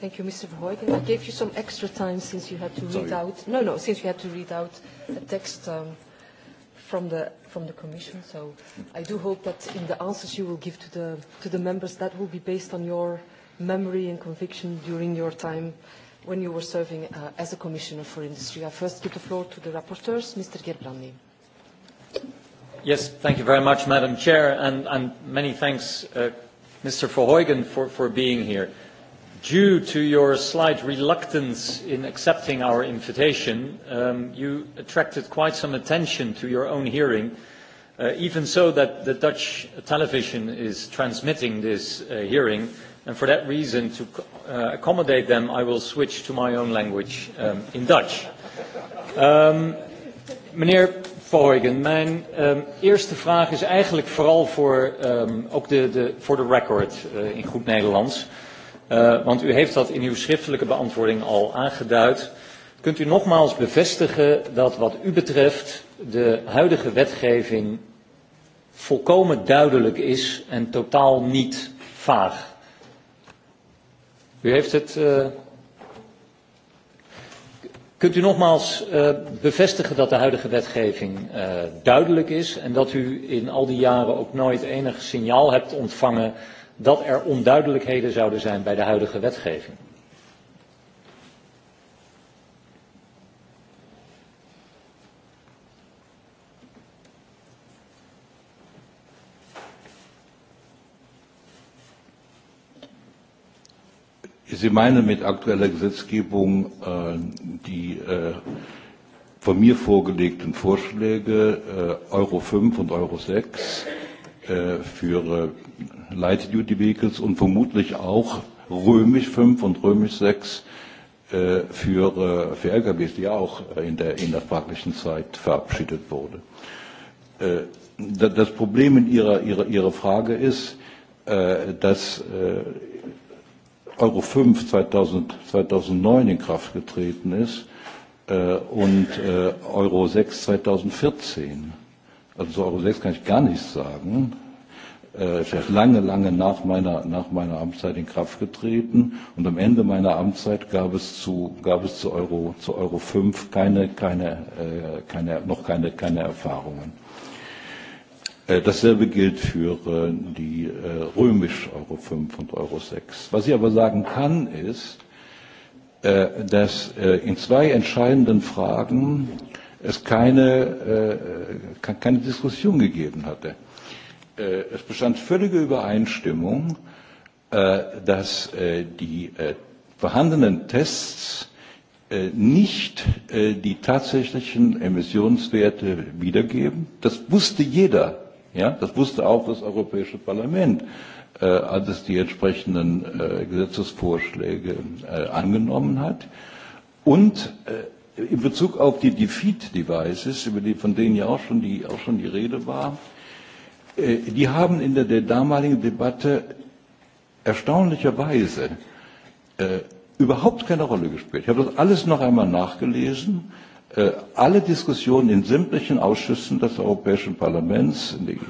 Thank you, Mr. Verheugen. I gave you some extra time since you had to Sorry. read out. No, no, since you had to read out a text um, from the from the Commission. So I do hope that in the answers you will give to the to the members, that will be based on your memory and conviction during your time when you were serving uh, as a Commissioner for Industry. I first give the floor to the rapporteurs, Mr. Gerbrandi. Yes, thank you very much, Madam Chair, and, and many thanks, uh, Mr. Verheugen, for, for being here. Due to your slight reluctance in accepting our invitation, um, you attracted quite some attention to your own hearing, uh, Uh, even so that the Dutch television is transmitting this uh, hearing, and for that reason, to uh, accommodate them, I will switch to my own language um, in Dutch. Um, meneer Verheugen, mijn um, eerste vraag is eigenlijk vooral voor, um, ook de, de, voor de record uh, in goed Nederlands. Uh, want u heeft dat in uw schriftelijke beantwoording al aangeduid. Uh, Kunt u nogmaals bevestigen dat wat u betreft de huidige wetgeving volkomen duidelijk is en totaal niet vaag? U heeft het. Uh... Kunt u nogmaals uh, bevestigen dat de huidige wetgeving uh, duidelijk is en dat u in al die jaren ook nooit enig signaal hebt ontvangen dat er onduidelijkheden zouden zijn bij de huidige wetgeving? Sie meinen mit aktueller Gesetzgebung äh, die äh, von mir vorgelegten Vorschläge äh, Euro 5 und Euro 6 äh, für äh, Light Duty Vehicles und vermutlich auch Römisch 5 und Römisch 6 äh, für, äh, für LKWs, die ja auch äh, in der, in der fraglichen Zeit verabschiedet wurde. Äh, das Problem in Ihrer, Ihrer, Ihrer Frage ist, äh, dass äh, Euro 5 2000, 2009 in Kraft getreten ist äh, und äh, Euro 6 2014. Also zu Euro 6 kann ich gar nichts sagen. Äh, ist erst lange, lange nach meiner, nach meiner Amtszeit in Kraft getreten. Und am Ende meiner Amtszeit gab es zu, gab es zu Euro, zu Euro 5 keine, keine, äh, keine, noch keine, keine Erfahrungen. Äh, dasselbe gilt für äh, die äh, römisch Euro 5 und Euro 6. Was ich aber sagen kann, ist, dass in zwei entscheidenden Fragen es keine, keine Diskussion gegeben hatte. Es bestand völlige Übereinstimmung, dass die vorhandenen Tests nicht die tatsächlichen Emissionswerte wiedergeben. Das wusste jeder Ja, das wusste auch das Europäische Parlament, äh, als es die entsprechenden äh, Gesetzesvorschläge äh, angenommen hat. Und äh, in Bezug auf die Defeat-Devices, über die, von denen ja auch schon die, auch schon die Rede war, äh, die haben in der, der damaligen Debatte erstaunlicherweise äh, überhaupt keine Rolle gespielt. Ich habe das alles noch einmal nachgelesen. Äh, Äh, alle Diskussionen in sämtlichen Ausschüssen des Europäischen Parlaments, in den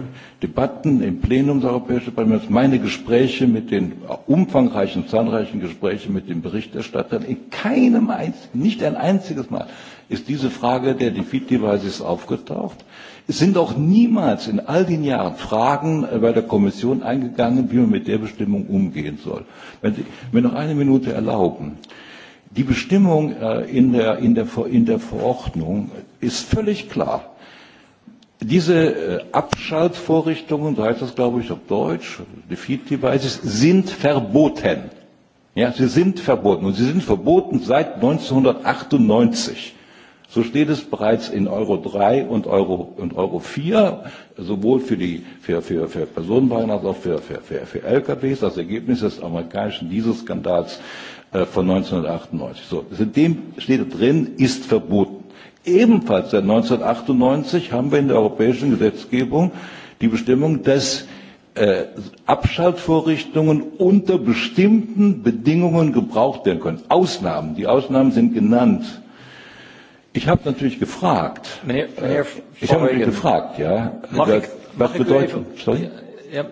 Debatten im Plenum des Europäischen Parlaments, meine Gespräche mit den umfangreichen, zahlreichen Gespräche mit den Berichterstattern, in keinem einzigen, nicht ein einziges Mal ist diese Frage der Defeat Devices aufgetaucht. Es sind auch niemals in all den Jahren Fragen äh, bei der Kommission eingegangen, wie man mit der Bestimmung umgehen soll. Wenn Sie mir noch eine Minute erlauben. Äh, Die Bestimmung äh, in, der, in, der, in der Verordnung ist völlig klar. Diese äh, Abschaltvorrichtungen, so heißt das glaube ich auf Deutsch, Defeat Devices, sind verboten. Ja, sie sind verboten und sie sind verboten seit 1998. So steht es bereits in Euro 3 und Euro, und Euro 4, sowohl für, die, für, für, für Personenwagen als auch für, für, für, für LKWs. Das Ergebnis des amerikanischen Dieselskandals Äh, von 1998. So, in dem steht drin, ist verboten. Ebenfalls seit 1998 haben wir in der europäischen Gesetzgebung die Bestimmung, dass äh, Abschaltvorrichtungen unter bestimmten Bedingungen gebraucht werden können. Ausnahmen, die Ausnahmen sind genannt. Ich habe natürlich gefragt. Meneer, meneer äh, ich habe natürlich gefragt, ja. Mag äh, was ich, mag bedeutet? Ich even, sorry? Ja,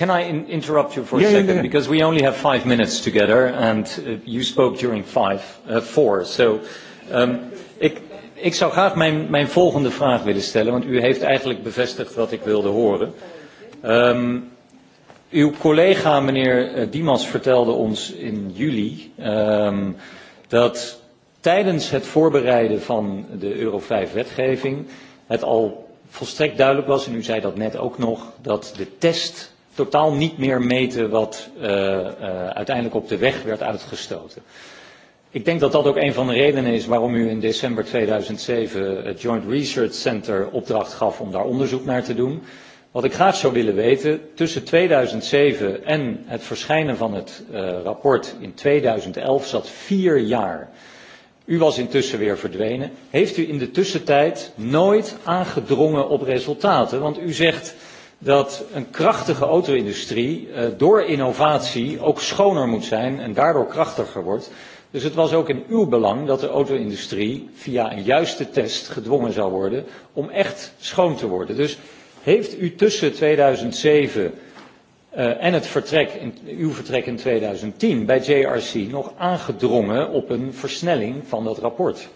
Can I in interrupt you for a yeah, second? Yeah, yeah. Because we only have five minutes together, and uh, you spoke during five, uh, four. So, um, ik, ik zou graag mijn, mijn volgende vraag willen stellen, want u heeft eigenlijk bevestigd wat ik wilde horen. Um, uw collega, meneer uh, Dimas, vertelde ons in juli um, dat tijdens het voorbereiden van de Euro 5 wetgeving het al volstrekt duidelijk was, en u zei dat net ook nog, dat de test totaal niet meer meten wat uh, uh, uiteindelijk op de weg werd uitgestoten. Ik denk dat dat ook een van de redenen is waarom u in december 2007 het Joint Research Center opdracht gaf om daar onderzoek naar te doen. Wat ik graag zou willen weten, tussen 2007 en het verschijnen van het uh, rapport in 2011 zat vier jaar. U was intussen weer verdwenen. Heeft u in de tussentijd nooit aangedrongen op resultaten? Want u zegt, dat een krachtige auto-industrie uh, door innovatie ook schoner moet zijn en daardoor krachtiger wordt. Dus het was ook in uw belang dat de auto-industrie via een juiste test gedwongen zou worden om echt schoon te worden. Dus heeft u tussen 2007 uh, eh, en het vertrek in, uw vertrek in 2010 bij JRC nog aangedrongen op een versnelling van dat rapport?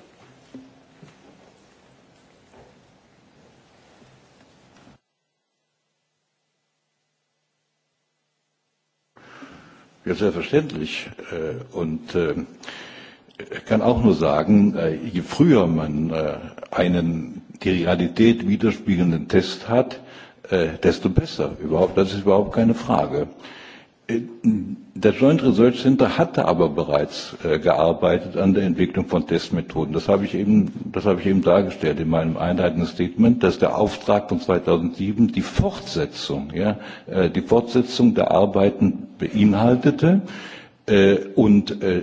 Ja, selbstverständlich. Äh, und äh, ich kann auch nur sagen, äh, je früher man einen die Realität widerspiegelnden Test hat, desto besser. Überhaupt, das ist überhaupt keine Frage. Äh, der Joint Research Center hatte aber bereits äh, gearbeitet an der Entwicklung von Testmethoden. Das habe ich eben, das habe ich eben dargestellt in meinem einleitenden Statement, dass der Auftrag von 2007 die Fortsetzung, ja, äh, die Fortsetzung der Arbeiten beinhaltete. Äh, und äh,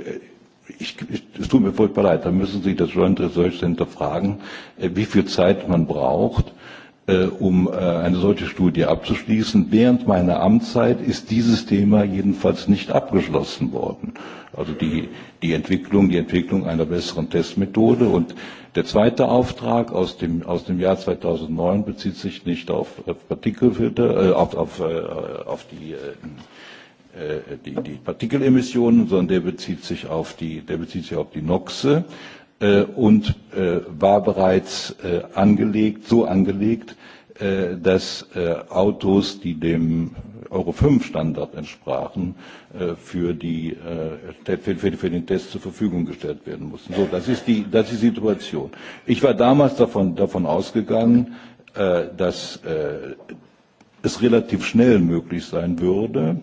ich, ich, es tut mir furchtbar leid, da müssen Sie das Joint Research Center fragen, äh, wie viel Zeit man braucht, äh, um äh, eine solche Studie abzuschließen. Während meiner Amtszeit ist dieses Thema jedenfalls nicht abgeschlossen worden. Also die, die Entwicklung, die Entwicklung einer besseren Testmethode. Und der zweite Auftrag aus dem, aus dem Jahr 2009 bezieht sich nicht auf, auf Partikelfilter, äh, auf, auf, äh, auf die, äh, äh die, die Partikelemissionen, sondern der bezieht sich auf die, der bezieht sich auf die NOxe äh, und äh, war bereits äh, angelegt, so angelegt, äh, dass äh, Autos, die dem Euro 5 Standard entsprachen, äh, für, die, äh, für, für, für den Test zur Verfügung gestellt werden mussten. So, das ist die, das ist die Situation. Ich war damals davon, davon ausgegangen, äh, dass äh, es relativ schnell möglich sein würde,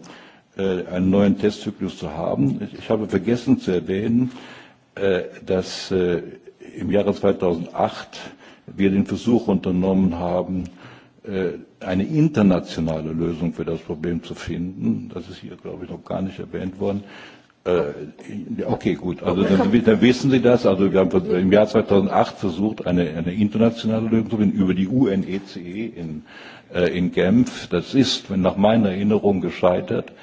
äh, einen neuen Testzyklus zu haben. Ich, ich habe vergessen zu erwähnen, äh, Äh, dass äh, im Jahre 2008 wir den Versuch unternommen haben, äh, eine internationale Lösung für das Problem zu finden. Das ist hier, glaube ich, noch gar nicht erwähnt worden. Äh, okay, gut. Also dann, dann wissen Sie das. Also wir haben im Jahr 2008 versucht, eine, eine internationale Lösung zu finden über die UNECE e in, äh, in Genf. Das ist, wenn nach meiner Erinnerung, gescheitert. Äh,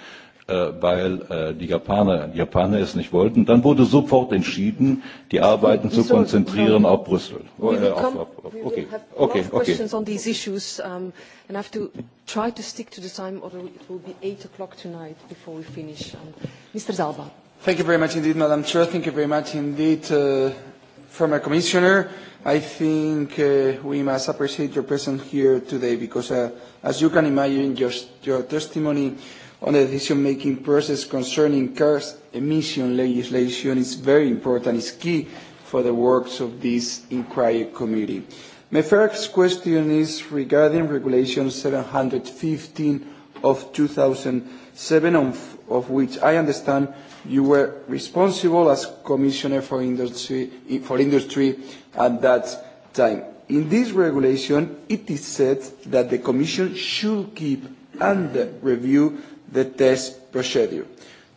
äh, weil äh, die Japaner, die Japaner es nicht wollten. Dann wurde sofort entschieden, die Arbeiten zu konzentrieren no, ähm, auf Brüssel. Oh, äh, auf, auf, auf. Okay, okay, okay. On these issues, um, and I have to try to stick to the time, or it will be eight o'clock tonight before we finish. Um, Mr. Zalba. Thank you very much indeed, Madam Chair. Thank you very much indeed, uh, former Commissioner. I think uh, we must appreciate your presence here today because, uh, as you can imagine, your, your testimony uh, on the decision-making process concerning car emission legislation is very important, is key for the works of this inquiry committee. My first question is regarding Regulation 715 of 2007, of, of which I understand you were responsible as Commissioner for Industry, for industry at that time. In this regulation, it is said that the Commission should keep under review the test procedure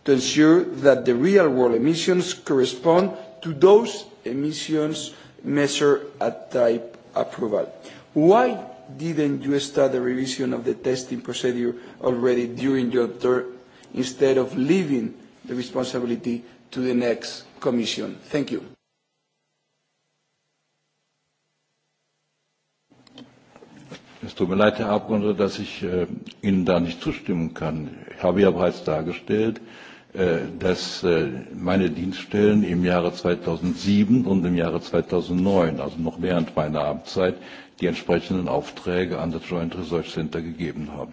to ensure that the real-world emissions correspond to those emissions measured at type approval. Why didn't you start the revision of the testing procedure already during your term instead of leaving the responsibility to the next commission? Thank you. Es tut mir leid, Herr Abgeordneter, dass ich äh, Ihnen da nicht zustimmen kann. Ich habe ja bereits dargestellt, äh, dass äh, meine Dienststellen im Jahre 2007 und im Jahre 2009, also noch während meiner Amtszeit, die entsprechenden Aufträge an das Joint Research Center gegeben haben.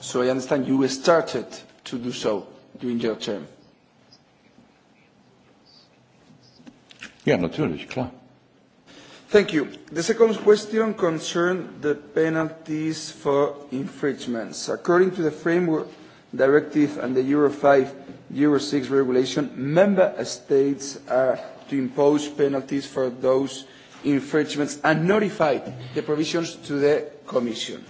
So I understand you started to do so during your term. Ja, natürlich, klar. Thank you. The second question concerned the penalties for infringements. According to the framework directive and the Euro 5, Euro 6 regulation, member states are to impose penalties for those infringements and notify the provisions to the Commission.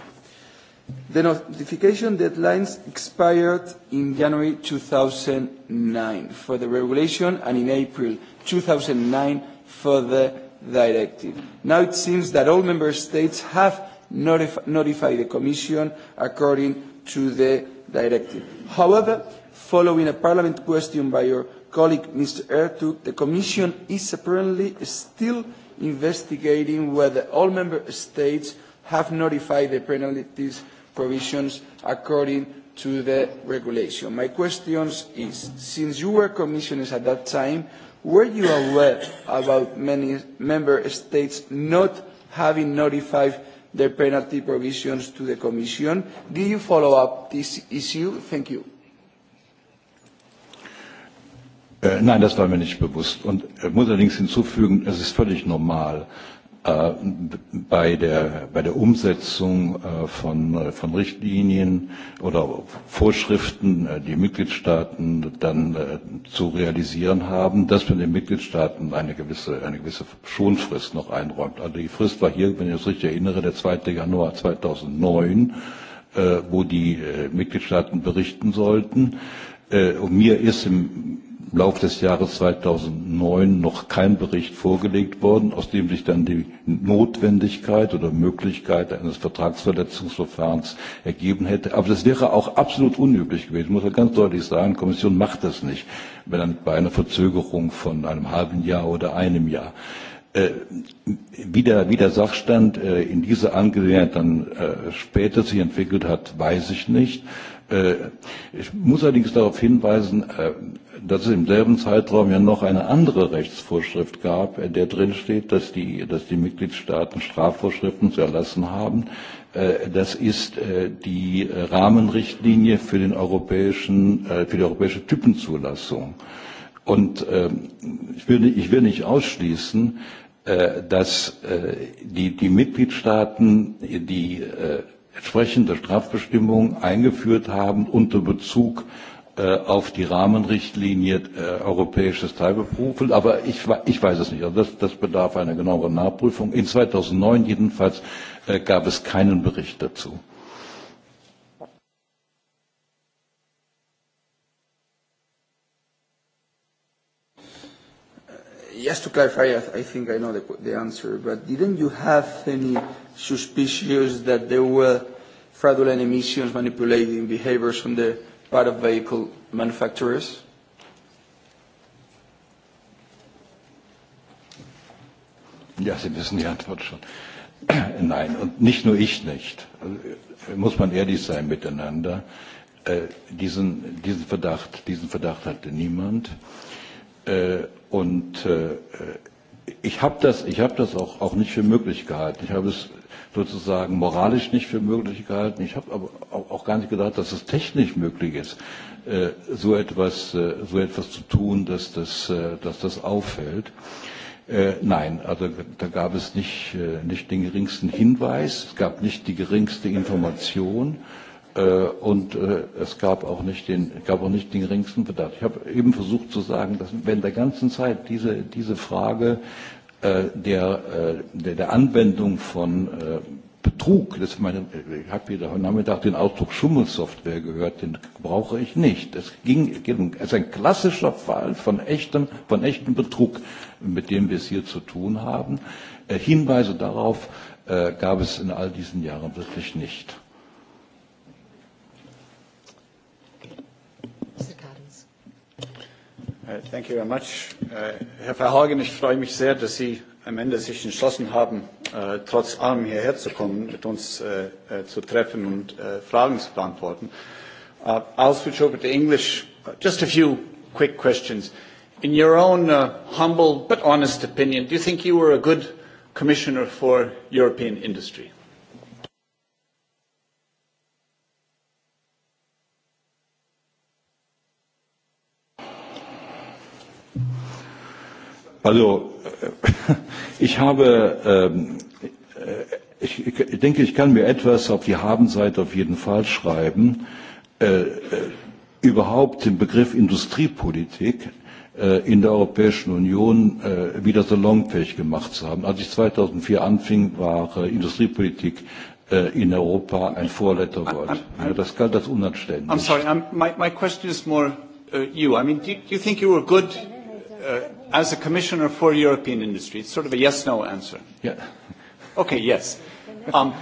The notification deadlines expired in January 2009 for the regulation and in April 2009 for the directive. Now it seems that all member states have notif notified the Commission according to the directive. However, following a Parliament question by your colleague Mr. Ertug, the Commission is apparently still investigating whether all member states have notified the penalties provisions according to the regulation. My question is, since you were commissioners at that time, Were you aware about many member states not having notified their penalty provisions to the Commission? Did you follow up this issue? Thank you. Äh, nein, das war mir nicht bewusst. Und äh, muss allerdings hinzufügen, es ist völlig normal, äh, bei der, bei der Umsetzung äh, von, äh, von Richtlinien oder Vorschriften, äh, die Mitgliedstaaten dann äh, zu realisieren haben, dass man den Mitgliedstaaten eine gewisse, eine gewisse Schonfrist noch einräumt. Also die Frist war hier, wenn ich das richtig erinnere, der 2. Januar 2009, äh, wo die äh, Mitgliedstaaten berichten sollten. Äh, und mir ist im im Laufe des Jahres 2009 noch kein Bericht vorgelegt worden, aus dem sich dann die Notwendigkeit oder Möglichkeit eines Vertragsverletzungsverfahrens ergeben hätte. Aber das wäre auch absolut unüblich gewesen. Ich muss ja ganz deutlich sagen, die Kommission macht das nicht wenn bei einer Verzögerung von einem halben Jahr oder einem Jahr. Äh, wie, der, wie der Sachstand äh, in dieser Angelegenheit dann äh, später sich entwickelt hat, weiß ich nicht. Äh, ich muss allerdings darauf hinweisen, äh, dass es im selben Zeitraum ja noch eine andere Rechtsvorschrift gab, in der drin steht, dass die, dass die Mitgliedstaaten Strafvorschriften zu erlassen haben. Äh, das ist äh, die Rahmenrichtlinie für, den europäischen, äh, für die europäische Typenzulassung. Und ähm, ich will, ich will nicht ausschließen, dass die, die Mitgliedstaaten die entsprechende Strafbestimmung eingeführt haben unter Bezug äh, Äh, auf die Rahmenrichtlinie äh, europäisches Teilbeprüfen, aber ich, ich weiß es nicht. Also das, das bedarf einer genaueren Nachprüfung. In 2009 jedenfalls äh, gab es keinen Bericht dazu. Äh, just to clarify, I think I know the, the answer, but didn't you have any suspicions that there were fraudulent emissions manipulating behaviors on the private vehicle manufacturers? Ja, Sie wissen die Antwort schon. Nein, und nicht nur ich nicht. Also, muss man ehrlich sein miteinander. Äh, diesen, diesen, Verdacht, diesen Verdacht hatte niemand. Äh, und äh, ich habe das, ich hab das auch, auch nicht für möglich gehalten. Ich habe es sozusagen moralisch nicht für möglich gehalten. Ich habe aber auch gar nicht gedacht, dass es technisch möglich ist, äh, so etwas, äh, so etwas zu tun, dass das, äh, dass das auffällt. Nein, also da gab es nicht, nicht den geringsten Hinweis, es gab nicht die geringste Information äh, und äh, es gab auch, nicht den, gab auch nicht den geringsten Bedarf. Ich habe eben versucht zu sagen, dass während der ganzen Zeit diese, diese Frage äh, der, äh, der, der Anwendung von äh, Betrug, das meine, ich habe hier heute Nachmittag den Ausdruck Schummelsoftware gehört, den brauche ich nicht. Es ging, es ist ein klassischer Fall von echtem, von echtem Betrug, mit dem wir es hier zu tun haben. Äh, Hinweise darauf äh, gab es in all diesen Jahren wirklich nicht. Äh, thank you very much. Äh, Herr Verhagen, ich freue mich sehr, dass Sie am Ende sich entschlossen haben, äh, trotz allem hierher zu kommen, mit uns zu treffen und Fragen zu beantworten. Uh, I'll switch over to English. Just a few quick questions. In your own uh, humble but honest opinion, do you think you were a good commissioner for European industry? Also, äh, ich habe, ähm, äh, ich, ich denke, ich kann mir etwas auf die Habenseite auf jeden Fall schreiben. Äh, äh überhaupt den Begriff Industriepolitik in der Europäischen Union äh, wieder salonfähig gemacht zu haben. Als ich 2004 anfing, war äh, Industriepolitik äh, in Europa ein Vorletterwort. Ja, das galt als unanständig. I'm sorry, I'm, my, my question is more uh, you. I mean, do you, do you think you were good? Okay uh, as a commissioner for European industry, it's sort of a yes/no answer. Yeah. Okay, yes. Um,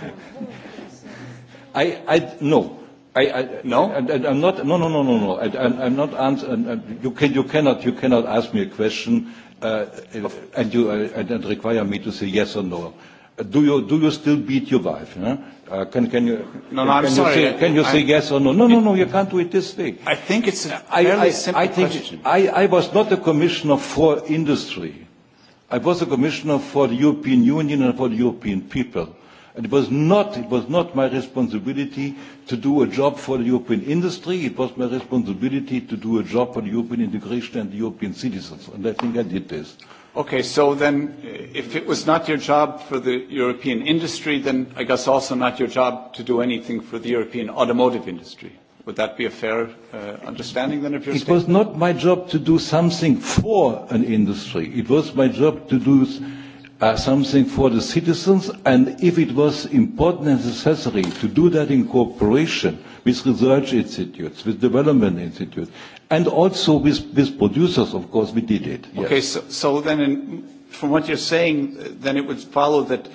I, I no. I, I, no? I, I, I'm not. No, no, no, no, no. I, I'm, I'm not answering. Uh, uh, you can, you cannot, you cannot ask me a question, uh, and you uh, and require me to say yes or no. Do you, do you still beat your wife? Yeah? Uh, can, can you? No, no, can I'm you sorry. Say, can you I, say I, yes or no? No, no, no, you can't do it this way. I think it's a fairly I, I, simple I think question. I, I was not a commissioner for industry. I was a commissioner for the European Union and for the European people. And it was not, it was not my responsibility to do a job for the European industry. It was my responsibility to do a job for the European integration and the European citizens. And I think I did this. Okay, so then if it was not your job for the European industry, then I guess also not your job to do anything for the European automotive industry. Would that be a fair uh, understanding then of your It statement? was not my job to do something for an industry. It was my job to do uh, something for the citizens, and if it was important and necessary to do that in cooperation with research institutes, with development institutes, And also with, with producers, of course, we did it. Yes. Okay, so, so then in, from what you're saying, then it would follow that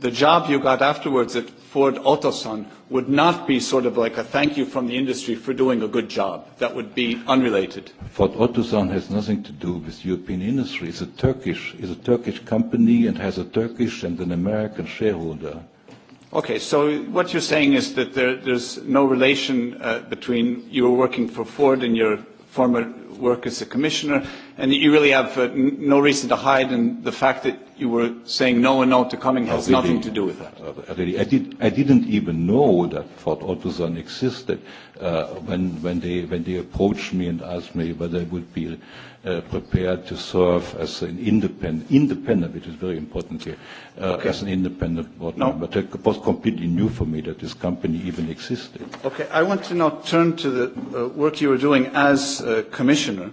the job you got afterwards at Ford Otosan would not be sort of like a thank you from the industry for doing a good job. That would be unrelated. Ford Otosan has nothing to do with European industry. It's a Turkish, it's a Turkish company and has a Turkish and an American shareholder. Okay, so what you're saying is that there, there's no relation uh, between you were working for Ford and your former work as a commissioner, and you really have uh, no reason to hide, and the fact that you were saying no and no to coming has really, nothing to do with that. Uh, really, I, did, I didn't even know that Fort Ottosson existed uh, when, when, they, when they approached me and asked me whether I would be uh, prepared to serve as an independent, independent, which is very important here, uh, okay. as an independent board no. member. That was completely new for me that this company even existed. Okay, I want to now turn to the uh, work you were doing as uh, commissioner,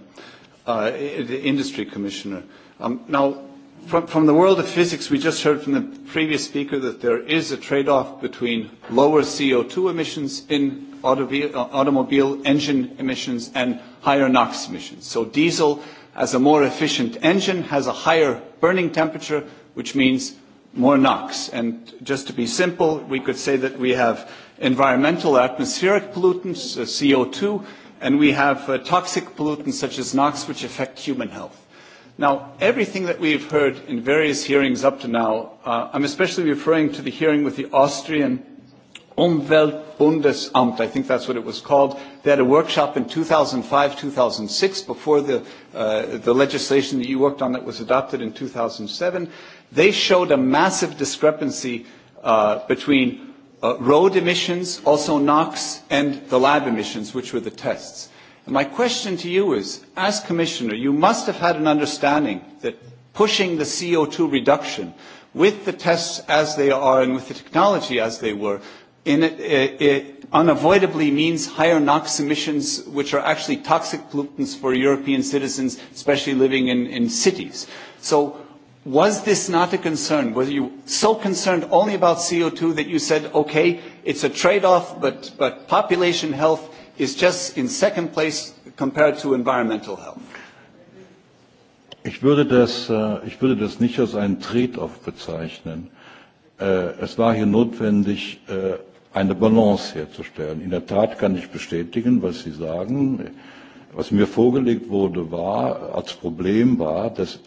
uh, the industry commissioner. Um, now, from, from the world of physics, we just heard from the previous speaker that there is a trade-off between lower CO2 emissions in automobile, uh, automobile engine emissions and higher NOx emissions. So diesel, as a more efficient engine, has a higher burning temperature, which means more NOx. And just to be simple, we could say that we have environmental atmospheric pollutants, uh, CO2, and we have uh, toxic pollutants such as NOx, which affect human health. Now, everything that we've heard in various hearings up to now, uh, I'm especially referring to the hearing with the Austrian Umweltbundesamt, I think that's what it was called. They had a workshop in 2005, 2006, before the, uh, the legislation that you worked on that was adopted in 2007. They showed a massive discrepancy uh, between uh, road emissions, also NOx, and the lab emissions, which were the tests. My question to you is, as Commissioner, you must have had an understanding that pushing the CO2 reduction with the tests as they are and with the technology as they were, in it, it, it unavoidably means higher NOx emissions, which are actually toxic pollutants for European citizens, especially living in, in cities. So was this not a concern? Were you so concerned only about CO2 that you said, okay, it's a trade-off, but, but population health is just in second place compared to environmental health? Ich würde das, äh, ich würde das nicht als einen Trade-off bezeichnen. Äh, es war hier notwendig, äh, eine Balance herzustellen. In der Tat kann ich bestätigen, was Sie sagen. Was mir vorgelegt wurde, war, als Problem war, dass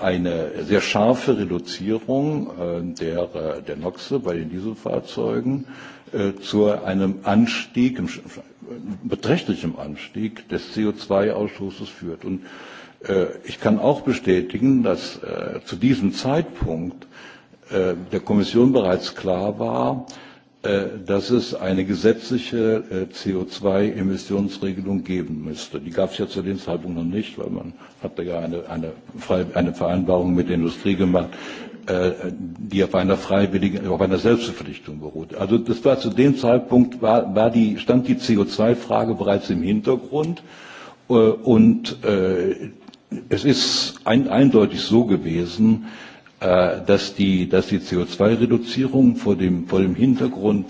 eine sehr scharfe Reduzierung der, der Noxe bei den Dieselfahrzeugen zu einem Anstieg, im beträchtlichem Anstieg des CO2-Ausstoßes führt. Und äh, ich kann auch bestätigen, dass äh, zu diesem Zeitpunkt äh, der Kommission bereits klar war, äh, dass es eine gesetzliche äh, CO2-Emissionsregelung geben müsste. Die gab es ja zu dem Zeitpunkt noch nicht, weil man hatte ja eine, eine, eine Vereinbarung mit der Industrie gemacht, Äh, die auf einer freiwilligen, auf einer Selbstverpflichtung beruht. Also das war zu dem Zeitpunkt, war, war die, stand die CO2-Frage bereits im Hintergrund äh, und äh, es ist ein, eindeutig so gewesen, äh, dass die, dass die CO2-Reduzierung vor dem, vor dem Hintergrund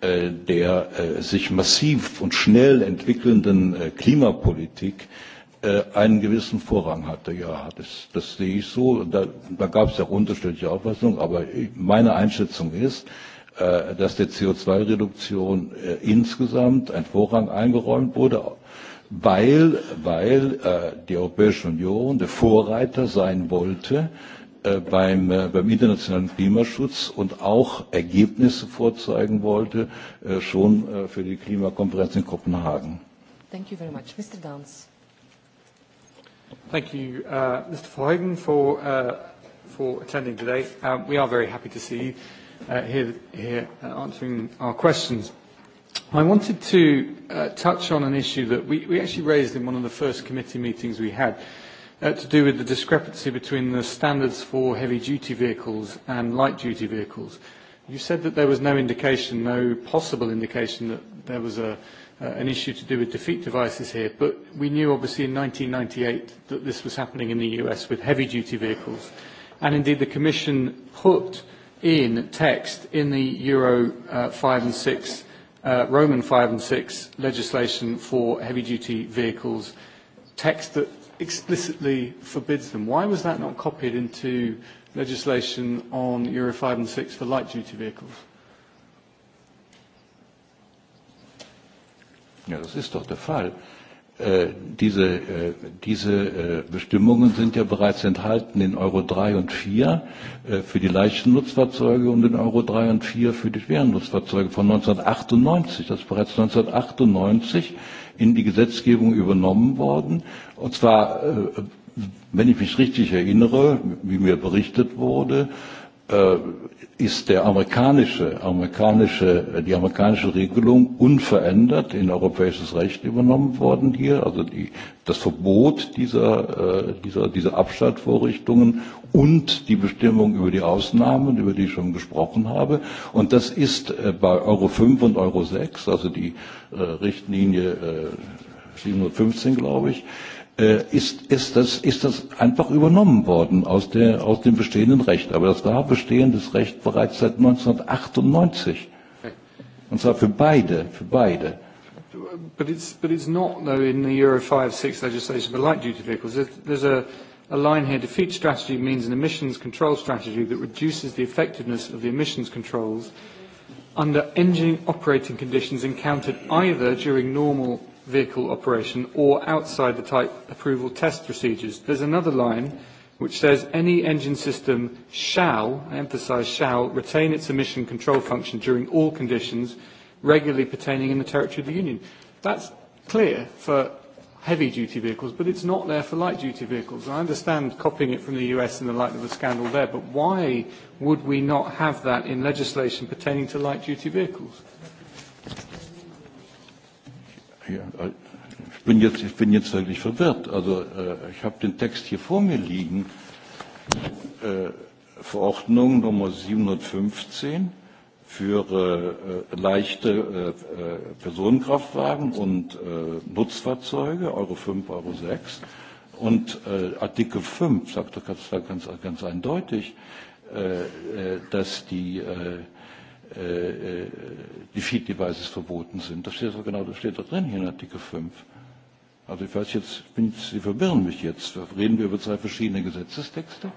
äh, der äh, sich massiv und schnell entwickelnden äh, Klimapolitik äh, äh, einen gewissen Vorrang hatte. Ja, das, das sehe ich so. Da, da gab es ja unterschiedliche Auffassungen, aber meine Einschätzung ist, äh, dass der CO2-Reduktion äh, insgesamt ein Vorrang eingeräumt wurde, weil, weil äh, die Europäische Union der Vorreiter sein wollte äh, beim, äh, beim internationalen Klimaschutz und auch Ergebnisse vorzeigen wollte, äh, schon äh, für die Klimakonferenz in Kopenhagen. Thank you very much. Mr. Dance. Thank you, uh, Mr. Verheugen, for, uh, for attending today. Um, we are very happy to see you uh, here, here uh, answering our questions. I wanted to uh, touch on an issue that we, we actually raised in one of the first committee meetings we had uh, to do with the discrepancy between the standards for heavy-duty vehicles and light-duty vehicles. You said that there was no indication, no possible indication that there was a uh, an issue to do with defeat devices here, but we knew obviously in 1998 that this was happening in the US with heavy duty vehicles. And indeed the Commission put in text in the Euro uh, 5 and 6, uh, Roman 5 and 6 legislation for heavy duty vehicles, text that explicitly forbids them. Why was that not copied into legislation on Euro 5 and 6 for light duty vehicles? Uh, Ja, das ist doch der Fall. Äh, diese, äh, diese äh, Bestimmungen sind ja bereits enthalten in Euro 3 und 4 äh, für die leichten Nutzfahrzeuge und in Euro 3 und 4 für die schweren Nutzfahrzeuge von 1998. Das ist bereits 1998 in die Gesetzgebung übernommen worden. Und zwar, äh, wenn ich mich richtig erinnere, wie mir berichtet wurde, äh, äh, ist der amerikanische, amerikanische, die amerikanische Regelung unverändert in europäisches Recht übernommen worden hier, also die, das Verbot dieser, äh, dieser, dieser Abschaltvorrichtungen und die Bestimmung über die Ausnahmen, über die ich schon gesprochen habe. Und das ist äh, bei Euro 5 und Euro 6, also die äh, Richtlinie äh, 715, glaube ich, äh, Äh, ist, ist, das, ist das einfach übernommen worden aus, der, aus dem bestehenden Recht. Aber das war bestehendes Recht bereits seit 1998. Und zwar für beide, für beide. But it's, but it's not, though, in the Euro 5, 6 legislation for light-duty vehicles. There's, there's a, a line here, defeat strategy means an emissions control strategy that reduces the effectiveness of the emissions controls under engine operating conditions encountered either during normal vehicle operation or outside the type approval test procedures. There's another line which says any engine system shall, I emphasize shall, retain its emission control function during all conditions regularly pertaining in the territory of the Union. That's clear for heavy duty vehicles, but it's not there for light duty vehicles. I understand copying it from the US in the light of the scandal there, but why would we not have that in legislation pertaining to light duty vehicles? Ja, äh, ich bin jetzt, ich bin jetzt wirklich verwirrt. Also äh, ich habe den Text hier vor mir liegen. Äh, Verordnung Nummer 715 für äh, äh, leichte äh, äh, Personenkraftwagen und äh, Nutzfahrzeuge, Euro 5, Euro 6. Und äh, Artikel 5 sagt doch ganz, ganz, ganz eindeutig, äh, äh, dass die äh, äh, äh Defeat Devices verboten sind. Das steht doch genau, das steht doch drin hier in Artikel 5. Also ich weiß jetzt, bin, Sie verwirren mich jetzt. Reden wir über zwei verschiedene Gesetzestexte?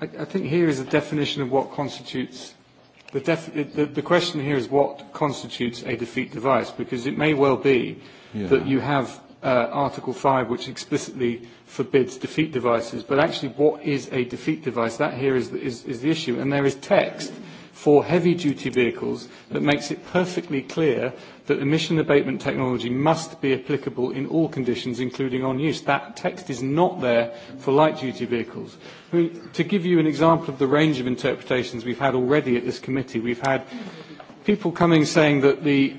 I, I think here is a definition of what constitutes the, def the, the question here is what constitutes a defeat device because it may well be yeah. that you have uh, Article 5 which explicitly forbids defeat devices but actually what is a defeat device that here is, is, is the issue and there is text mm -hmm for heavy-duty vehicles that makes it perfectly clear that emission abatement technology must be applicable in all conditions, including on use. That text is not there for light-duty vehicles. I mean, to give you an example of the range of interpretations we've had already at this committee, we've had people coming saying that the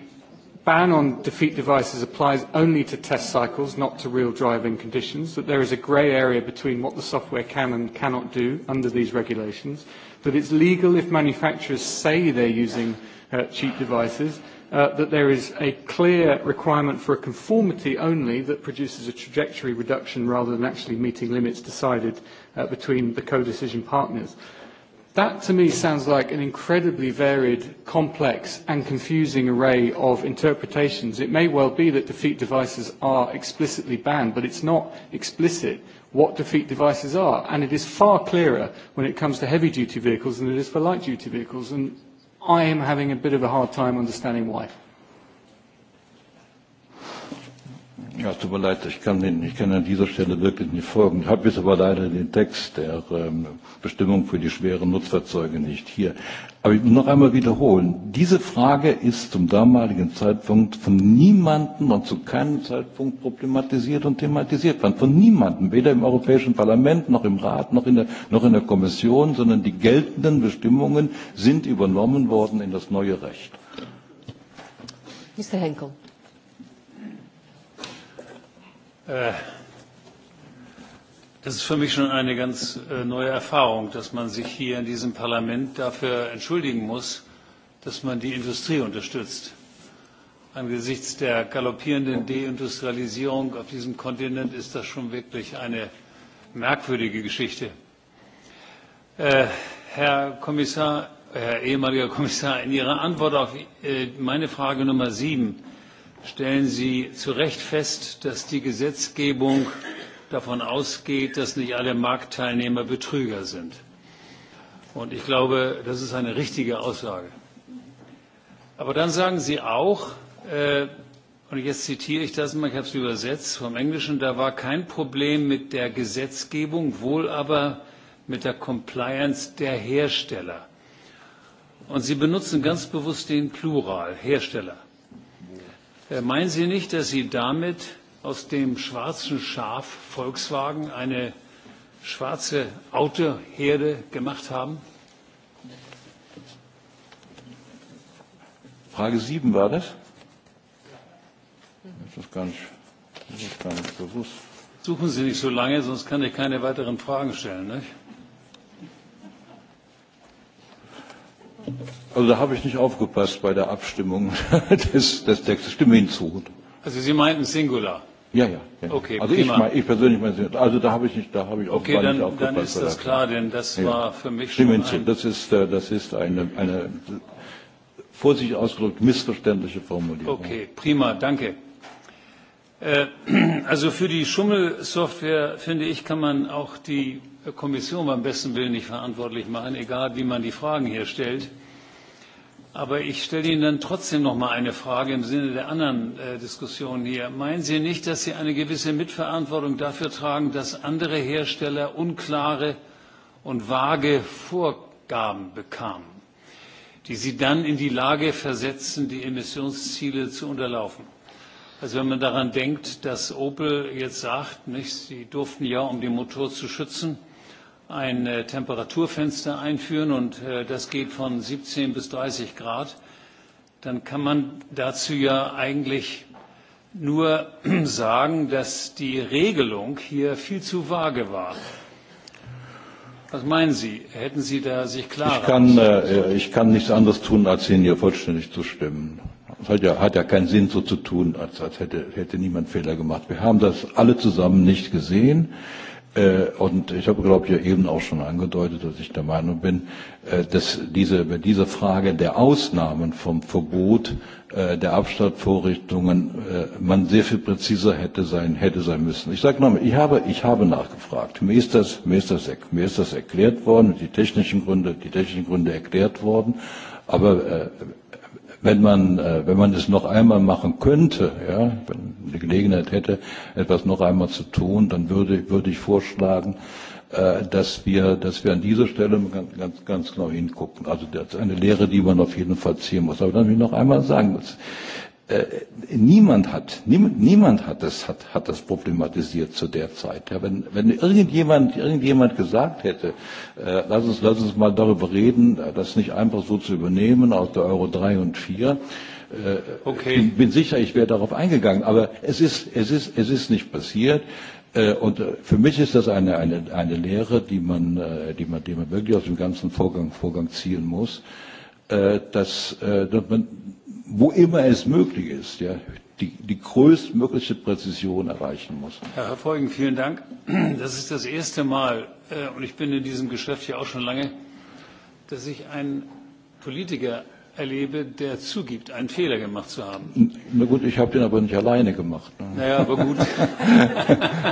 ban on defeat devices applies only to test cycles, not to real driving conditions, that there is a grey area between what the software can and cannot do under these regulations that it's legal if manufacturers say they're using uh, cheap devices, uh, that there is a clear requirement for a conformity only that produces a trajectory reduction rather than actually meeting limits decided uh, between the co-decision partners. That to me sounds like an incredibly varied, complex and confusing array of interpretations. It may well be that defeat devices are explicitly banned, but it's not explicit what defeat devices are. And it is far clearer when it comes to heavy duty vehicles than it is for light duty vehicles. And I am having a bit of a hard time understanding why. Ja, tut mir leid, ich kann, den, ich kann an dieser Stelle wirklich nicht folgen. Ich habe jetzt aber leider den Text der ähm, Bestimmung für die schweren Nutzfahrzeuge nicht hier. Aber ich muss noch einmal wiederholen, diese Frage ist zum damaligen Zeitpunkt von niemandem und zu keinem Zeitpunkt problematisiert und thematisiert worden. Von niemandem, weder im Europäischen Parlament noch im Rat noch in, der, noch in der Kommission, sondern die geltenden Bestimmungen sind übernommen worden in das neue Recht. Mr. Henkel. Äh, das ist für mich schon eine ganz äh, neue Erfahrung, dass man sich hier in diesem Parlament dafür entschuldigen muss, dass man die Industrie unterstützt. Angesichts der galoppierenden Deindustrialisierung auf diesem Kontinent ist das schon wirklich eine merkwürdige Geschichte. Äh, Herr Kommissar, Herr ehemaliger Kommissar, in Ihrer Antwort auf meine Frage Nummer sieben stellen Sie zu Recht fest, dass die Gesetzgebung davon ausgeht, dass nicht alle Marktteilnehmer Betrüger sind. Und ich glaube, das ist eine richtige Aussage. Aber dann sagen Sie auch, äh, und jetzt zitiere ich das mal, ich habe es übersetzt vom Englischen, da war kein Problem mit der Gesetzgebung, wohl aber mit der Compliance der Hersteller. Und Sie benutzen ganz bewusst den Plural, Hersteller. Äh, meinen Sie nicht, dass Sie damit aus dem schwarzen Schaf Volkswagen eine schwarze Autoherde gemacht haben? Frage 7 war das? Das ist gar nicht, das ist gar nicht bewusst. Suchen Sie nicht so lange, sonst kann ich keine weiteren Fragen stellen. Nicht? Also da habe ich nicht aufgepasst bei der Abstimmung des, des Textes. Stimme hinzu. Also Sie meinten Singular. Ja, ja. ja. Okay, also prima. ich, mein, ich persönlich meine Singular. Also da habe ich nicht, da habe ich okay, dann, nicht aufgepasst. Dann ist das, das klar, denn das ja. war für mich Stimme schon hinzu. Ein das ist, äh, das ist eine, eine vorsichtig ausgedrückt missverständliche Formulierung. Okay, prima, danke. Äh, also für die Schummelsoftware, finde ich, kann man auch die Kommission beim besten Willen nicht verantwortlich machen, egal wie man die Fragen hier stellt. Aber ich stelle Ihnen dann trotzdem noch mal eine Frage im Sinne der anderen äh, Diskussion hier. Meinen Sie nicht, dass Sie eine gewisse Mitverantwortung dafür tragen, dass andere Hersteller unklare und vage Vorgaben bekamen, die sie dann in die Lage versetzen, die Emissionsziele zu unterlaufen? Also wenn man daran denkt, dass Opel jetzt sagt, nicht, sie durften ja, um den Motor zu schützen, ein äh, Temperaturfenster einführen und äh, das geht von 17 bis 30 Grad, dann kann man dazu ja eigentlich nur sagen, dass die Regelung hier viel zu vage war. Was meinen Sie? Hätten Sie da sich klarer? Ich kann, äh, ich kann nichts anderes tun, als Ihnen hier vollständig zu stimmen. Es hat ja, hat ja keinen Sinn, so zu tun, als, als hätte, hätte niemand Fehler gemacht. Wir haben das alle zusammen nicht gesehen. Äh, und ich habe, glaube ich, ja eben auch schon angedeutet, dass ich der Meinung bin, äh, dass diese, über diese Frage der Ausnahmen vom Verbot äh, der Abstandvorrichtungen äh, man sehr viel präziser hätte sein, hätte sein müssen. Ich sage nochmal, ich habe, ich habe nachgefragt. Mir ist, das, mir, ist das, mir ist das erklärt worden, die technischen Gründe, die technischen Gründe erklärt worden. Aber äh, wenn man, äh, wenn man es noch einmal machen könnte, ja, wenn die Gelegenheit hätte, etwas noch einmal zu tun, dann würde, würde ich vorschlagen, äh, dass wir, dass wir an dieser Stelle ganz, ganz, ganz genau hingucken. Also das ist eine Lehre, die man auf jeden Fall ziehen muss. Aber dann will ich noch einmal sagen, dass, Äh, niemand hat, niem, niemand hat das, hat, hat das problematisiert zu der Zeit. Ja, wenn, wenn irgendjemand, irgendjemand gesagt hätte, äh, lass uns, lass uns mal darüber reden, äh, das nicht einfach so zu übernehmen aus der Euro 3 und 4, äh, okay. ich bin sicher, ich wäre darauf eingegangen, aber es ist, es ist, es ist nicht passiert. Äh, und äh, für mich ist das eine, eine, eine Lehre, die man, äh, die, man, die man wirklich aus dem ganzen Vorgang, Vorgang ziehen muss, äh, dass, äh, dass man wo immer es möglich ist, ja, die, die größtmögliche Präzision erreichen muss. Herr Verfolgen, vielen Dank. Das ist das erste Mal, äh, und ich bin in diesem Geschäft ja auch schon lange, dass ich einen Politiker erlebe, der zugibt, einen Fehler gemacht zu haben. Na gut, ich habe den aber nicht alleine gemacht. Ne? Naja, aber gut.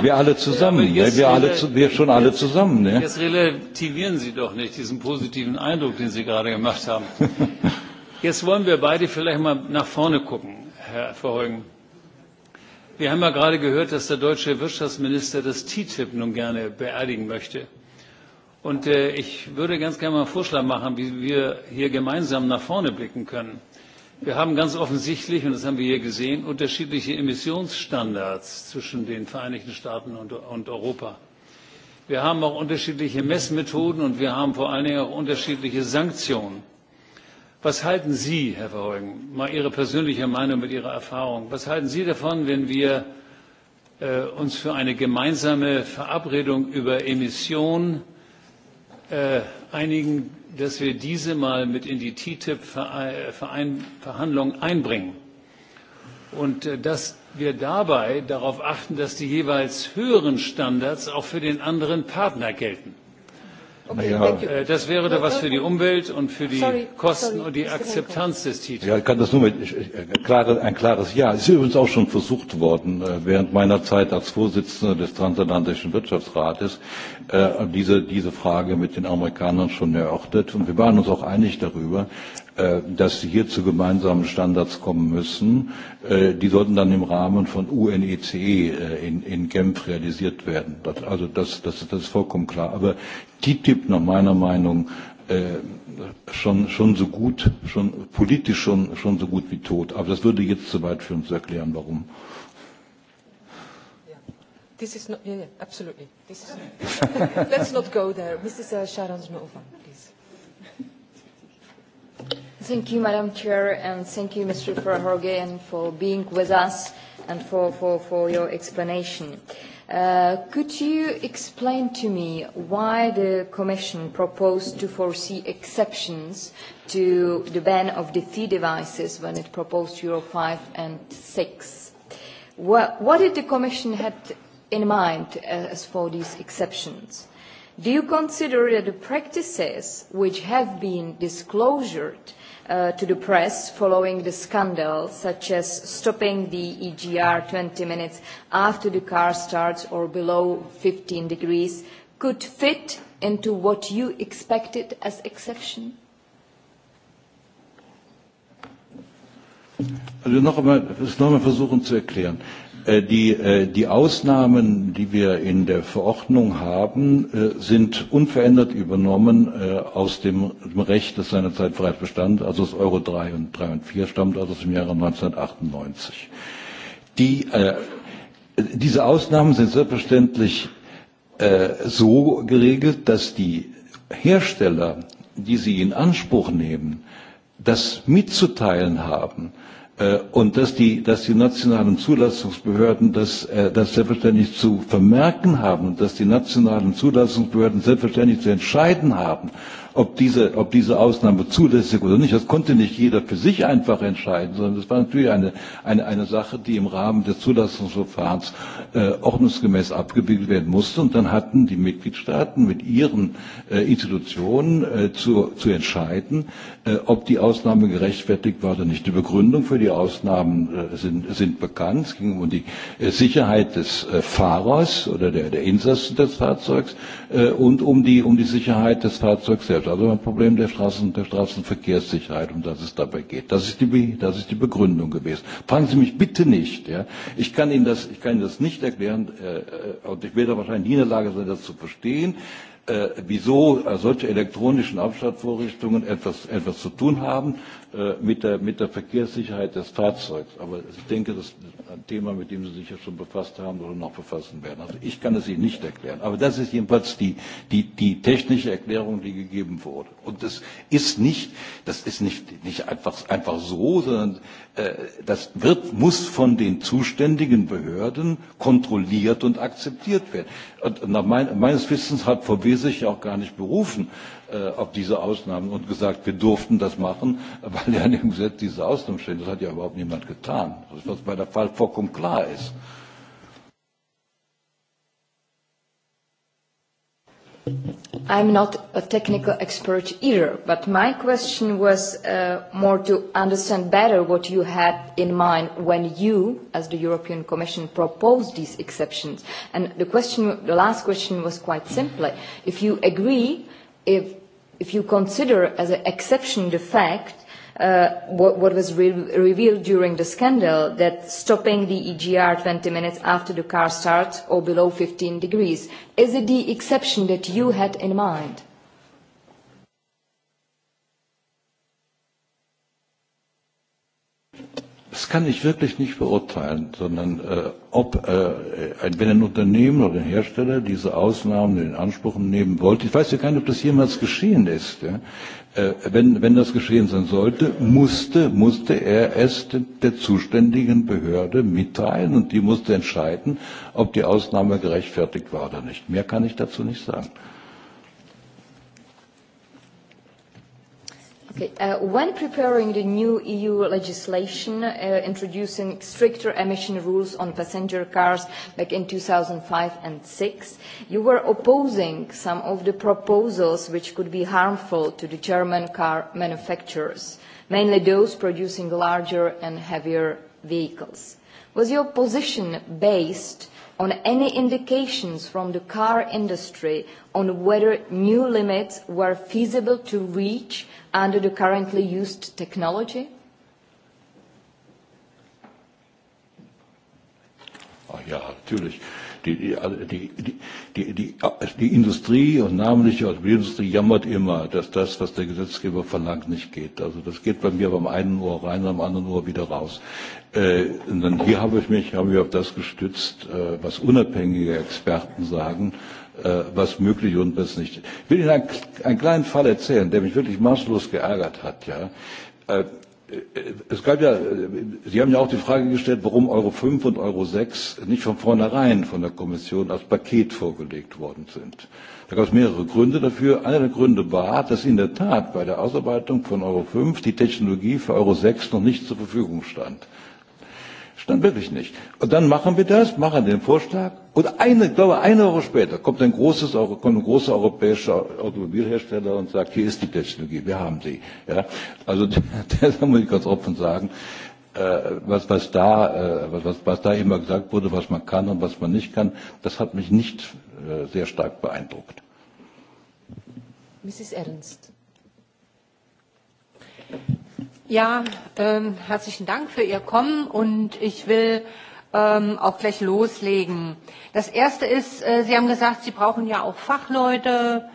wir alle zusammen, ja, ne? wir, alle, wir schon alle zusammen. Ne? Jetzt relativieren Sie doch nicht diesen positiven Eindruck, den Sie gerade gemacht haben. Jetzt wollen wir beide vielleicht mal nach vorne gucken, Herr Verheugen. Wir haben ja gerade gehört, dass der deutsche Wirtschaftsminister das TTIP nun gerne beerdigen möchte. Und äh, ich würde ganz gerne mal einen Vorschlag machen, wie wir hier gemeinsam nach vorne blicken können. Wir haben ganz offensichtlich, und das haben wir hier gesehen, unterschiedliche Emissionsstandards zwischen den Vereinigten Staaten und, und Europa. Wir haben auch unterschiedliche Messmethoden und wir haben vor allen Dingen auch unterschiedliche Sanktionen. Was halten Sie, Herr Verheugen, mal Ihre persönliche Meinung mit Ihrer Erfahrung, was halten Sie davon, wenn wir äh, uns für eine gemeinsame Verabredung über Emissionen äh, einigen, dass wir diese mal mit in die TTIP-Verhandlungen äh, einbringen? Und äh, dass wir dabei darauf achten, dass die jeweils höheren Standards auch für den anderen Partner gelten. Okay, ja. thank you. Äh, das wäre da was für die Umwelt und für die sorry, Kosten sorry, und die Akzeptanz des Titels. Ja, ich kann das nur mit ich, klare, ein klares Ja. Ist übrigens auch schon versucht worden, äh, während meiner Zeit als Vorsitzender des Transatlantischen Wirtschaftsrates, äh, diese, diese Frage mit den Amerikanern schon erörtert. Und wir waren uns auch einig darüber, Äh, dass sie hier zu gemeinsamen Standards kommen müssen. Äh, die sollten dann im Rahmen von UNECE e, äh, in, in Genf realisiert werden. Das, also das, das, das ist vollkommen klar. Aber TTIP nach meiner Meinung äh, schon, schon so gut, schon politisch schon, schon so gut wie tot. Aber das würde jetzt zu weit für uns erklären, warum. Yeah. This is not, yeah, yeah, absolutely. This is not, let's not go there. Mrs. Uh, Sharon Smovan, please. Thank you, Madam Chair, and thank you, Mr. Verhorgen, for being with us and for, for, for your explanation. Uh, could you explain to me why the Commission proposed to foresee exceptions to the ban of defeat devices when it proposed Euro 5 and 6? What, what did the Commission had in mind uh, as for these exceptions? Do you consider that the practices which have been disclosed uh, uh, to the press following the scandal, such as stopping the EGR 20 minutes after the car starts or below 15 degrees, could fit into what you expected as exception? Also noch einmal, es noch einmal versuchen zu erklären. Äh, die, äh, die Ausnahmen, die wir in der Verordnung haben, äh, sind unverändert übernommen aus dem Recht, das seinerzeit bereits bestand, also das Euro 3 und 3 und 4 stammt also aus dem Jahre 1998. Die, äh, diese Ausnahmen sind selbstverständlich äh, so geregelt, dass die Hersteller, die sie in Anspruch nehmen, das mitzuteilen haben, äh, Äh, und dass die, dass die nationalen Zulassungsbehörden das, äh, das selbstverständlich zu vermerken haben und dass die nationalen Zulassungsbehörden selbstverständlich zu entscheiden haben, ob diese, ob diese Ausnahme zulässig oder nicht. Das konnte nicht jeder für sich einfach entscheiden, sondern das war natürlich eine, eine, eine Sache, die im Rahmen des Zulassungsverfahrens äh, ordnungsgemäß abgewickelt werden musste. Und dann hatten die Mitgliedstaaten mit ihren äh, Institutionen äh, zu, zu entscheiden, äh, ob die Ausnahme gerechtfertigt war oder nicht. Die Begründung für die Ausnahmen äh, sind, sind bekannt. Es ging um die äh, Sicherheit des äh, Fahrers oder der, der Insassen des Fahrzeugs äh, und um die, um die Sicherheit des Fahrzeugs selbst wird, also ein Problem der, Straßen, der Straßenverkehrssicherheit, um das es dabei geht. Das ist, die, das ist die Begründung gewesen. Fragen Sie mich bitte nicht. Ja? Ich, kann Ihnen das, ich kann Ihnen das nicht erklären äh, äh und ich werde wahrscheinlich nie in der Lage sein, das zu verstehen äh, wieso äh, solche elektronischen Abstandsvorrichtungen etwas, etwas zu tun haben Äh, mit der, mit der Verkehrssicherheit des Fahrzeugs. Aber ich denke, das ist ein Thema, mit dem Sie sich ja schon befasst haben oder noch befassen werden. Also ich kann es Ihnen nicht erklären. Aber das ist jedenfalls die, die, die technische Erklärung, die gegeben wurde. Und das ist nicht, das ist nicht, nicht einfach, einfach so, sondern äh, das wird, muss von den zuständigen Behörden kontrolliert und akzeptiert werden. Und nach mein, meines Wissens hat VW sich ja auch gar nicht berufen äh, auf diese Ausnahmen und gesagt, wir durften das machen, weil ja in dem Gesetz diese Ausnahmen stehen. Das hat ja überhaupt niemand getan, was bei der Fall vollkommen klar ist. I'm not a technical expert either, but my question was uh, more to understand better what you had in mind when you, as the European Commission, proposed these exceptions. And the, question, the last question was quite simply, if you agree if, if you consider as an exception the fact uh, what, what was re- revealed during the scandal that stopping the EGR 20 minutes after the car starts or below 15 degrees is it the exception that you had in mind? Das kann ich wirklich nicht beurteilen, sondern äh, ob äh, wenn ein Unternehmen oder ein Hersteller diese Ausnahmen in Anspruch nehmen wollte, ich weiß ja gar nicht, ob das jemals geschehen ist. Ja? Äh, wenn, wenn das geschehen sein sollte, musste, musste er es de, der zuständigen Behörde mitteilen und die musste entscheiden, ob die Ausnahme gerechtfertigt war oder nicht. Mehr kann ich dazu nicht sagen. Äh, Okay. Uh, when preparing the new EU legislation uh, introducing stricter emission rules on passenger cars back in 2005 and 6, you were opposing some of the proposals which could be harmful to the German car manufacturers, mainly those producing larger and heavier vehicles. Was your position based on any indications from the car industry on whether new limits were feasible to reach under the currently used technology? Ach ja, natürlich. Die, die, die, die, die, die Industrie und namentlich die Automobilindustrie jammert immer, dass das, was der Gesetzgeber verlangt, nicht geht. Also das geht bei mir beim einen Ohr rein, am anderen Ohr wieder raus. Äh, und dann hier habe ich mich, habe ich auf das gestützt, äh, was unabhängige Experten sagen, äh, was möglich und was nicht. Ich will Ihnen einen, einen kleinen Fall erzählen, der mich wirklich maßlos geärgert hat. Ja. Äh, Es gab ja, Sie haben ja auch die Frage gestellt, warum Euro 5 und Euro 6 nicht von vornherein von der Kommission als Paket vorgelegt worden sind. Da gab es mehrere Gründe dafür. Einer der Gründe war, dass in der Tat bei der Ausarbeitung von Euro 5 die Technologie für Euro 6 noch nicht zur Verfügung stand. Dann wirklich nicht. Und dann machen wir das, machen den Vorschlag und eine, glaube eine Woche später kommt ein, großes, kommt ein großer europäischer Automobilhersteller und sagt, hier ist die Technologie, wir haben sie. Ja? Also das muss ich ganz offen sagen. Äh, was, was, da, äh, was, was da immer gesagt wurde, was man kann und was man nicht kann, das hat mich nicht äh, sehr stark beeindruckt. Mrs. Ernst. Ja, ähm, herzlichen Dank für Ihr Kommen und ich will ähm, auch gleich loslegen. Das Erste ist, äh, Sie haben gesagt, Sie brauchen ja auch Fachleute,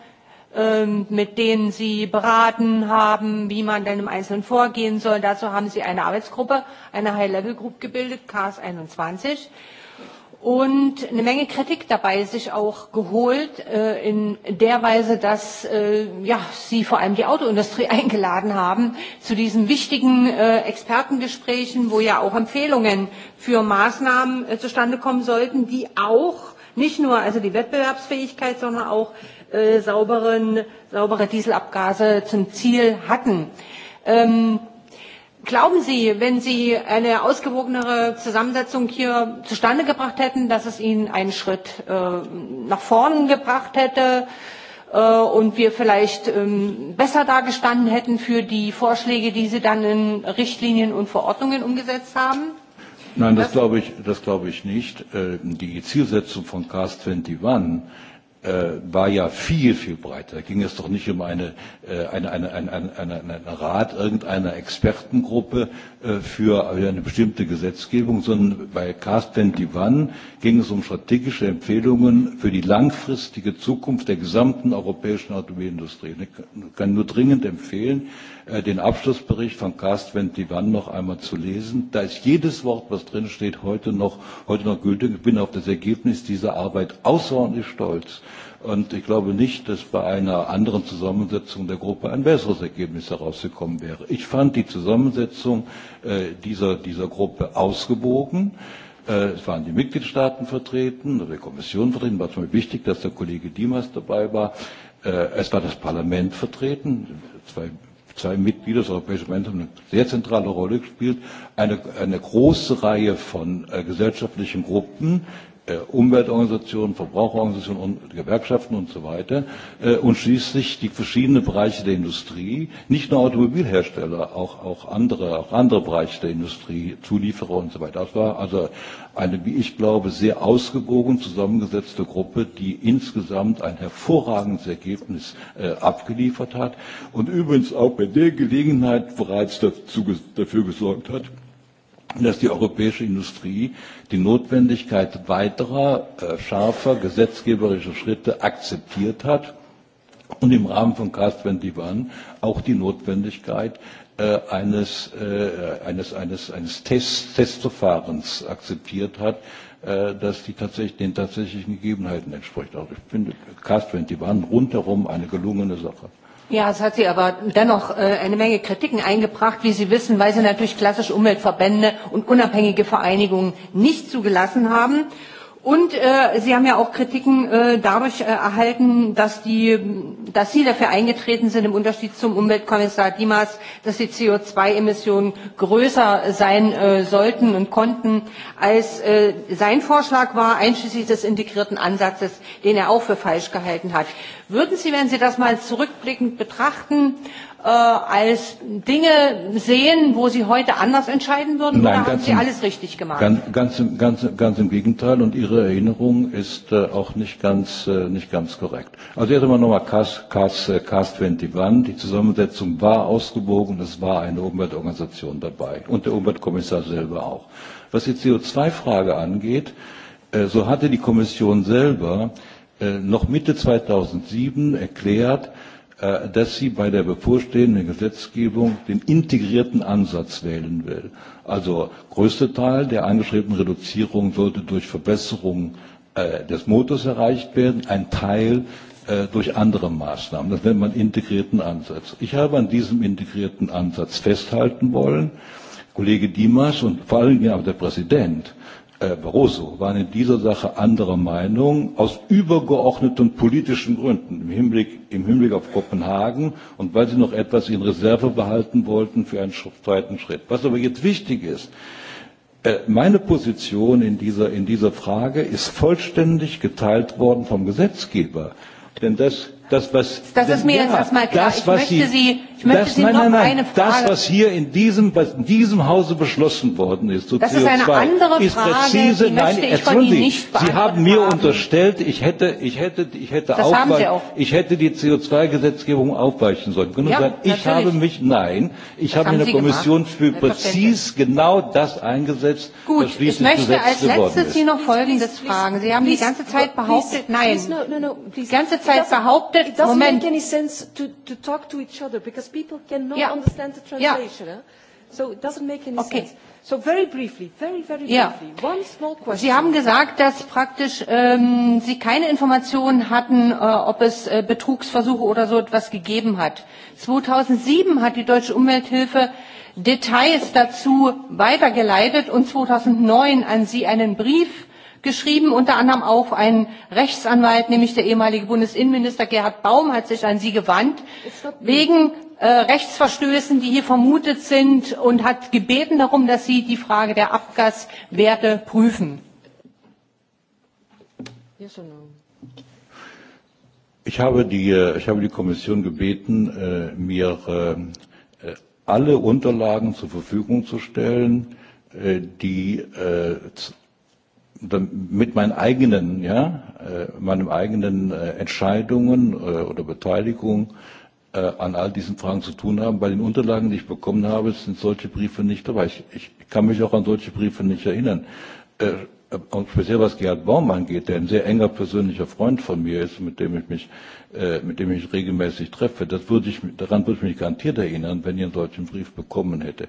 ähm, mit denen Sie beraten haben, wie man denn im Einzelnen vorgehen soll. Dazu haben Sie eine Arbeitsgruppe, eine High-Level-Group gebildet, KS 21 und eine Menge Kritik dabei sich auch geholt, äh, in der Weise, dass äh, ja, Sie vor allem die Autoindustrie eingeladen haben zu diesen wichtigen äh, Expertengesprächen, wo ja auch Empfehlungen für Maßnahmen äh, zustande kommen sollten, die auch nicht nur also die Wettbewerbsfähigkeit, sondern auch äh, sauberen, saubere Dieselabgase zum Ziel hatten. Ähm, Glauben Sie, wenn Sie eine ausgewogenere Zusammensetzung hier zustande gebracht hätten, dass es Ihnen einen Schritt äh, nach vorn gebracht hätte äh, und wir vielleicht ähm, besser dargestanden hätten für die Vorschläge, die Sie dann in Richtlinien und Verordnungen umgesetzt haben? Nein, das, das glaube ich, das glaube ich nicht. Äh, die Zielsetzung von CAS 21 äh, war ja viel, viel breiter. Da ging es doch nicht um eine, äh, eine, eine, eine, eine, eine Rat irgendeiner Expertengruppe äh, für eine bestimmte Gesetzgebung, sondern bei Cast 21 ging es um strategische Empfehlungen für die langfristige Zukunft der gesamten europäischen Automobilindustrie. Ich kann nur dringend empfehlen, äh, äh, den Abschlussbericht von Cast 21 noch einmal zu lesen. Da ist jedes Wort, was drin steht, heute noch, heute noch gültig. Ich bin auf das Ergebnis dieser Arbeit außerordentlich stolz. Und ich glaube nicht, dass bei einer anderen Zusammensetzung der Gruppe ein besseres Ergebnis herausgekommen wäre. Ich fand die Zusammensetzung äh, dieser, dieser Gruppe ausgewogen. Äh, es waren die Mitgliedstaaten vertreten, oder die Kommission vertreten. War zum Beispiel wichtig, dass der Kollege Dimas dabei war. Äh, es war das Parlament vertreten, zwei seien Mitglieder des Europäischen Parlaments haben eine sehr zentrale Rolle gespielt. Eine, eine große Reihe von äh, gesellschaftlichen Gruppen, äh, Umweltorganisationen, Verbraucherorganisationen und Gewerkschaften und so weiter äh, und schließlich die verschiedenen Bereiche der Industrie, nicht nur Automobilhersteller, auch, auch, andere, auch andere Bereiche der Industrie, Zulieferer und so weiter. Das war also eine, wie ich glaube, sehr ausgewogen zusammengesetzte Gruppe, die insgesamt ein hervorragendes Ergebnis äh, abgeliefert hat und übrigens auch bei der Gelegenheit bereits dazu, dafür gesorgt hat, dass die europäische Industrie die Notwendigkeit weiterer äh, scharfer gesetzgeberischer Schritte akzeptiert hat und im Rahmen von Cars 21 auch die Notwendigkeit äh, eines, äh, eines, eines, eines Test, Testverfahrens akzeptiert hat, äh, das die tatsächlich, den tatsächlichen Gegebenheiten entspricht. Also ich finde Cars 21 rundherum eine gelungene Sache. Ja, es hat sie aber dennoch äh, eine Menge Kritiken eingebracht, wie Sie wissen, weil sie natürlich klassisch Umweltverbände und unabhängige Vereinigungen nicht zugelassen haben. Und äh, Sie haben ja auch Kritiken äh, dadurch äh, erhalten, dass, die, dass Sie dafür eingetreten sind, im Unterschied zum Umweltkommissar Dimas, dass die CO2-Emissionen größer sein äh, sollten und konnten, als äh, sein Vorschlag war, einschließlich des integrierten Ansatzes, den er auch für falsch gehalten hat. Würden Sie, wenn Sie das mal zurückblickend betrachten, äh, äh, als Dinge sehen, wo Sie heute anders entscheiden würden? Nein, oder haben Sie im, alles richtig gemacht? Ganz, ganz, ganz, ganz im Gegenteil. Und Ihre Erinnerung ist äh, auch nicht ganz, äh, nicht ganz korrekt. Also erst einmal nochmal Cast, Cast, äh, Cast 21. Die Zusammensetzung war ausgewogen. Es war eine Umweltorganisation dabei. Und der Umweltkommissar selber auch. Was die CO2-Frage angeht, äh, so hatte die Kommission selber äh, noch Mitte 2007 erklärt, äh, Äh, dass sie bei der bevorstehenden Gesetzgebung den integrierten Ansatz wählen will. Also größte Teil der angestrebten Reduzierung sollte durch Verbesserung äh, des Motors erreicht werden, ein Teil äh, durch andere Maßnahmen. Das nennt man integrierten Ansatz. Ich habe an diesem integrierten Ansatz festhalten wollen. Kollege Dimas und vor allen Dingen auch der Präsident Äh, Barroso waren in dieser Sache anderer Meinung aus übergeordneten politischen Gründen im Hinblick, im Hinblick auf Kopenhagen und weil sie noch etwas in Reserve behalten wollten für einen zweiten Schritt. Was aber jetzt wichtig ist, äh, meine Position in dieser, in dieser Frage ist vollständig geteilt worden vom Gesetzgeber. Denn das, das was, das ist mir ja, jetzt erstmal klar. Das, was ich möchte Sie, Sie Ich möchte das, Sie nein, noch nein, nein, eine Frage. Das, was hier in diesem, was in diesem Hause beschlossen worden ist, zu das CO2, ist, eine andere ist Frage, präzise. Die nein, ich von Ihnen nicht Sie haben mir haben. unterstellt, ich hätte, ich hätte, ich hätte, das haben Sie auch. ich hätte die CO2-Gesetzgebung aufweichen sollen. Können ja, sagen, ich habe mich, nein, ich das habe in der Sie Kommission gemacht. für präzis genau das eingesetzt, Gut, was ich möchte Gesetz als letztes Sie noch Folgendes please, fragen. Sie haben please, die ganze Zeit behauptet, please, nein, no, no, no, die ganze Zeit behauptet, Moment. It doesn't make any sense to, to talk to each other because people cannot yeah. understand the translation. Yeah. Huh? So it doesn't make any okay. sense. So very briefly, very, very yeah. briefly, one small question. Sie haben gesagt, dass praktisch ähm, Sie keine Informationen hatten, äh, ob es äh, Betrugsversuche oder so etwas gegeben hat. 2007 hat die Deutsche Umwelthilfe Details dazu weitergeleitet und 2009 an Sie einen Brief geschrieben, unter anderem auch ein Rechtsanwalt, nämlich der ehemalige Bundesinnenminister Gerhard Baum hat sich an Sie gewandt, wegen äh, Rechtsverstößen, die hier vermutet sind, und hat gebeten darum, dass Sie die Frage der Abgaswerte prüfen. Yes or no? Ich habe die, äh, ich habe die Kommission gebeten, äh, mir äh, alle Unterlagen zur Verfügung zu stellen, die mit meinen eigenen, ja, äh, meinen eigenen äh, Entscheidungen äh, oder Beteiligung äh, an all diesen Fragen zu tun haben. Bei den Unterlagen, die ich bekommen habe, sind solche Briefe nicht dabei. Ich, ich kann mich auch an solche Briefe nicht erinnern. Äh, Äh, und speziell was Gerhard Baum angeht, der ein sehr enger persönlicher Freund von mir ist, mit dem ich mich, äh, mit dem ich regelmäßig treffe, das würde ich, daran würde ich mich garantiert erinnern, wenn ihr einen solchen Brief bekommen hätte.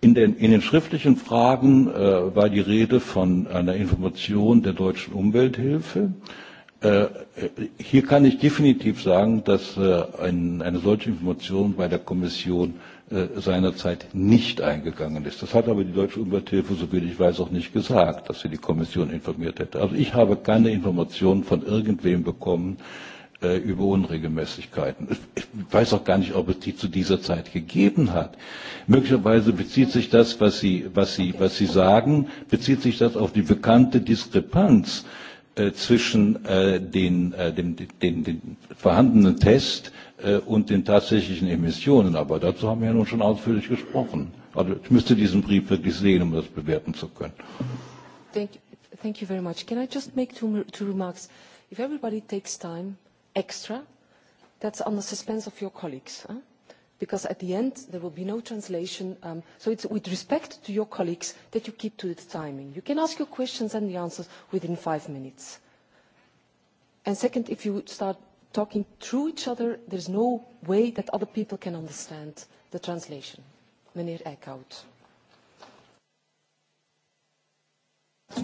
In den, in den schriftlichen Fragen äh, war die Rede von einer Information der deutschen Umwelthilfe. Äh, äh hier kann ich definitiv sagen, dass äh, ein, eine solche Information bei der Kommission äh, Äh, seinerzeit nicht eingegangen ist. Das hat aber die Deutsche Umwelthilfe, soviel ich weiß, auch nicht gesagt, dass sie die Kommission informiert hätte. Also ich habe keine Informationen von irgendwem bekommen äh, über Unregelmäßigkeiten. Ich weiß auch gar nicht, ob es die zu dieser Zeit gegeben hat. Möglicherweise bezieht sich das, was Sie, was Sie, was Sie sagen, bezieht sich das auf die bekannte Diskrepanz äh, zwischen äh, den, äh, dem, den, den vorhandenen Test Äh, und den tatsächlichen Emissionen. Aber dazu haben wir ja nun schon ausführlich gesprochen. Also ich müsste diesen Brief wirklich sehen, um das bewerten zu können. Thank you, thank you very much. Can I just make two, two remarks? If everybody takes time extra, that's on the suspense of your colleagues. Huh? Eh? Because at the end, there will be no translation. Um, so it's with respect to your colleagues that you keep to the timing. You can ask your questions and the answers within five minutes. And second, if you would start talking through each other, there's no way that other people can understand the translation. Meneer Eickhout.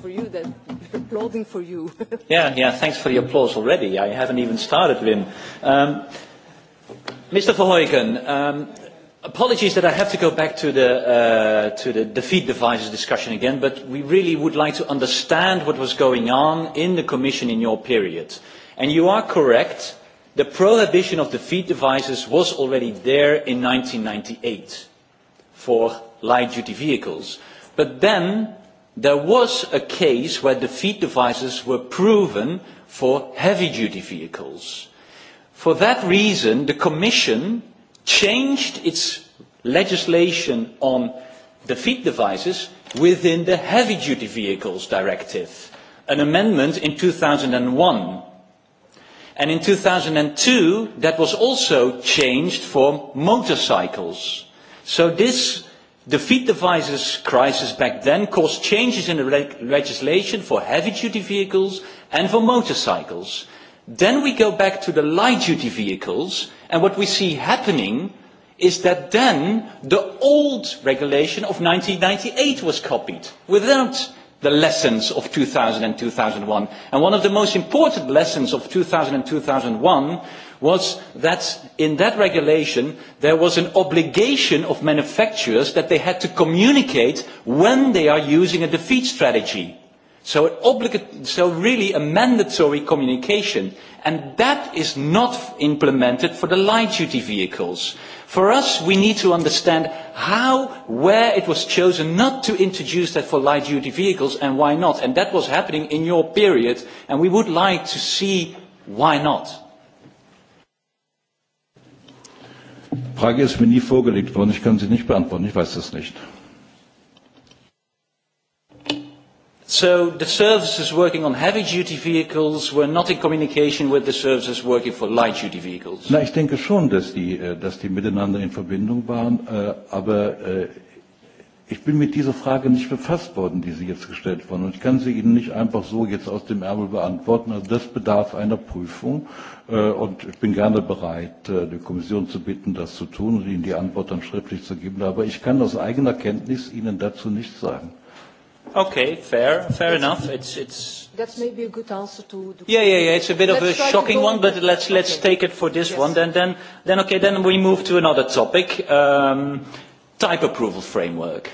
for you that applauding for you. yeah, yeah, thanks for the applause already. I haven't even started, Wim. Um, Mr. Verheugen, um, apologies that I have to go back to the, uh, to the defeat devices discussion again, but we really would like to understand what was going on in the Commission in your period. And you are correct The prohibition of defeat devices was already there in 1998 for light-duty vehicles. But then there was a case where defeat devices were proven for heavy-duty vehicles. For that reason, the Commission changed its legislation on defeat devices within the Heavy Duty Vehicles Directive, an amendment in 2001. And in 2002, that was also changed for motorcycles. So this defeat devices crisis back then caused changes in the reg- legislation for heavy-duty vehicles and for motorcycles. Then we go back to the light-duty vehicles, and what we see happening is that then the old regulation of 1998 was copied without the lessons of 2000 and 2001. And one of the most important lessons of 2000 and 2001 was that in that regulation there was an obligation of manufacturers that they had to communicate when they are using a defeat strategy. So, obligat- so really a mandatory communication. And that is not implemented for the light duty vehicles. For us, we need to understand how, where it was chosen not to introduce that for light duty vehicles and why not. And that was happening in your period, and we would like to see why not. Die Frage ist mir nie vorgelegt worden. Ich kann sie nicht beantworten. Ich weiß das nicht. So the services working on heavy-duty vehicles were not in communication with the services working for light-duty vehicles. Na, ich denke schon, dass die, äh, dass die miteinander in Verbindung waren, äh, aber äh, ich bin mit dieser Frage nicht befasst worden, die Sie jetzt gestellt wurden. Und ich kann sie Ihnen nicht einfach so jetzt aus dem Ärmel beantworten. Also das bedarf einer Prüfung. Und ich bin gerne bereit, die Kommission zu bitten, das zu tun und Ihnen die Antwort dann schriftlich zu geben. Aber ich kann aus eigener Kenntnis Ihnen dazu nichts sagen. Okay, fair, fair that's, enough. It's it's. That's maybe a good answer to. The yeah, yeah, yeah. It's a bit let's of a shocking one, but let's let's okay. take it for this yes. one. Then then then okay. Then we move to another topic. Um, type approval framework.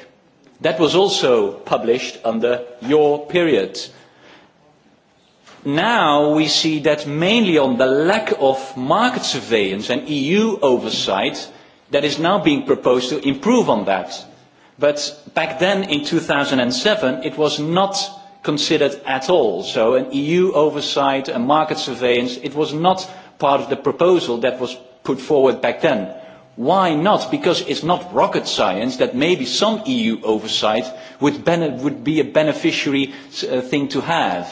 That was also published under your period. Now we see that mainly on the lack of market surveillance and EU oversight that is now being proposed to improve on that But back then in 2007, it was not considered at all. So an EU oversight and market surveillance, it was not part of the proposal that was put forward back then. Why not? Because it's not rocket science that maybe some EU oversight would, bene would be a beneficiary uh, thing to have.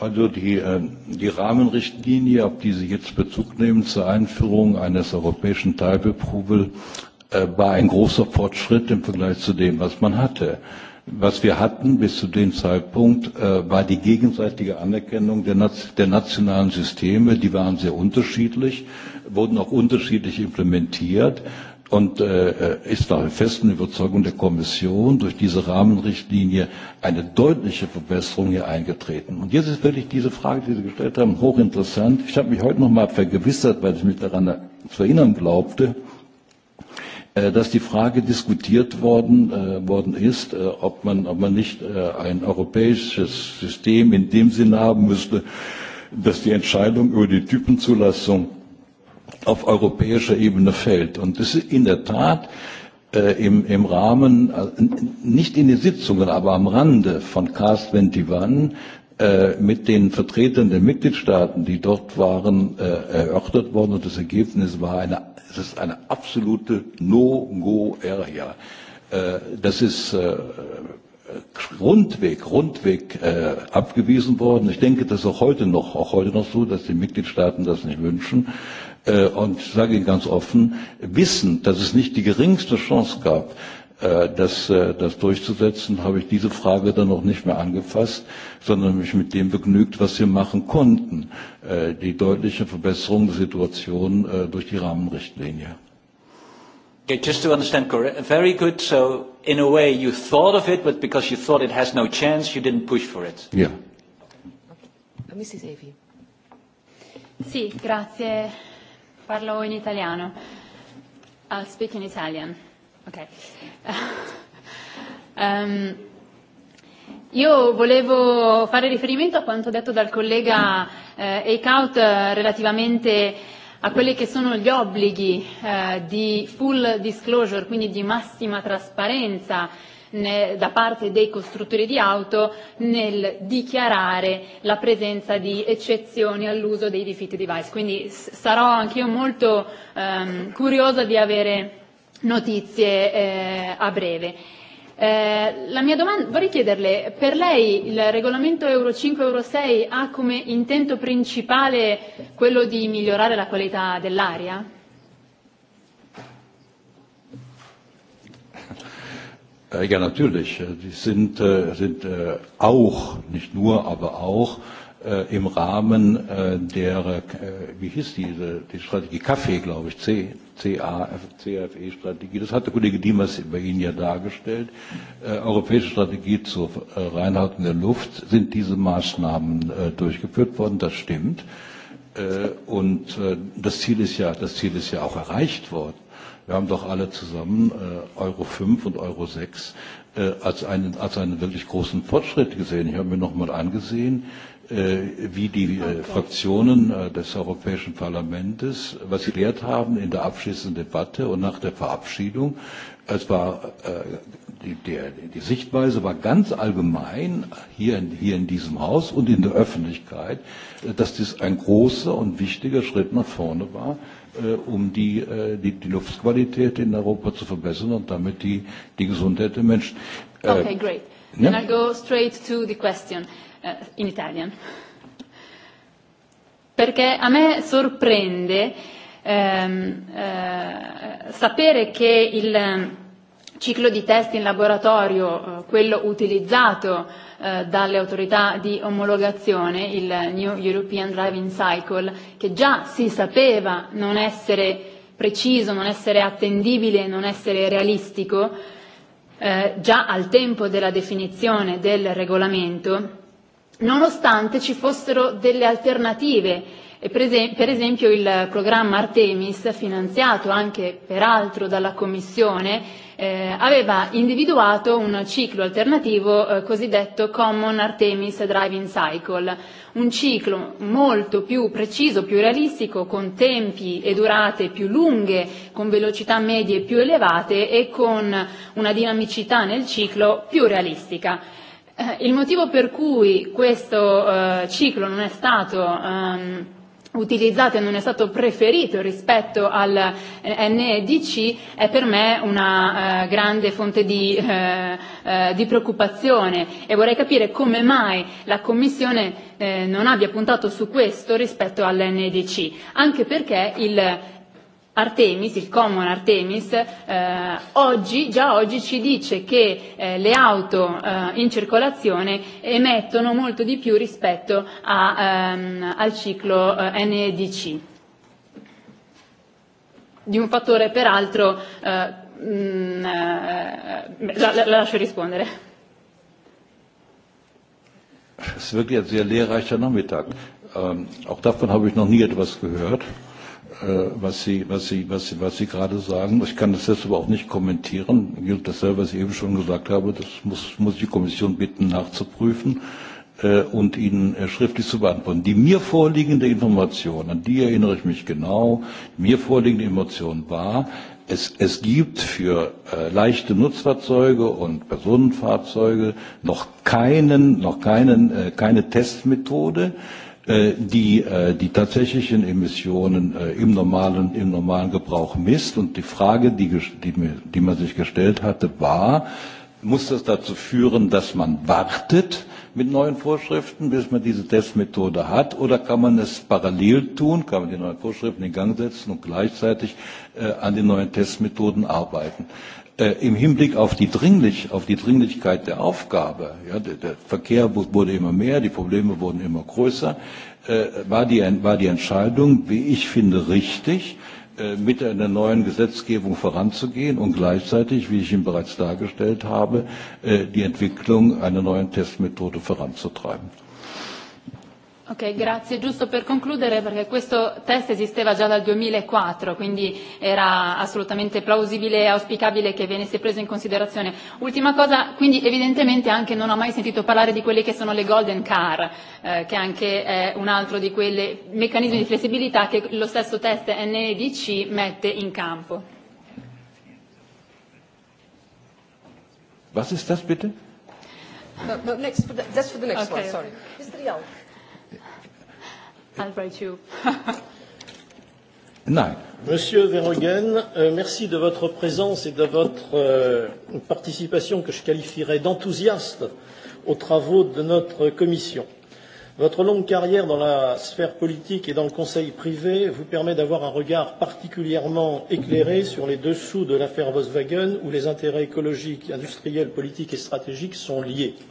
Also die, äh, die Rahmenrichtlinie, auf die Sie jetzt Bezug nehmen zur Einführung eines europäischen Type Approval, äh, war ein großer Fortschritt im Vergleich zu dem, was man hatte. Was wir hatten bis zu dem Zeitpunkt äh, war die gegenseitige Anerkennung der, der nationalen Systeme. Die waren sehr unterschiedlich, wurden auch unterschiedlich implementiert und äh, äh ist nach festen Überzeugung der Kommission durch diese Rahmenrichtlinie eine deutliche Verbesserung hier eingetreten. Und jetzt ist wirklich diese Frage, die Sie gestellt haben, hochinteressant. Ich habe mich heute noch mal vergewissert, weil ich mich daran zu erinnern glaubte, Äh, dass die Frage diskutiert worden, äh, worden ist, äh, ob, man, ob man nicht äh, ein europäisches System in dem Sinn haben müsste, dass die Entscheidung über die Typenzulassung auf europäischer Ebene fällt. Und das ist in der Tat äh, im, im Rahmen, äh, nicht in den Sitzungen, aber am Rande von CAS 21 Äh, mit den Vertretern der Mitgliedstaaten, die dort waren, äh, erörtert worden. Und das Ergebnis war, eine, es ist eine absolute No-Go-Area. Äh, das ist rundweg, rundweg äh, abgewiesen worden. Ich denke, das ist auch heute noch, auch heute noch so, dass die Mitgliedstaaten das nicht wünschen. Äh, und ich sage Ihnen ganz offen, wissen, dass es nicht die geringste Chance gab, Äh, das, äh, das durchzusetzen, habe ich diese Frage dann noch nicht mehr angefasst, sondern mich mit dem begnügt, was wir machen konnten, äh, die deutliche Verbesserung der Situation durch die Rahmenrichtlinie. Okay, just to understand correct, very good. So in a way, you thought of it, but because you thought it has no chance, you didn't push for it. Yeah. Okay. Okay. Mrs. Evi. Sì, grazie. Parlo in italiano. I'll speak in Italian. Ok. um, io volevo fare riferimento a quanto detto dal collega eh, Eichhout eh, relativamente a quelli che sono gli obblighi eh, di full disclosure, quindi di massima trasparenza ne, da parte dei costruttori di auto nel dichiarare la presenza di eccezioni all'uso dei defeat device. Quindi s- sarò anch'io molto ehm, curiosa di avere notizie eh, a breve. Eh, la mia domanda, vorrei chiederle, per lei il regolamento Euro 5 Euro 6 ha come intento principale quello di migliorare la qualità dell'aria? Äh, ja, natürlich. Die sind, äh, sind äh, auch, nicht nur, aber auch äh, im Rahmen äh, der, äh, wie hieß diese, die Strategie Kaffee, glaube ich, C, CAFE-Strategie, das hat der Kollege Diemers bei Ihnen ja dargestellt, äh, europäische Strategie zur äh, Reinhaltung der Luft, sind diese Maßnahmen äh, durchgeführt worden, das stimmt. Äh, und äh, das, Ziel ist ja, das Ziel ist ja auch erreicht worden. Wir haben doch alle zusammen äh, Euro 5 und Euro 6 äh, als, einen, als einen wirklich großen Fortschritt gesehen. Ich habe mir nochmal angesehen, äh, Äh, wie die äh, Fraktionen äh, des Europäischen Parlaments, was sie gelehrt haben in der abschließenden Debatte und nach der Verabschiedung. Es war, die, der, die Sichtweise war ganz allgemein hier in, hier in diesem Haus und in der Öffentlichkeit, dass dies ein großer und wichtiger Schritt nach vorne war, um die, die, die Luftqualität in Europa zu verbessern und damit die, die Gesundheit der Menschen. Okay, great. Then yeah? I go straight to the question. Uh, eh, in Italian. Perché a me sorprende ehm, eh, sapere che il ehm, ciclo di test in laboratorio, eh, quello utilizzato eh, dalle autorità di omologazione, il New European Driving Cycle, che già si sapeva non essere preciso, non essere attendibile, non essere realistico, eh, già al tempo della definizione del regolamento, nonostante ci fossero delle alternative. E per, esem- per esempio il programma Artemis, finanziato anche peraltro dalla Commissione, eh, aveva individuato un ciclo alternativo eh, cosiddetto Common Artemis Driving Cycle, un ciclo molto più preciso, più realistico, con tempi e durate più lunghe, con velocità medie più elevate e con una dinamicità nel ciclo più realistica. Eh, il motivo per cui questo eh, ciclo non è stato ehm, utilizzato e non è stato preferito rispetto al eh, NDC e è per me una eh, grande fonte di, eh, eh, di preoccupazione e vorrei capire come mai la Commissione eh, non abbia puntato su questo rispetto all'NDC, e anche perché il Artemis, il common Artemis, eh, oggi, già oggi ci dice che eh, le auto eh, in circolazione emettono molto di più rispetto a, ehm, al ciclo eh, NEDC, di un fattore peraltro, eh, mh, mm, eh, la, la, la lascio rispondere. Es ist wirklich ein sehr lehrreicher Nachmittag. Ähm, auch davon habe ich noch nie etwas gehört äh, was Sie, was Sie, was Sie, was Sie gerade sagen. Ich kann das jetzt aber auch nicht kommentieren. Gilt dasselbe, was ich eben schon gesagt habe. Das muss, muss die Kommission bitten, nachzuprüfen äh, und Ihnen äh, schriftlich zu beantworten. Die mir vorliegende Information, an die erinnere ich mich genau, die mir vorliegende Information war, es, es gibt für äh, leichte Nutzfahrzeuge und Personenfahrzeuge noch keinen, noch keinen, äh, keine Testmethode. Äh, Äh, die äh, die tatsächlichen Emissionen äh, im normalen, im normalen Gebrauch misst. Und die Frage, die, die, die man sich gestellt hatte, war, muss das dazu führen, dass man wartet mit neuen Vorschriften, bis man diese Testmethode hat, oder kann man es parallel tun, kann man die neuen Vorschriften in Gang setzen und gleichzeitig äh, an den neuen Testmethoden arbeiten? äh, im Hinblick auf die, Dringlich, auf die Dringlichkeit der Aufgabe, ja, der, der Verkehr wurde immer mehr, die Probleme wurden immer größer, äh, war, die, war die Entscheidung, wie ich finde, richtig, äh, mit einer neuen Gesetzgebung voranzugehen und gleichzeitig, wie ich Ihnen bereits dargestellt habe, äh, die Entwicklung einer neuen Testmethode voranzutreiben. Ok, grazie. Giusto per concludere, perché questo test esisteva già dal 2004, e quindi era assolutamente plausibile e auspicabile che venisse preso in considerazione. Ultima cosa, quindi evidentemente anche non ho mai sentito parlare di quelle che sono le golden car, eh, che anche è un altro di quei meccanismi di flessibilità che lo stesso test NEDC mette in campo. Was ist das bitte? No, no, next, for the, that's for the next okay. one, sorry. Mr. Young. I'll write you. Nein. Monsieur Verhoeven, euh, merci de votre présence et de votre euh, participation que je qualifierais d'enthousiaste aux travaux de notre commission. Votre longue carrière dans la sphère politique et dans le conseil privé vous permet d'avoir un regard particulièrement éclairé sur les dessous de l'affaire Volkswagen où les intérêts écologiques, industriels, politiques et stratégiques sont liés. Euh,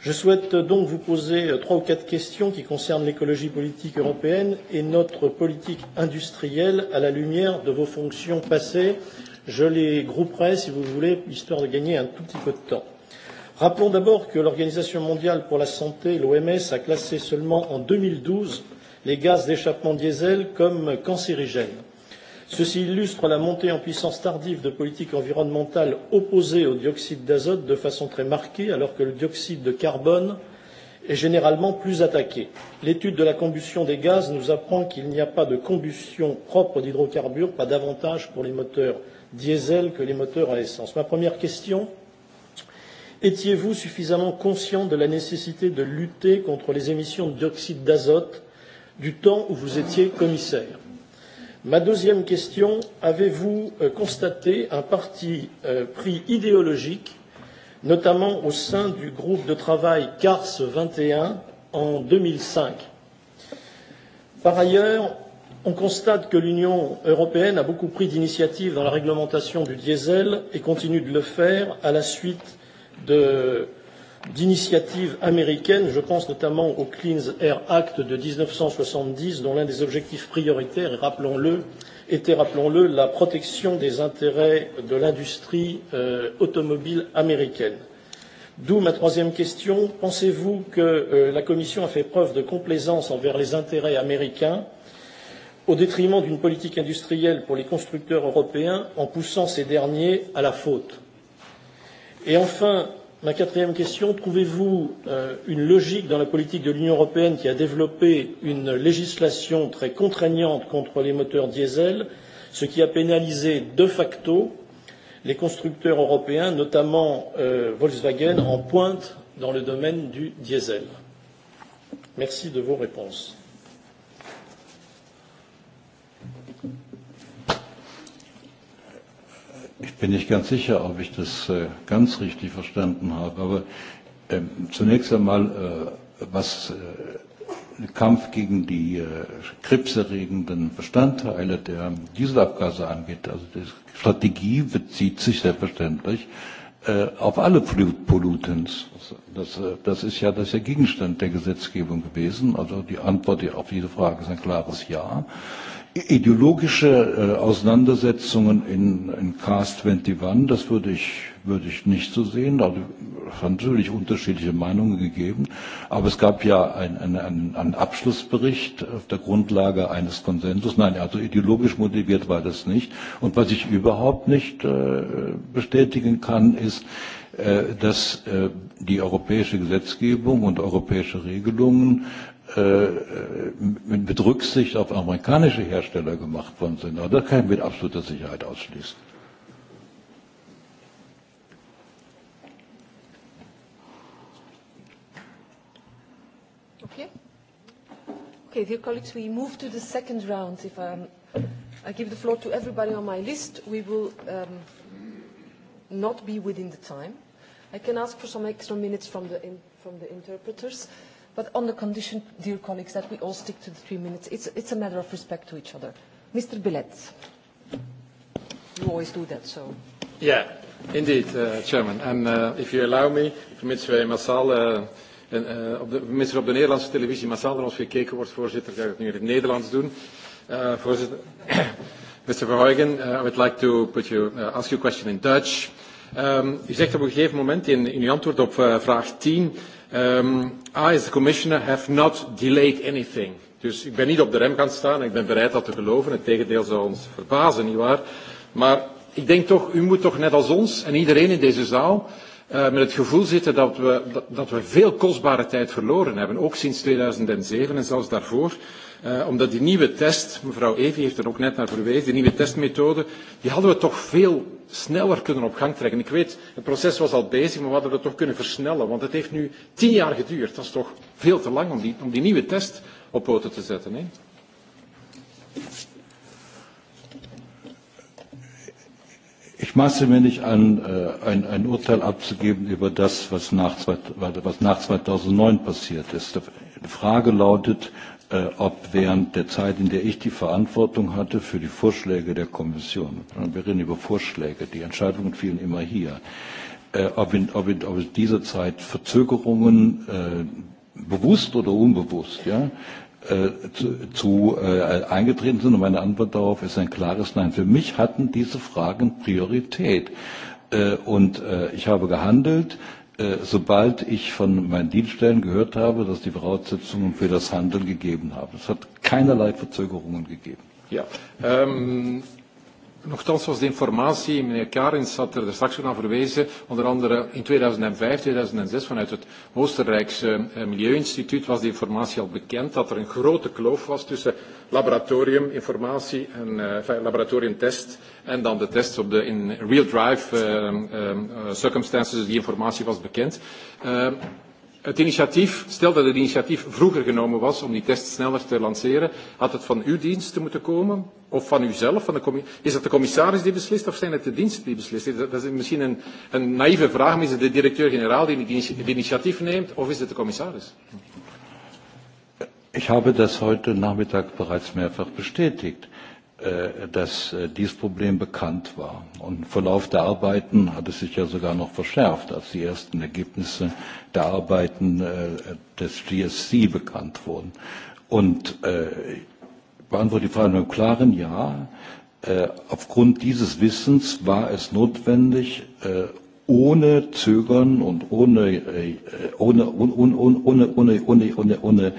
Je souhaite donc vous poser trois ou quatre questions qui concernent l'écologie politique européenne et notre politique industrielle à la lumière de vos fonctions passées. Je les grouperai, si vous voulez, histoire de gagner un tout petit peu de temps. Rappelons d'abord que l'Organisation mondiale pour la santé, l'OMS, a classé seulement en 2012 les gaz d'échappement diesel comme cancérigènes. Ceci illustre la montée en puissance tardive de politiques environnementales opposées au dioxyde d'azote de façon très marquée, alors que le dioxyde de carbone est généralement plus attaqué. L'étude de la combustion des gaz nous apprend qu'il n'y a pas de combustion propre d'hydrocarbures, pas davantage pour les moteurs diesel que les moteurs à essence. Ma première question étiez-vous suffisamment conscient de la nécessité de lutter contre les émissions de dioxyde d'azote du temps où vous étiez commissaire? Ma deuxième question, avez-vous euh, constaté un parti euh, pris idéologique, notamment au sein du groupe de travail CARS 21 en 2005 Par ailleurs, on constate que l'Union européenne a beaucoup pris d'initiatives dans la réglementation du diesel et continue de le faire à la suite de d'initiatives américaines, je pense notamment au Clean Air Act de 1970, dont l'un des objectifs prioritaires, rappelons-le, était, rappelons-le, la protection des intérêts de l'industrie euh, automobile américaine. D'où ma troisième question. Pensez-vous que euh, la Commission a fait preuve de complaisance envers les intérêts américains au détriment d'une politique industrielle pour les constructeurs européens en poussant ces derniers à la faute Et enfin, Ma quatrième question, trouvez-vous euh, une logique dans la politique de l'Union européenne qui a développé une législation très contraignante contre les moteurs diesel, ce qui a pénalisé de facto les constructeurs européens, notamment euh, Volkswagen, en pointe dans le domaine du diesel Merci de vos réponses. Ich bin nicht ganz sicher, ob ich das äh, ganz richtig verstanden habe, aber ähm, zunächst einmal, äh, was äh, Kampf gegen die äh, krebserregenden Bestandteile der Dieselabgase angeht, also die Strategie bezieht sich selbstverständlich äh, auf alle Pollutants. Das, äh, das ist ja das ist ja Gegenstand der Gesetzgebung gewesen. Also die Antwort auf diese Frage ist ein klares Ja. Äh, ideologische äh, Auseinandersetzungen in, in Cast 21, das würde ich, würde ich nicht so sehen. Da hat natürlich unterschiedliche Meinungen gegeben. Aber es gab ja einen ein, ein Abschlussbericht auf der Grundlage eines Konsensus. Nein, er also ideologisch motiviert war das nicht. Und was ich überhaupt nicht äh, bestätigen kann, ist, äh, dass äh, die europäische Gesetzgebung und europäische Regelungen Äh, äh, mit Rücksicht auf amerikanische Hersteller gemacht worden sind. Aber das kann ich mit absoluter Sicherheit ausschließen. Okay. Okay, dear colleagues, we move to the second round. If um, I give the floor to everybody on my list, we will um, not be within the time. I can ask for some extra minutes from the, in, from the interpreters. Uh, but on the condition, dear colleagues, that we all stick to the three minutes. It's, it's a matter of respect to each other. Mr. Billet, you always do that, so. Yeah, indeed, uh, Chairman. And uh, if you allow me, permits wij massaal... Uh, En, uh, op de, tenminste er op de Nederlandse televisie massaal naar ons gekeken wordt, voorzitter, ga ik het nu in het Nederlands doen. Uh, voorzitter, Mr. Verheugen, uh, I would like to put you, uh, ask you a question in Dutch. Um, u zegt op een gegeven moment in, in uw antwoord op uh, vraag 10 Um, I, as the commissioner, have not delayed anything. Dus ik ben niet op de rem gaan staan. Ik ben bereid dat te geloven. Het tegendeel zou ons verbazen, nietwaar? Maar ik denk toch, u moet toch net als ons en iedereen in deze zaal uh, met het gevoel zitten dat we, dat, dat we veel kostbare tijd verloren hebben. Ook sinds 2007 en zelfs daarvoor. Uh, omdat die nieuwe test, mevrouw Evi heeft er ook net naar verwezen, die nieuwe testmethode, die hadden we toch veel sneller kunnen op gang trekken. Ik weet, het proces was al bezig, maar we hadden het toch kunnen versnellen. Want het heeft nu tien jaar geduurd. Dat is toch veel te lang om die, om die nieuwe test op poten te zetten. Hè? Ich maße mir nicht an, äh, eh, ein, ein Urteil abzugeben über das, was nach, was nach 2009 passiert ist. Die Frage lautet, ob äh, während der Zeit, in der ich die Verantwortung hatte für die Vorschläge der Kommission, wir reden über Vorschläge, die Entscheidungen fielen immer hier, äh, ob in, ob in, ob in dieser Zeit Verzögerungen, äh, bewusst oder unbewusst, ja, äh, zu, zu äh, eingetreten sind. Und meine Antwort darauf ist ein klares Nein. Für mich hatten diese Fragen Priorität. Äh, und äh, ich habe gehandelt Äh, sobald ich von meinen Dienststellen gehört habe, dass die Voraussetzungen für das Handeln gegeben haben. Es hat keinerlei Verzögerungen gegeben. Ja, ähm, Nochtans was de informatie, meneer Karins had er, er straks aan verwezen, onder andere in 2005, 2006 vanuit het Oostenrijkse eh, Milieuinstituut was de informatie al bekend dat er een grote kloof was tussen laboratoriuminformatie en eh, enfin, laboratoriumtest en dan de tests op de in real drive uh, eh, uh, circumstances, die informatie was bekend. Uh, Het initiatief, stel dat het initiatief vroeger genomen was om die test sneller te lanceren, had het van uw diensten moeten komen of van uzelf? Van de is het de commissaris die beslist of zijn het de diensten die beslissen? Dat, dat is misschien een, een naïeve vraag, maar is het de directeur-generaal die het initi initiatief neemt of is het de commissaris? Ich habe das heute Nachmittag bereits mehrfach bestätigt. Äh, dass äh, dieses Problem bekannt war. Und im Verlauf der Arbeiten hat es sich ja sogar noch verschärft, als die ersten Ergebnisse der Arbeiten äh, des GSC bekannt wurden. Und ich beantworte die Frage mit einem klaren Ja. Aufgrund dieses Wissens war es notwendig, ohne Zögern und ohne, ohne, ohne, ohne, ohne, ohne, ohne, ohne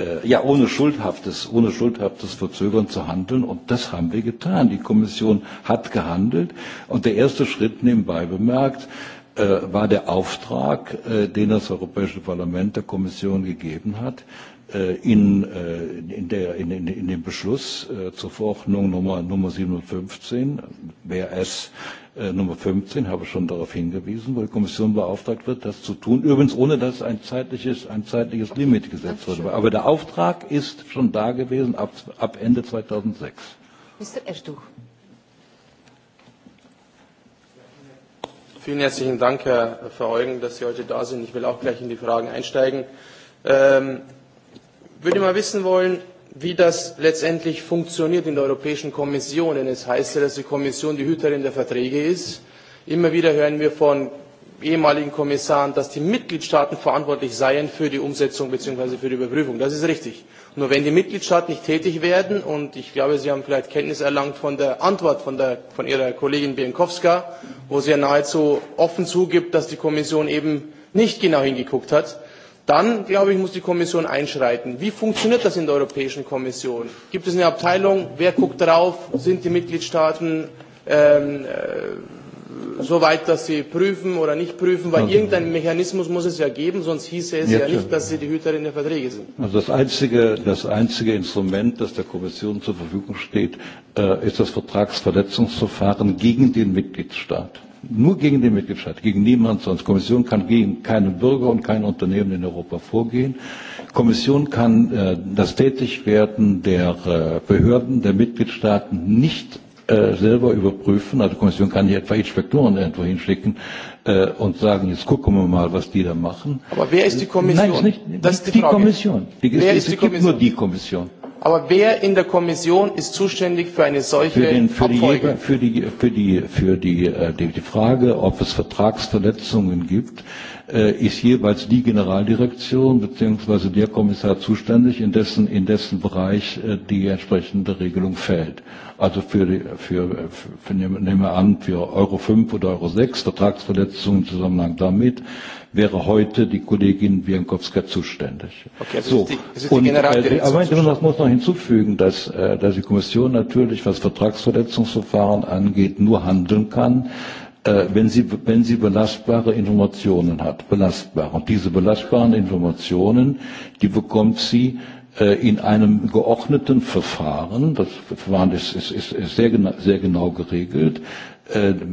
äh, ja, ohne schuldhaftes, ohne schuldhaftes Verzögern zu handeln. Und das haben wir getan. Die Kommission hat gehandelt. Und der erste Schritt nebenbei bemerkt, äh, war der Auftrag, äh, den das Europäische Parlament der Kommission gegeben hat, Äh, in, äh, in, der, in, in, in dem Beschluss äh, zur Verordnung Nummer, Nummer 715, BRS äh, Nummer 15, habe schon darauf hingewiesen, wo die Kommission beauftragt wird, das zu tun. Übrigens ohne, dass ein zeitliches, ein zeitliches Limit gesetzt wurde. Aber der Auftrag ist schon da gewesen ab, ab Ende 2006. Mr. Ertuch. Vielen herzlichen Dank, Herr Verheugen, dass Sie heute da sind. Ich will auch gleich in die Fragen einsteigen. Ähm, würde mal wissen wollen, wie das letztendlich funktioniert in der Europäischen Kommission. Denn es heißt ja, dass die Kommission die Hüterin der Verträge ist. Immer wieder hören wir von ehemaligen Kommissaren, dass die Mitgliedstaaten verantwortlich seien für die Umsetzung bzw. für die Überprüfung. Das ist richtig. Nur wenn die Mitgliedstaaten nicht tätig werden, und ich glaube, Sie haben vielleicht Kenntnis erlangt von der Antwort von, der, von Ihrer Kollegin Bienkowska, wo sie ja nahezu offen zugibt, dass die Kommission eben nicht genau hingeguckt hat, dann glaube ich muss die kommission einschreiten. wie funktioniert das in der europäischen kommission? gibt es eine abteilung? wer guckt drauf? sind die mitgliedstaaten ähm, äh, so weit, dass sie prüfen oder nicht prüfen? weil also, irgendeinen mechanismus muss es ja geben sonst hieße es ja nicht dass sie die hüterin der verträge sind. also das einzige, das einzige instrument das der kommission zur verfügung steht äh, ist das vertragsverletzungsverfahren gegen den mitgliedstaat nur gegen den Mitgliedstaat, gegen niemand sonst. Kommission kann gegen keinen Bürger und kein Unternehmen in Europa vorgehen. Kommission kann äh, das Tätigwerden der äh, Behörden der Mitgliedstaaten nicht äh, selber überprüfen. Also die Kommission kann hier etwa Inspektoren irgendwo hinschicken äh, und sagen, jetzt gucken wir mal, was die da machen. Aber wer ist die Kommission? Nein, ist nicht, das ist die, die Frage. Kommission. Die, wer es, ist es die gibt Kommission? nur die Kommission. Aber wer in der Kommission ist zuständig für eine solche für den, für Abfolge? Die, für die, für die, für die, äh, die, die Frage, ob es Vertragsverletzungen gibt, äh, ist jeweils die Generaldirektion bzw. der Kommissar zuständig, in dessen, in dessen Bereich äh, die entsprechende Regelung fällt. Also für, für, für, für nehmen wir an, für Euro 5 oder Euro 6 Vertragsverletzungen im Zusammenhang damit wäre heute die Kollegin Bienkowska zuständig. Okay, also so. ist die, ist die und, äh, aber das muss noch hinzufügen, dass, äh, dass die Kommission natürlich, was Vertragsverletzungsverfahren angeht, nur handeln kann, äh, wenn, sie, wenn sie belastbare Informationen hat. Belastbare. Und diese belastbaren Informationen, die bekommt sie äh, in einem geordneten Verfahren, das Verfahren ist, ist, ist sehr, genau, sehr genau geregelt, mit äh,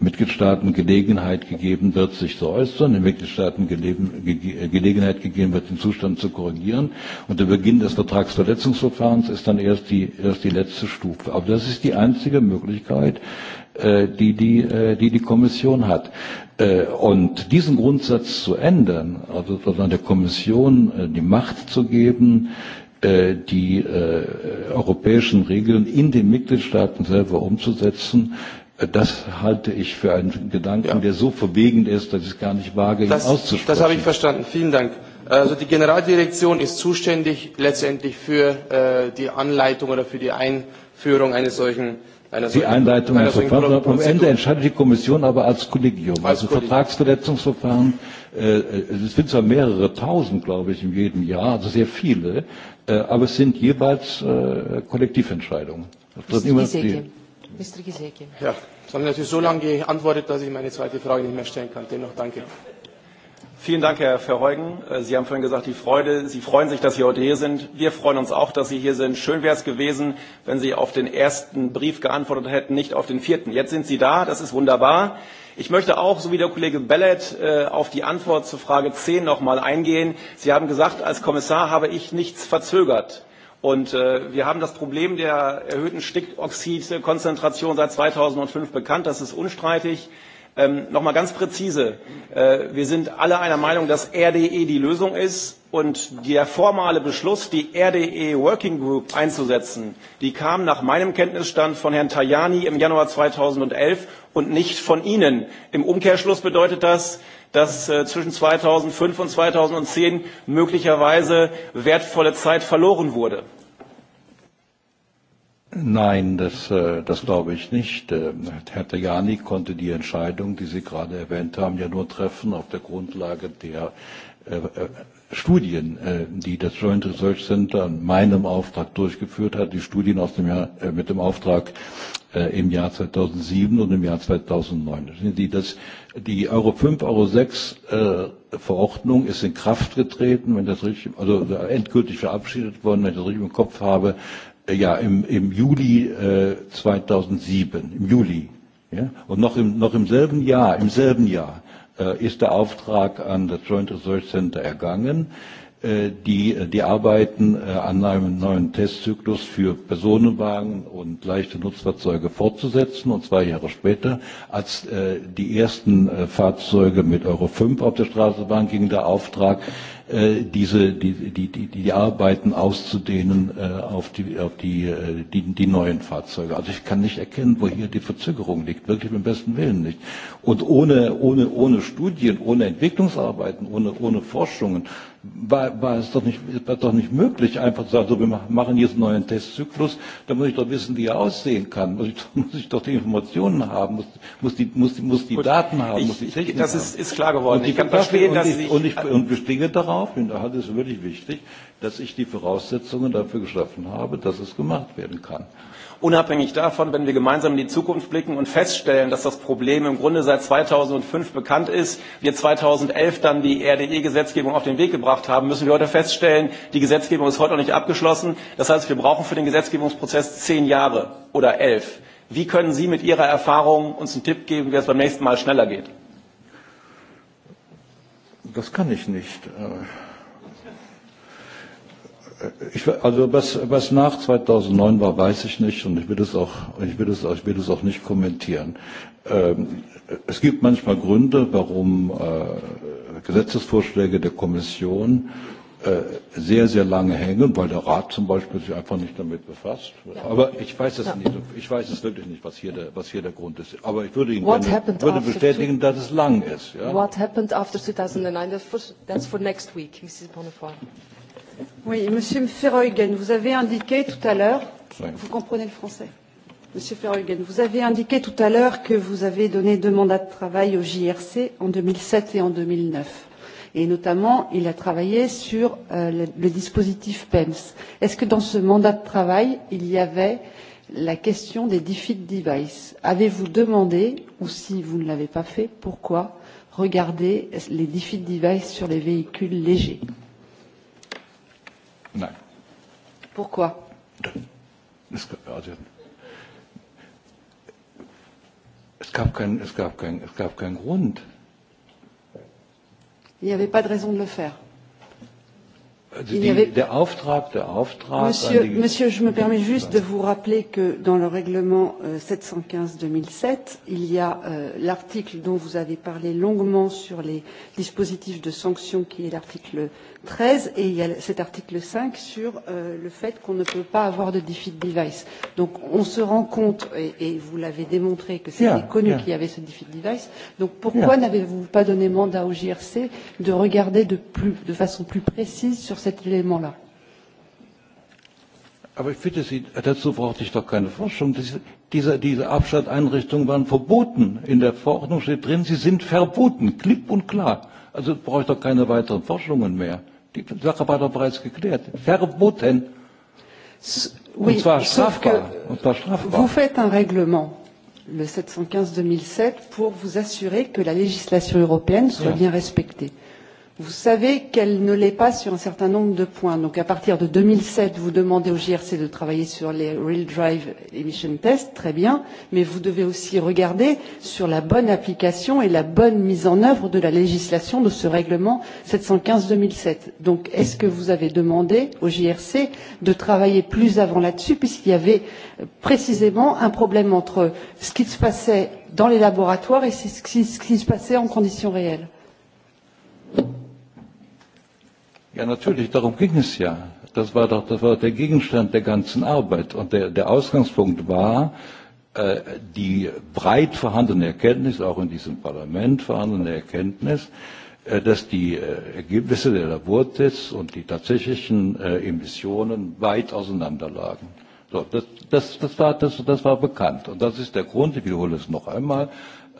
Mitgliedstaaten Gelegenheit gegeben wird, sich zu äußern, den Mitgliedstaaten geleben, ge äh, Gelegenheit gegeben wird, den Zustand zu korrigieren. Und der Beginn des Vertragsverletzungsverfahrens ist dann erst die, erst die letzte Stufe. Aber das ist die einzige Möglichkeit, äh, die, die, äh, die die Kommission hat. Äh, und diesen Grundsatz zu ändern, also sozusagen der Kommission äh, die Macht zu geben, äh, die äh, europäischen Regeln in den Mitgliedstaaten selber umzusetzen, äh, Das halte ich für einen Gedanken, ja. der so verwegend ist, dass ich es gar nicht wage, das, ihn auszusprechen. Das habe ich verstanden. Vielen Dank. Also die Generaldirektion ist zuständig letztendlich für äh, die Anleitung oder für die Einführung eines solchen einer die Einleitung eines Verfahrens. Am Ende entscheidet die Kommission aber als Kollegium. Als also Kollegium. Vertragsverletzungsverfahren, äh, äh, es sind zwar mehrere tausend, glaube ich, in jedem Jahr, also sehr viele, äh, aber es sind jeweils äh, Kollektiventscheidungen. Das ist immer die Mr. Giseke. Ja, ich habe natürlich so lange geantwortet, dass ich meine zweite Frage nicht mehr stellen kann. Dennoch danke. Vielen Dank, Herr Verheugen. Äh, Sie haben vorhin gesagt, die Freude, Sie freuen sich, dass Sie heute hier sind. Wir freuen uns auch, dass Sie hier sind. Schön wäre es gewesen, wenn Sie auf den ersten Brief geantwortet hätten, nicht auf den vierten. Jetzt sind Sie da, das ist wunderbar. Ich möchte auch, so wie der Kollege Bellet, äh, auf die Antwort zur Frage 10 nochmal eingehen. Sie haben gesagt, als Kommissar habe ich nichts verzögert. Und äh, wir haben das Problem der erhöhten Stickoxidkonzentration seit 2005 bekannt. Das ist unstreitig. Ähm, Nochmal ganz präzise. Äh, wir sind alle einer Meinung, dass RDE die Lösung ist. Und der formale Beschluss, die RDE Working Group einzusetzen, die kam nach meinem Kenntnisstand von Herrn Tajani im Januar 2011 und nicht von Ihnen. Im Umkehrschluss bedeutet das, dass äh, zwischen 2005 und 2010 möglicherweise wertvolle Zeit verloren wurde? Nein, das, äh, das glaube ich nicht. Ähm, Herr Tajani konnte die Entscheidung, die Sie gerade erwähnt haben, ja nur treffen auf der Grundlage der äh, äh Studien, äh, die das Joint Research Center in meinem Auftrag durchgeführt hat, die Studien aus dem Jahr, äh, mit dem Auftrag äh, im Jahr 2007 und im Jahr 2009. Die, das, die Euro 5, Euro 6 äh, Verordnung ist in Kraft getreten, wenn das richtig, also äh, endgültig verabschiedet worden, wenn ich das richtig im Kopf habe, äh, ja, im, im Juli äh, 2007, im Juli. Ja? Und noch im, noch im selben Jahr, im selben Jahr Äh, ist der Auftrag an das Joint Research Center ergangen. Äh, die, äh, die Arbeiten äh, an einem neuen Testzyklus für Personenwagen und leichte Nutzfahrzeuge fortzusetzen, und zwei Jahre später, als die ersten Fahrzeuge mit Euro 5 auf der Straße waren, ging der Auftrag, diese, die, die, die, die Arbeiten auszudehnen äh, auf, die, auf die, äh, die, die neuen Fahrzeuge. Also ich kann nicht erkennen, wo hier die Verzögerung liegt, wirklich mit besten Willen nicht. Und ohne, ohne, ohne Studien, ohne Entwicklungsarbeiten, ohne, ohne Forschungen war, war es doch nicht, war doch nicht möglich, einfach zu sagen, so, wir machen jetzt einen neuen Testzyklus, da muss ich doch wissen, wie er aussehen kann, muss ich, muss ich doch die Informationen haben, muss, muss die, muss, muss die Gut, Daten haben, ich, muss die Technik Das haben. ist, ist klar geworden. Und ich kann verstehen, und dass ich, ich, und ich, und bestehe darauf, und da ist es wirklich wichtig, dass ich die Voraussetzungen dafür geschaffen habe, dass es gemacht werden kann unabhängig davon, wenn wir gemeinsam in die Zukunft blicken und feststellen, dass das Problem im Grunde seit 2005 bekannt ist, wir 2011 dann die RDE-Gesetzgebung auf den Weg gebracht haben, müssen wir heute feststellen, die Gesetzgebung ist heute noch nicht abgeschlossen. Das heißt, wir brauchen für den Gesetzgebungsprozess zehn Jahre oder elf. Wie können Sie mit Ihrer Erfahrung uns einen Tipp geben, wie es beim nächsten Mal schneller geht? Das kann ich nicht. Äh, Ich, also was, was nach 2009 war, weiß ich nicht und ich will es auch, ich will es auch, ich will es auch nicht kommentieren. Ähm, es gibt manchmal Gründe, warum äh, Gesetzesvorschläge der Kommission äh, sehr, sehr lange hängen, weil der Rat zum Beispiel sich einfach nicht damit befasst. Ja. Aber ich weiß es ja. nicht, ich weiß es wirklich nicht, was hier der, was hier der Grund ist. Aber ich würde Ihnen What gerne, würde bestätigen, dass es lang ist. Ja? What happened after 2009? That's for, that's for next week, Mrs. Bonnefoy. Oui, Monsieur Verheugen, vous avez indiqué tout à l'heure, oui. vous comprenez le français. Monsieur Verheugen, vous avez indiqué tout à l'heure que vous avez donné deux mandats de travail au JRC en 2007 et en 2009. Et notamment, il a travaillé sur euh, le, le dispositif PEMS. Est-ce que dans ce mandat de travail, il y avait la question des defeat devices Avez-vous demandé, ou si vous ne l'avez pas fait, pourquoi regarder les defeat devices sur les véhicules légers euh, Nein. Pourquoi? Es, also, es, gab kein, es, gab kein, es gab keinen Grund. Il n'y avait pas de raison de le faire. Die, avait... der Auftrag, der Auftrag Monsieur, die... Monsieur, je me permets juste de vous rappeler que dans le règlement euh, 715-2007, il y a euh, l'article dont vous avez parlé longuement sur les dispositifs de sanction, qui est l'article 13, et il y a cet article 5 sur euh, le fait qu'on ne peut pas avoir de defeat device. Donc on se rend compte, et, et vous l'avez démontré, que c'était yeah, connu yeah. qu'il y avait ce defeat device. Donc pourquoi yeah. n'avez-vous pas donné mandat au JRC de regarder de, plus, de façon plus précise sur cet élément-là. Aber ich bitte Sie, dazu brauchte ich doch keine Forschung. Diese, diese, diese Abschalteinrichtungen waren verboten. In der Verordnung steht drin, sie sind verboten, klipp und klar. Also brauche ich doch keine weiteren Forschungen mehr. Die Sache war doch bereits geklärt. Verboten. Oui, und zwar strafbar. Und zwar strafbar. Vous faites un règlement, le 715-2007, pour vous assurer que la législation européenne soit ja. bien respectée. Vous savez qu'elle ne l'est pas sur un certain nombre de points. Donc à partir de 2007, vous demandez au GRC de travailler sur les Real Drive Emission Tests, très bien, mais vous devez aussi regarder sur la bonne application et la bonne mise en œuvre de la législation de ce règlement 715-2007. Donc est-ce que vous avez demandé au GRC de travailler plus avant là-dessus, puisqu'il y avait euh, précisément un problème entre ce qui se passait dans les laboratoires et ce qui se passait en conditions réelles Thank you. Ja, natürlich, darum ging es ja. Das war doch das war der Gegenstand der ganzen Arbeit. Und der, der Ausgangspunkt war, äh, die breit vorhandene Erkenntnis, auch in diesem Parlament vorhandene Erkenntnis, äh, dass die äh, Ergebnisse der Labortests und die tatsächlichen äh, Emissionen weit auseinanderlagen. So, das, das, das, war, das, das war bekannt. Und das ist der Grund, ich wiederhole es noch einmal,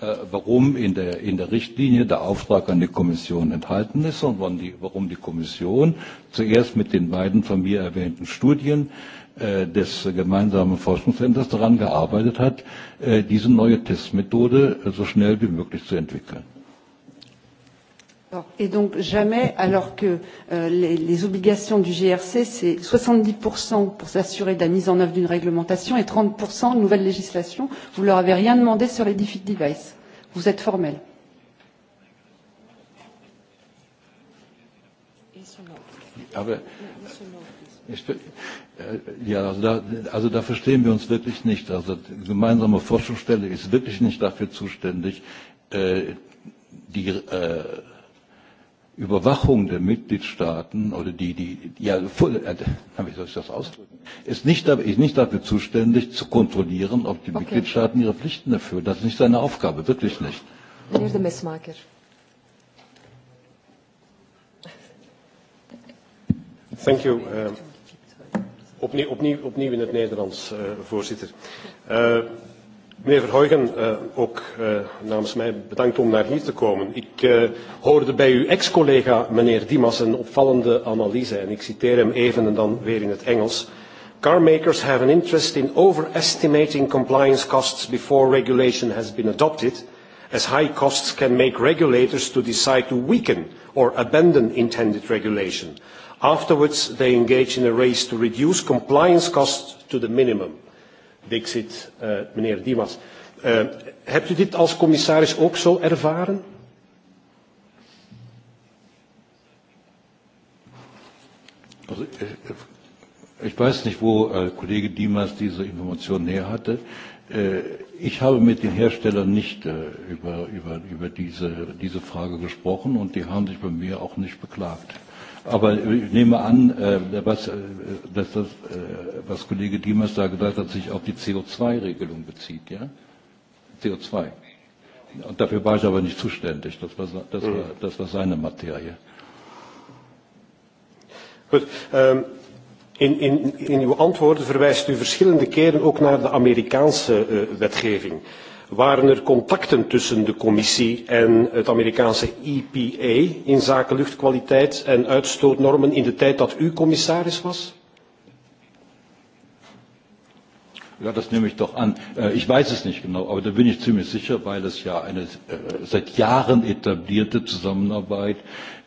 Äh, warum in der, in der Richtlinie der Auftrag an die Kommission enthalten ist und wann die, warum die Kommission zuerst mit den beiden von mir erwähnten Studien äh, des gemeinsamen Forschungszentrums daran gearbeitet hat, äh, diese neue Testmethode äh, so schnell wie möglich zu entwickeln. Et donc jamais, alors que euh, les, les obligations du GRC, c'est 70% pour s'assurer de la mise en œuvre d'une réglementation et 30% de nouvelle législation, vous ne leur avez rien demandé sur les defeat devices. Vous êtes formel. Aber ah ich, äh, ja, da, also da verstehen wir uns wirklich nicht. Also die gemeinsame Forschungsstelle ist wirklich nicht dafür zuständig, äh, die äh, Überwachung der Mitgliedstaaten oder die, die, ja, voll, äh, wie soll ich das ausdrücken, ist nicht, ist nicht dafür zuständig, zu kontrollieren, ob die okay. Mitgliedstaaten ihre Pflichten erfüllen. Das ist nicht seine Aufgabe, wirklich nicht. Herr de Messmaker. Thank you. Uh, opnieuw, opnieuw, opnieuw in het Nederlands, uh, voorzitter. Uh, Meneer Verheugen, uh, ook uh, namens mij bedankt om naar hier te komen. Ik uh, hoorde bij uw ex-collega meneer Dimas een opvallende analyse en ik citeer hem even en dan weer in het Engels. Car makers have an interest in overestimating compliance costs before regulation has been adopted, as high costs can make regulators to decide to weaken or abandon intended regulation. Afterwards, they engage in a race to reduce compliance costs to the minimum. Dixit, uh, eh, meneer Dimas. Uh, hebt u dit als commissaris ook zo ervaren? Also, ich, eh, ich weiß nicht, wo äh, Kollege Dimas diese Information her hatte. Äh, ich habe mit den Herstellern nicht äh, über, über, über diese, diese Frage gesprochen und die haben sich bei mir auch nicht beklagt. Aber ich nehme an, äh, was, äh, dass das, äh, was Kollege Diemers da gesagt hat, sich auf die CO2-Regelung bezieht, ja? CO2. Und dafür war ich aber nicht zuständig. Das war, das war, mhm. das war seine Materie. Goed. Um, ähm, in, in, in uw antwoorden verwijst u verschillende keren ook naar de Amerikaanse uh, wetgeving. Uh, waren er contacten tussen de commissie en het Amerikaanse EPA in zaken luchtkwaliteit en uitstootnormen in de tijd dat u commissaris was? Ja, das nehme ich doch an. Äh, eh, ich weiß es nicht genau, aber da bin ich ziemlich sicher, weil es ja eine äh, seit Jahren etablierte Zusammenarbeit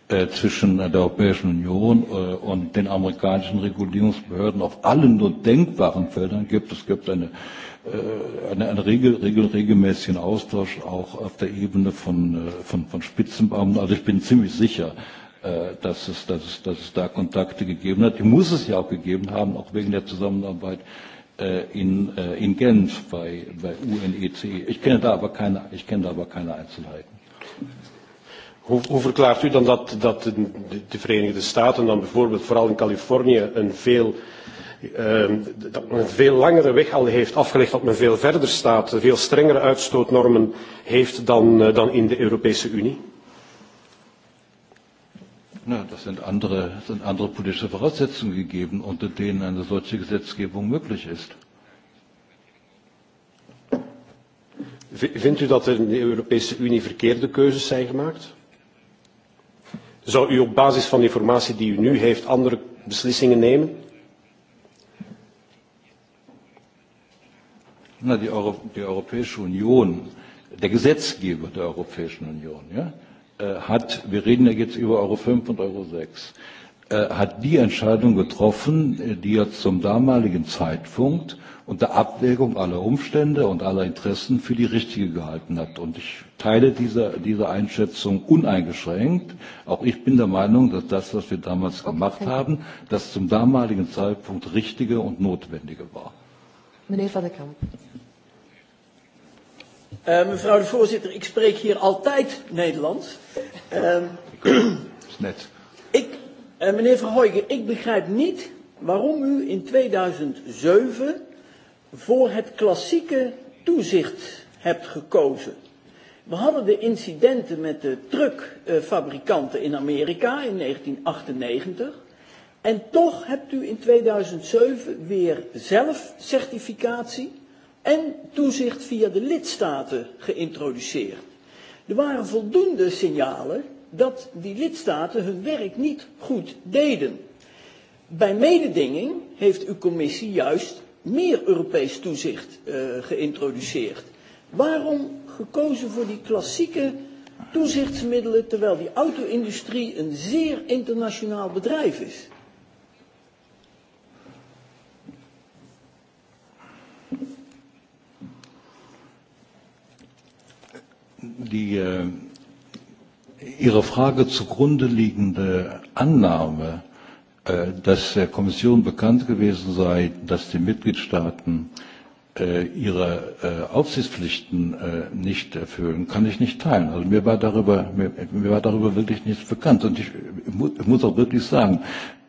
äh, eh, zwischen der Europäischen Union äh, eh, und den amerikanischen Regulierungsbehörden auf allen nur denkbaren Feldern gibt. Es gibt eine Äh, eine, einen regel, regel, regelmäßigen Austausch auch auf der Ebene von, äh, von, von Spitzenbeamten. Also ich bin ziemlich sicher, äh, dass es, dass, es, dass es da Kontakte gegeben hat. Die muss es ja auch gegeben haben, auch wegen der Zusammenarbeit in, in Genf bei, bei UNECE. Ich kenne da aber keine, ich kenne da aber keine Einzelheiten. Hoe, hoe verklaart u dan dat, dat de, de Verenigde Staten dan bijvoorbeeld vooral in Californië een veel uh, um, dat men een veel langere weg al heeft afgelegd, dat men veel verder staat, veel strengere uitstootnormen heeft dan, uh, dan in de Europese Unie? Na, das sind andere, sind andere politische Voraussetzungen gegeben, unter denen eine solche Gesetzgebung möglich ist. Vindt u dat er in de Europese Unie verkeerde keuzes zijn gemaakt? Zou u op basis van de informatie die u nu heeft andere beslissingen nemen? na, die, Euro die Europäische Union, der Gesetzgeber der Europäischen Union, ja, äh, hat, wir reden ja jetzt über Euro 5 und Euro 6, äh, hat die Entscheidung getroffen, äh, die er zum damaligen Zeitpunkt unter Abwägung aller Umstände und aller Interessen für die richtige gehalten hat. Und ich teile diese, diese Einschätzung uneingeschränkt. Auch ich bin der Meinung, dass das, was wir damals okay. gemacht haben, das zum damaligen Zeitpunkt richtige und notwendige war. Meneer Van den Kamp. Uh, mevrouw de voorzitter, ik spreek hier altijd Nederlands. Uh, Net. Ik, uh, meneer Verhooyen, ik begrijp niet waarom u in 2007 voor het klassieke toezicht hebt gekozen. We hadden de incidenten met de truckfabrikanten in Amerika in 1998. En toch hebt u in 2007 weer zelf certificatie en toezicht via de lidstaten geïntroduceerd. Er waren voldoende signalen dat die lidstaten hun werk niet goed deden. Bij mededinging heeft uw commissie juist meer Europees toezicht uh, geïntroduceerd. Waarom gekozen voor die klassieke toezichtsmiddelen terwijl die auto-industrie een zeer internationaal bedrijf is? die äh, Ihre Frage zugrunde liegende Annahme, äh, dass der Kommission bekannt gewesen sei, dass die Mitgliedstaaten äh, ihre äh, Aufsichtspflichten äh, nicht erfüllen, kann ich nicht teilen. Also mir war darüber, mir, mir war darüber wirklich nichts bekannt. Und ich, ich muss auch wirklich sagen,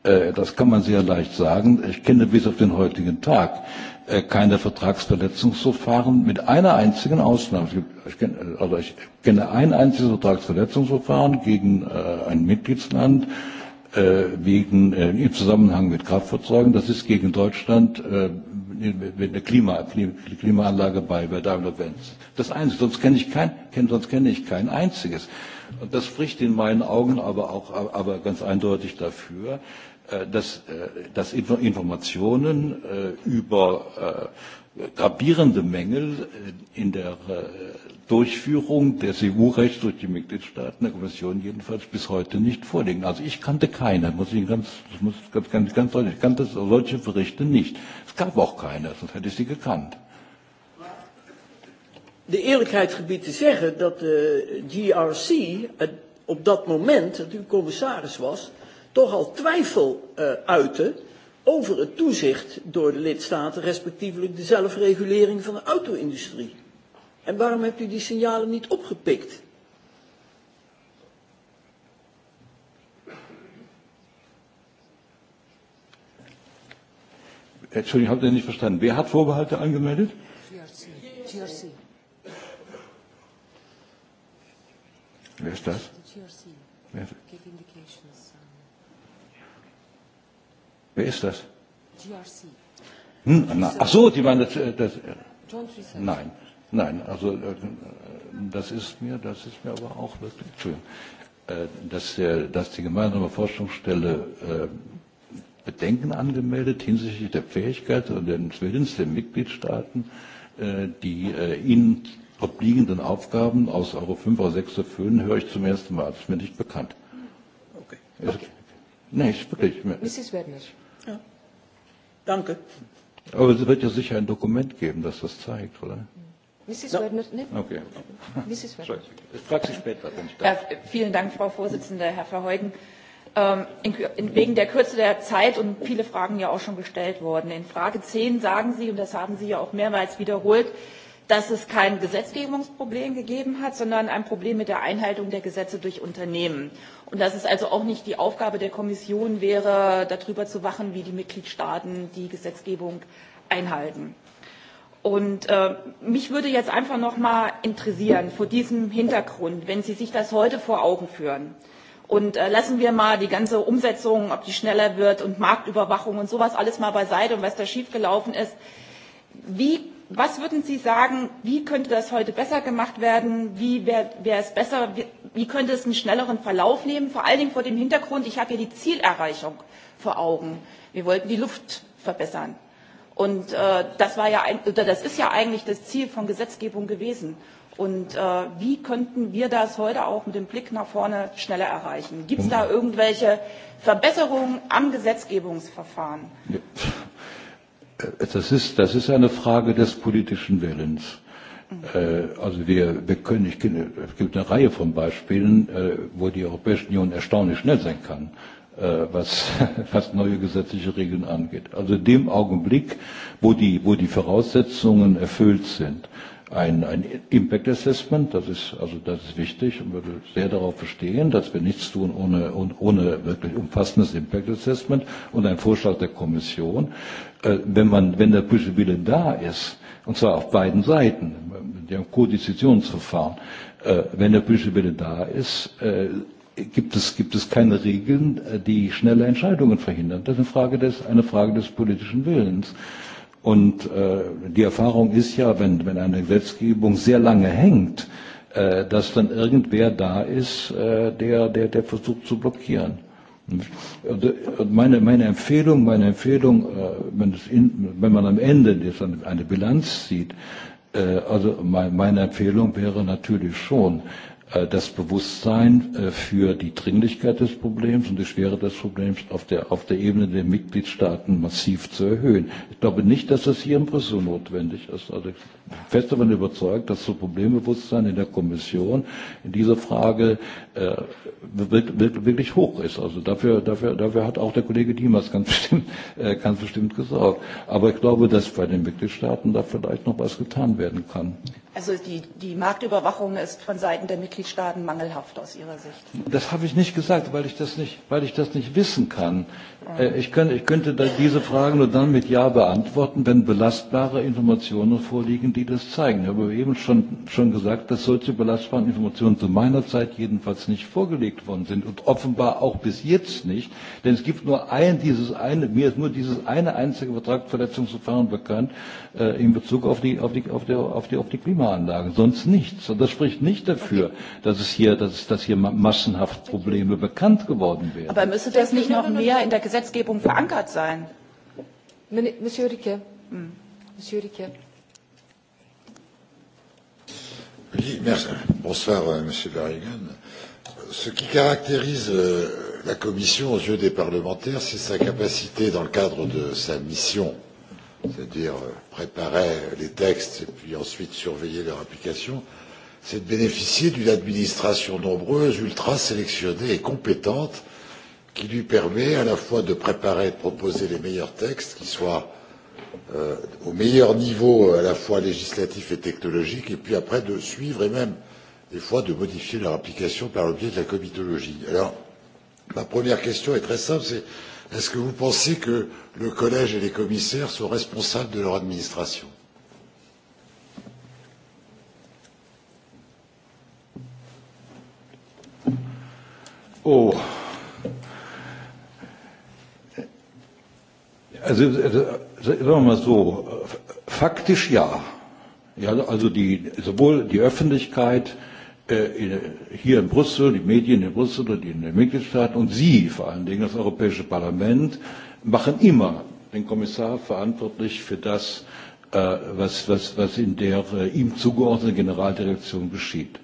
äh, das kann man sehr leicht sagen. Ich kenne bis auf den heutigen Tag Äh, keine Vertragsverletzungsverfahren mit einer einzigen Ausnahme. Ich kenne, also ich kenne ein einziges Vertragsverletzungsverfahren gegen äh, ein Mitgliedsland äh, wegen, äh, im Zusammenhang mit Kraftfahrzeugen. Das ist gegen Deutschland äh, mit der Klima, Klimaanlage bei, bei Daimler-Benz. Das Einzige. Sonst kenne ich kein, kenn, sonst kenne ich kein einziges. Und das spricht in meinen Augen aber auch aber ganz eindeutig dafür, Äh, dass, äh, dass Informationen äh, über gravierende Mängel in der Durchführung des EU-Rechts durch die Mitgliedstaaten der Kommission jedenfalls bis heute nicht vorliegen. Also ich kannte keine, muss ich ganz, das muss ganz, ganz, ganz deutlich, ich kannte solche Berichte nicht. Es gab auch keine, sonst hätte ich sie gekannt. De eerlijkheid gebied te zeggen dat de eh, GRC eh, op dat moment, dat u commissaris was, toch al twijfel uh, uiten over het toezicht door de lidstaten, respectievelijk de zelfregulering van de auto-industrie. En waarom hebt u die signalen niet opgepikt? Entschuldigung, eh, ich habe das nicht verstanden. Wer hat Vorbehalte angemeldet? GRC. GRC. Wer ist das? Wer ist das? GRC. Hm, na, ach so, die waren das. Äh, das äh, nein, nein, also äh, das ist mir, das ist mir aber auch wirklich, Entschuldigung, dass, der, dass die gemeinsame Forschungsstelle Bedenken angemeldet hinsichtlich der Fähigkeit und des Willens der Mitgliedstaaten, die ihnen obliegenden Aufgaben aus Euro 5 oder 6 zu erfüllen, höre ich zum ersten Mal. Das ist mir nicht bekannt. Okay. Ist, okay. Nee, ist wirklich. Mrs. Werner. Ja. Danke. Aber es wird ja sicher ein Dokument geben, das das zeigt, oder? Mrs. No. Redner, ne? Okay. Mrs. Redner. Ich frage Sie später, wenn ich darf. Ja, vielen Dank, Frau Vorsitzende, Herr Verheugen. Ähm, in, in, wegen der Kürze der Zeit und viele Fragen ja auch schon gestellt worden. In Frage 10 sagen Sie, und das haben Sie ja auch mehrmals wiederholt, äh, dass es kein Gesetzgebungsproblem gegeben hat, sondern ein Problem mit der Einhaltung der Gesetze durch Unternehmen. Und dass es also auch nicht die Aufgabe der Kommission wäre, darüber zu wachen, wie die Mitgliedstaaten die Gesetzgebung einhalten. Und äh, mich würde jetzt einfach noch mal interessieren, vor diesem Hintergrund, wenn Sie sich das heute vor Augen führen, und äh, lassen wir mal die ganze Umsetzung, ob die schneller wird und Marktüberwachung und sowas alles mal beiseite und was da schiefgelaufen ist. Wie was würden Sie sagen, wie könnte das heute besser gemacht werden? Wie wäre wär es besser? Wie, wie könnte es einen schnelleren Verlauf nehmen? Vor allen Dingen vor dem Hintergrund, ich habe hier die Zielerreichung vor Augen. Wir wollten die Luft verbessern. Und äh, das, war ja ein, oder das ist ja eigentlich das Ziel von Gesetzgebung gewesen. Und äh, wie könnten wir das heute auch mit dem Blick nach vorne schneller erreichen? Gibt es da irgendwelche Verbesserungen am Gesetzgebungsverfahren? Das ist, das ist eine Frage des politischen Willens. Mhm. Äh, also wir, wir können, ich kenne, es gibt eine Reihe von Beispielen, äh, wo die Europäische Union erstaunlich schnell sein kann, äh, was, was neue gesetzliche Regeln angeht. Also in dem Augenblick, wo die, wo die Voraussetzungen erfüllt sind, äh, ein, ein Impact Assessment, das ist, also das ist wichtig und würde sehr darauf bestehen, dass wir nichts tun ohne, ohne wirklich umfassendes Impact Assessment und ein Vorschlag der Kommission. Äh, wenn man, wenn der politische Wille da ist, und zwar auf beiden Seiten, mit dem Kodezisionsverfahren, äh, wenn der politische Wille da ist, äh, gibt es, gibt es keine Regeln, äh, die schnelle Entscheidungen verhindern. Das ist eine Frage des, eine Frage des politischen Willens. Äh, Und äh, die Erfahrung ist ja, wenn, wenn eine Gesetzgebung sehr lange hängt, äh, dass dann irgendwer da ist, äh, der, der, der versucht zu blockieren. Und meine, meine Empfehlung, meine Empfehlung, äh, wenn, es in, wenn man am Ende eine Bilanz sieht, äh, also mein, meine Empfehlung wäre natürlich schon, Äh, das Bewusstsein äh, für die Dringlichkeit des Problems und die Schwere des Problems auf der, auf der Ebene der Mitgliedstaaten massiv zu erhöhen. Ich glaube nicht, dass das hier in Brüssel notwendig ist. Also ich bin fest davon überzeugt, dass das Problembewusstsein in der Kommission in dieser Frage äh, wirklich hoch ist. Also dafür, dafür, dafür hat auch der Kollege Diemers ganz bestimmt, äh, ganz bestimmt gesorgt. Aber ich glaube, dass bei den Mitgliedstaaten da vielleicht noch was getan werden kann. Also die, die Marktüberwachung ist von Seiten der Mitgliedstaaten mangelhaft aus Ihrer Sicht. Das habe ich nicht gesagt, weil ich das nicht, weil ich das nicht wissen kann. Äh, ich könnte, ich könnte diese Frage nur dann mit Ja beantworten, wenn belastbare Informationen vorliegen, die das zeigen. Ich habe eben schon, schon gesagt, dass solche belastbaren Informationen zu meiner Zeit jedenfalls nicht vorgelegt worden sind und offenbar auch bis jetzt nicht. Denn es gibt nur ein, dieses eine, mir ist nur dieses eine einzige Vertragsverletzungsverfahren bekannt äh, in Bezug auf die, auf, die, auf, die, auf, die, auf die Klimaanlagen. Sonst nichts. Und das spricht nicht dafür, okay. dass, es hier, dass, dass hier massenhaft Probleme bekannt geworden wären. Aber müsste das nicht noch mehr in der Gesetzgebung Gesetzgebung verankert sein. Monsieur Riquet. Hm. Monsieur Riquet. Oui, merci. Bonsoir, euh, Monsieur Barrigan. Ce qui caractérise euh, la Commission aux yeux des parlementaires, c'est sa capacité, dans le cadre de sa mission, c'est-à-dire euh, préparer les textes et puis ensuite surveiller leur application, c'est de bénéficier d'une administration nombreuse, ultra sélectionnée et compétente, euh, qui lui permet à la fois de préparer et de proposer les meilleurs textes qui soient euh, au meilleur niveau à la fois législatif et technologique, et puis après de suivre et même des fois de modifier leur application par le biais de la comitologie. Alors, ma première question est très simple, c'est est-ce que vous pensez que le collège et les commissaires sont responsables de leur administration Oh, Also sagen wir mal so, faktisch ja. ja also die, sowohl die Öffentlichkeit äh, hier in Brüssel, die Medien in Brüssel und in den Mitgliedstaaten und Sie vor allen Dingen, das Europäische Parlament, machen immer den Kommissar verantwortlich für das, äh, was, was, was in der äh, ihm zugeordneten Generaldirektion geschieht.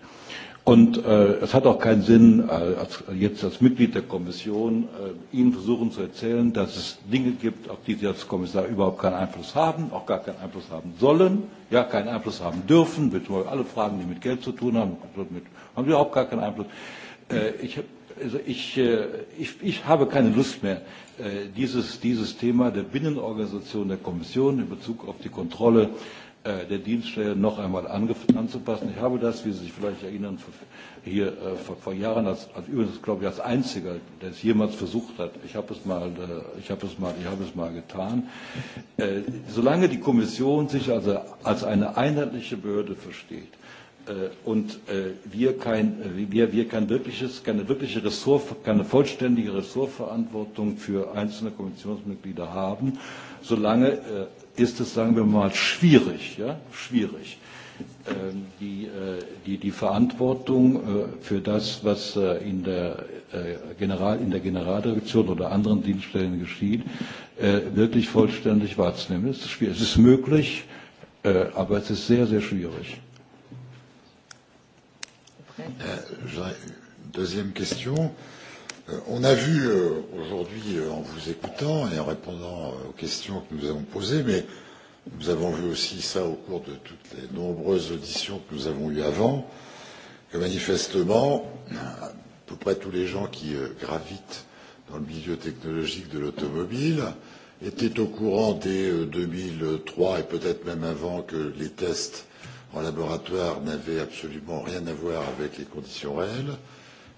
Und äh, es hat auch keinen Sinn, äh, als, jetzt als Mitglied der Kommission äh, Ihnen versuchen zu erzählen, dass es Dinge gibt, auf die Sie als Kommissar überhaupt keinen Einfluss haben, auch gar keinen Einfluss haben sollen, ja keinen Einfluss haben dürfen, beziehungsweise alle Fragen, die mit Geld zu tun haben, mit, haben Sie überhaupt gar keinen Einfluss. Äh, ich, also ich, äh, ich, ich habe keine Lust mehr, äh, dieses, dieses Thema der Binnenorganisation der Kommission in Bezug auf die Kontrolle äh, äh, der Dienststelle noch einmal anzupassen. Ich habe das, wie Sie sich vielleicht erinnern, hier äh, vor, vor Jahren, als, als übrigens, glaube ich, als einziger, der es jemals versucht hat, ich habe es mal, äh, ich habe es mal, ich habe es mal getan. Äh, solange die Kommission sich also als eine einheitliche Behörde versteht, äh, und äh, wir kein, wir, wir kein wirkliches, keine wirkliche Ressort, keine vollständige Ressortverantwortung für einzelne Kommissionsmitglieder haben, solange äh, ist es, sagen wir mal, schwierig, ja, schwierig, ähm, die, äh, die, die Verantwortung äh, für das, was äh, in der, General, in der Generaldirektion oder anderen Dienststellen geschieht, wirklich vollständig wahrzunehmen. Es ist, schwierig. es ist möglich, aber es ist sehr, sehr schwierig. Okay. Euh, Deuxième question. Euh, Euh, on a vu euh, aujourd'hui, euh, en vous écoutant et en répondant aux questions que nous avons posées, mais nous avons vu aussi ça au cours de toutes les nombreuses auditions que nous avons eues avant, que manifestement, à peu près tous les gens qui gravitent dans le milieu technologique de l'automobile étaient au courant dès 2003 et peut-être même avant que les tests en laboratoire n'avaient absolument rien à voir avec les conditions réelles. Euh,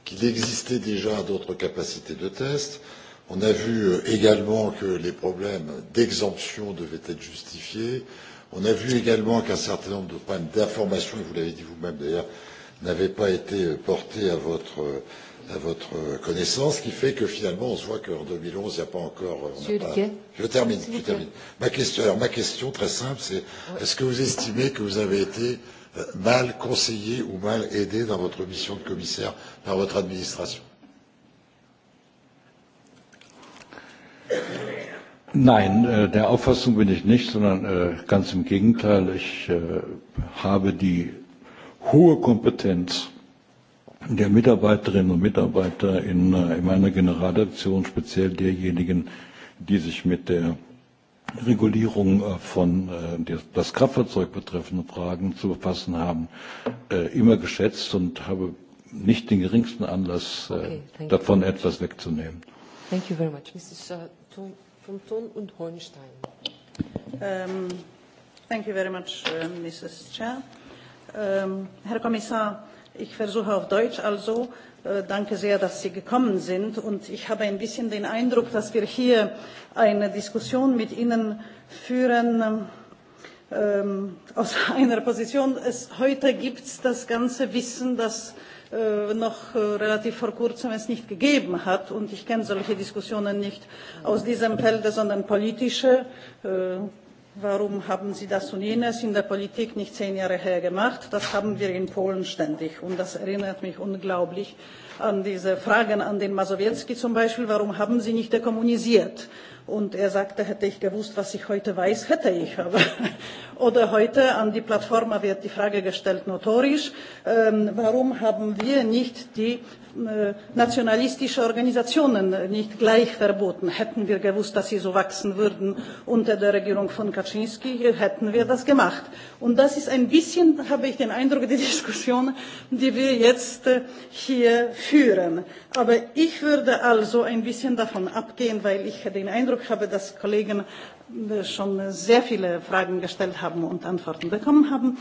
qu'il existait déjà d'autres capacités de test. On a vu euh, également que les problèmes d'exemption devaient être justifiés. On a vu également qu'un certain nombre de problèmes d'information, et vous l'avez dit vous-même d'ailleurs, n'avaient pas été euh, portés à votre, euh, à votre connaissance, ce qui fait que finalement, on se voit qu'en 2011, il n'y a pas encore... On Monsieur pas... Je termine, je termine. Ma question, alors, ma question très simple, c'est est-ce que vous estimez que vous avez été euh, mal conseillé ou mal aidé dans votre mission de commissaire, dans votre administration Nein, äh, der Auffassung bin ich nicht, sondern äh, ganz im Gegenteil. Ich äh, habe die hohe Kompetenz der Mitarbeiterinnen und Mitarbeiter in, in meiner Generaldirektion, speziell derjenigen, die sich mit der Regulierung äh, von äh, das Kraftfahrzeug betreffende Fragen zu befassen haben, äh, immer geschätzt und habe nicht den geringsten Anlass, äh, okay, äh, davon you. etwas wegzunehmen. Thank you very much. Mrs. Thun, von Thun und Hornstein. Um, ähm, thank you very much, uh, äh, Mrs. Chair. Um, Herr Kommissar, ich versuche auf Deutsch also. Uh, danke sehr, dass Sie gekommen sind. Und ich habe ein bisschen den Eindruck, dass wir hier eine Diskussion mit Ihnen führen ähm, ähm aus einer Position. Es, heute gibt es das ganze Wissen, das äh, noch äh, relativ vor kurzem es nicht gegeben hat. Und ich kenne solche Diskussionen nicht aus diesem Felde, sondern politische. Äh, warum haben Sie das und jenes in der Politik nicht zehn Jahre her gemacht? Das haben wir in Polen ständig. Und das erinnert mich unglaublich an diese Fragen an den Masowiecki zum Beispiel. Warum haben Sie nicht dekommunisiert? Und er sagte, hätte ich gewusst, was ich heute weiß, hätte ich aber. Oder heute an die Plattformer wird die Frage gestellt, notorisch, ähm, warum haben wir nicht die Äh, nationalistische Organisationen nicht gleich verboten. Hätten wir gewusst, dass sie so wachsen würden unter der Regierung von Kaczynski, hätten wir das gemacht. Und das ist ein bisschen, habe ich den Eindruck, die Diskussion, die wir jetzt äh, hier führen. Aber ich würde also ein bisschen davon abgehen, weil ich den Eindruck habe, dass Kollegen äh, schon sehr viele Fragen gestellt haben und Antworten bekommen haben.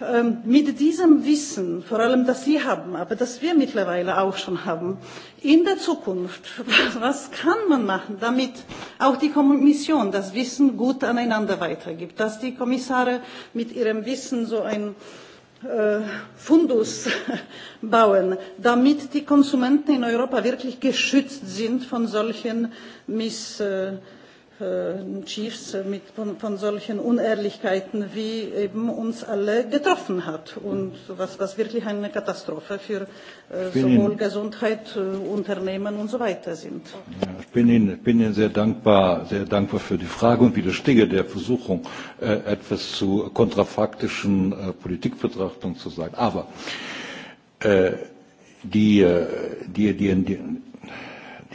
Ähm, mit diesem Wissen, vor allem das Sie haben, aber das wir mittlerweile auch schon haben, in der Zukunft, was kann man machen, damit auch die Kommission das Wissen gut aneinander weitergibt, dass die Kommissare mit ihrem Wissen so ein äh, Fundus bauen, damit die Konsumenten in Europa wirklich geschützt sind von solchen Missverständnissen äh, Äh, Chiefs mit, von, von solchen Unehrlichkeiten wie eben uns alle getroffen hat und was, was wirklich eine Katastrophe für äh, sowohl Ihnen, Gesundheit, äh, Unternehmen und so weiter sind. Ja, ich bin Ihnen, ich bin Ihnen sehr dankbar, sehr dankbar für die Frage und widerstehe der Versuchung, äh, etwas zu kontrafaktischen äh, Politikbetrachtungen zu sagen. Aber äh, die, äh, die, die, die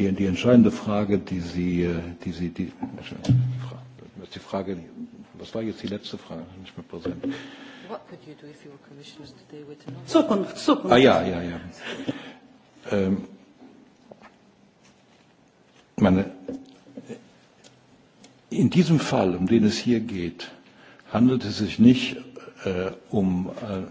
die, die entscheidende Frage, die Sie, äh, die Sie, die, die Frage, was war jetzt die letzte Frage? Nicht mehr präsent. What could you do if you were commissioners today with another? Zukunft, Zukunft. Ah ja, ja, ja. ähm, meine, in diesem Fall, um den es hier geht, handelt es sich nicht äh, um äh,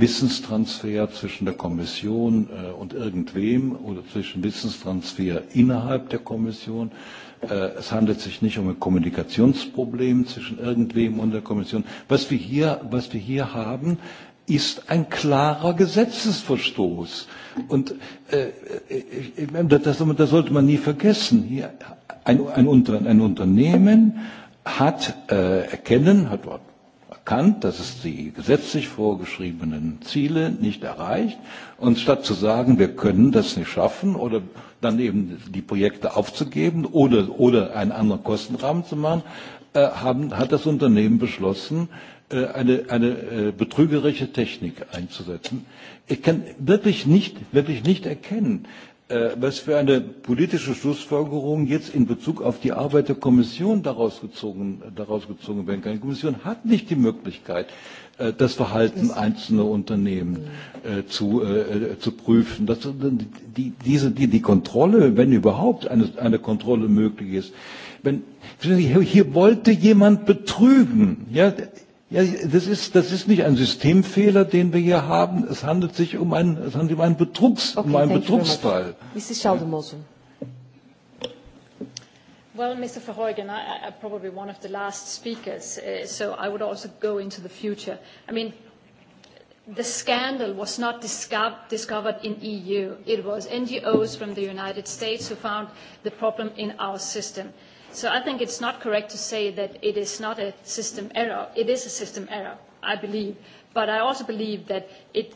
Wissenstransfer zwischen der Kommission äh, und irgendwem oder zwischen Wissenstransfer innerhalb der Kommission. Äh, es handelt sich nicht um ein Kommunikationsproblem zwischen irgendwem und der Kommission. Was wir hier, was wir hier haben, ist ein klarer Gesetzesverstoß. Und äh, äh, äh das, das sollte man nie vergessen. Hier ein, ein, ein Unternehmen hat äh, erkennen, hat erkannt, dass es die gesetzlich vorgeschriebenen Ziele nicht erreicht. Und statt zu sagen, wir können das nicht schaffen oder dann eben die Projekte aufzugeben oder, oder einen anderen Kostenrahmen zu machen, äh, haben, hat das Unternehmen beschlossen, äh, eine, eine äh, betrügerische Technik einzusetzen. Ich kann wirklich nicht, wirklich nicht erkennen, Äh, was für eine politische Schlussfolgerung jetzt in Bezug auf die Arbeit der Kommission daraus gezogen, daraus gezogen werden kann. Die Kommission hat nicht die Möglichkeit, äh, das Verhalten einzelner Unternehmen äh, zu, äh, äh, zu prüfen. Das, die, diese, die, die Kontrolle, wenn überhaupt eine, eine Kontrolle möglich ist. Wenn, hier wollte jemand betrügen. Ja, Ja, das ist, das ist nicht ein Systemfehler, den wir hier haben. Es handelt sich um einen, es handelt um, um einen, Betrugs, okay, um einen Betrugsfall. Mrs. Schaldemose. Well, Mr. Verheugen, I, I'm probably one of the last speakers, uh, so I would also go into the future. I mean, the scandal was not disco discovered in EU. It was NGOs from the United States who found the problem in our system. Uh, So I think it's not correct to say that it is not a system error. It is a system error, I believe. But I also believe that it,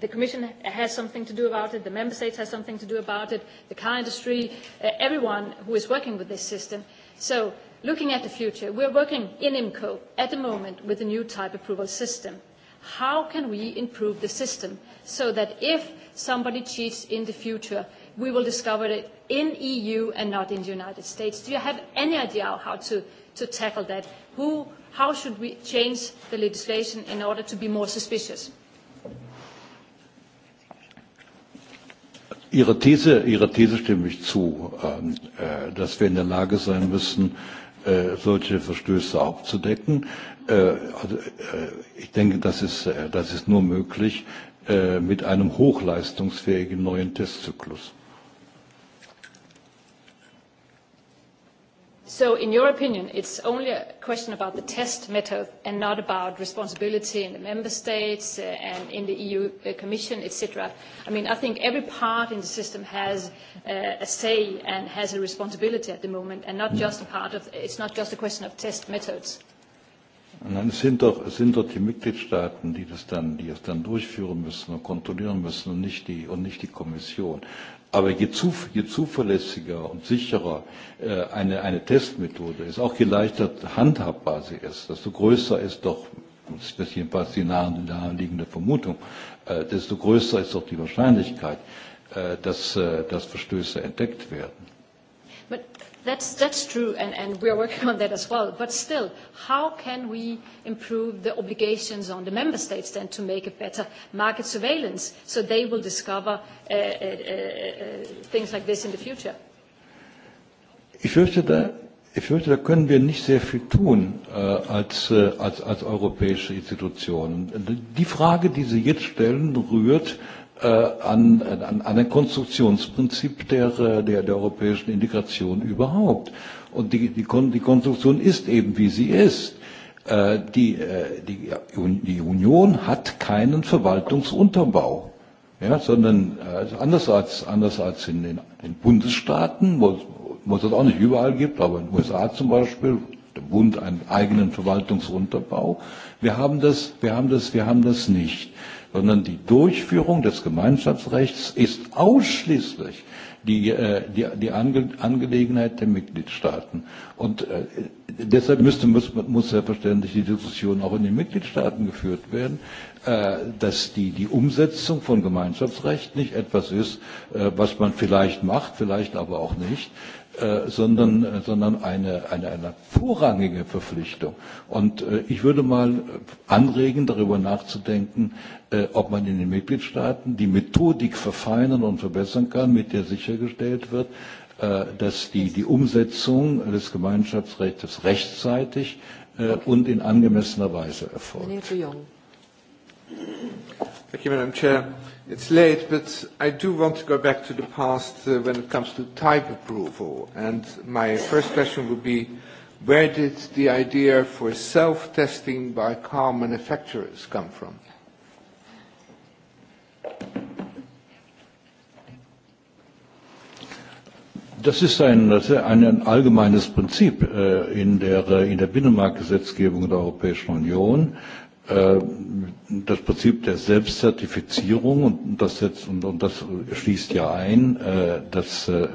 the Commission has something to do about it, the Member States has something to do about it, the car industry, uh, everyone who is working with this system. So looking at the future, we're working in IMCO at the moment with a new type approval system. How can we improve the system so that if somebody cheats in the future, we will discover it in EU and not in the United States. Do you have any idea how to, to tackle that? Who, how should we change the legislation in order to be more suspicious? Ihre These, Ihre These stimme ich zu, ähm, äh, dass wir in der Lage sein müssen, äh, solche Verstöße aufzudecken. Äh, also, äh, ich denke, das ist, äh, das ist nur möglich äh, mit einem hochleistungsfähigen neuen Testzyklus. So in your opinion, it's only a question about the test method and not about responsibility in the member states uh, and in the EU uh, Commission, etc. I mean, I think every part in the system has uh, a say and has a responsibility at the moment, and not just a part of. It's not just a question of test methods. Und dann sind doch, es sind doch die Mitgliedstaaten, die das dann, die es dann durchführen müssen und kontrollieren müssen und nicht die, und nicht die Kommission. Aber je, zu, je zuverlässiger und sicherer äh, eine, eine Testmethode ist, auch je leichter handhabbar sie ist, desto größer ist doch, das ist jedenfalls die naheliegende Vermutung, äh, desto größer ist doch die Wahrscheinlichkeit, äh, dass, äh, dass Verstöße entdeckt werden. But That's, that's true, and, and we're working on that as well. But still, how can we improve the obligations on the member states then to make a better market surveillance so they will discover uh, uh, uh, things like this in the future? Ich fürchte, da, ich fürchte, da können wir nicht sehr viel tun äh, als, äh, als, als europäische Institutionen. Die Frage, die Sie jetzt stellen, rührt Äh, an, an, an ein Konstruktionsprinzip der, äh, der, der europäischen Integration überhaupt. Und die, die, Kon die Konstruktion ist eben, wie sie ist. Äh, die, äh, die, die Union hat keinen Verwaltungsunterbau. Ja, sondern also anders als, anders als in den, in Bundesstaaten, wo, wo es das auch nicht überall gibt, aber in den USA zum Beispiel, der Bund einen eigenen Verwaltungsunterbau. Wir haben das, wir haben das, wir haben das nicht. Äh, sondern die Durchführung des Gemeinschaftsrechts ist ausschließlich die, äh, die, die Ange Angelegenheit der Mitgliedstaaten. Und äh, deshalb müsste, muss, muss selbstverständlich die Diskussion auch in den Mitgliedstaaten geführt werden, äh, dass die, die Umsetzung von Gemeinschaftsrecht nicht etwas ist, äh, was man vielleicht macht, vielleicht aber auch nicht, äh, sondern, äh, sondern eine, eine, eine vorrangige Verpflichtung. Und äh, ich würde mal anregen, darüber nachzudenken, äh, ob man in den Mitgliedstaaten die Methodik verfeinern und verbessern kann, mit der sichergestellt wird, äh, dass die, die Umsetzung des Gemeinschaftsrechts rechtzeitig äh, okay. und in angemessen angemessener Weise erfolgt. Thank you, Madam Chair. It's late, but I do want to go back to the past uh, when it comes to type approval. And my first question would be, where did the idea for self-testing by car manufacturers come from? Das ist ein, ein, ein allgemeines Prinzip äh, in der, äh, in der Binnenmarktgesetzgebung der Europäischen Union. Äh, das Prinzip der Selbstzertifizierung und das, setzt, und, und das schließt ja ein, äh, dass äh,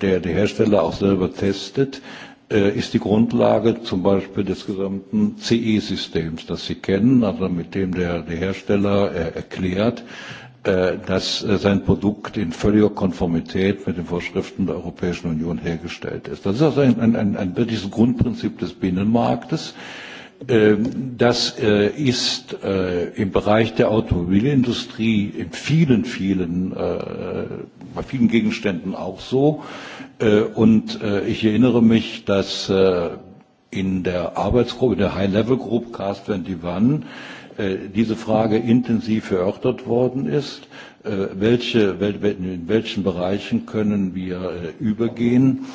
der, der Hersteller auch selber testet, äh, ist die Grundlage zum Beispiel des gesamten CE-Systems, das Sie kennen, also mit dem der, der Hersteller äh, erklärt, äh, dass äh, sein Produkt in völliger Konformität mit den Vorschriften der Europäischen Union hergestellt ist. Das ist also ein, ein, ein, ein wirkliches Grundprinzip des Binnenmarktes. Äh, Ähm, das äh, ist äh, im Bereich der Automobilindustrie in vielen, vielen, äh, bei vielen Gegenständen auch so. Und ich erinnere mich, dass in der Arbeitsgruppe, in der High-Level Group Cast 21, diese Frage intensiv erörtert worden ist. Welche, in welchen Bereichen können wir übergehen?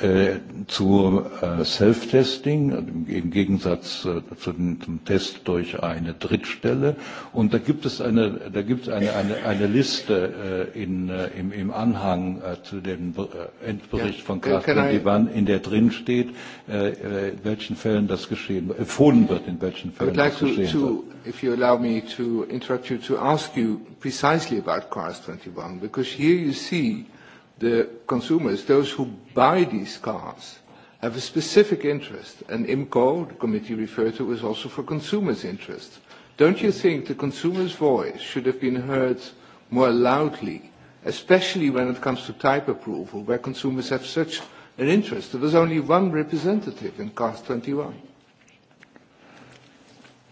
Äh, zu äh, Self-Testing, im Gegensatz äh, zu den, zum Test durch eine Drittstelle. Und da gibt es eine, da gibt es eine, eine, eine Liste äh, in, äh, im, im Anhang äh, zu dem äh, Endbericht ja, von äh, Carsten Divan, in der drin steht, äh, äh, in welchen Fällen das geschehen, empfohlen wird, in welchen Fällen like das to, geschehen to, wird. If you allow me to interrupt you, to ask you precisely about CARS 21, because here you see the consumers, those who buy these cars, have a specific interest, and IMCO, the committee referred to, is also for consumers' interest. Don't you think the consumer's voice should have been heard more loudly, especially when it comes to type approval, where consumers have such an interest? There was only one representative in Cars 21.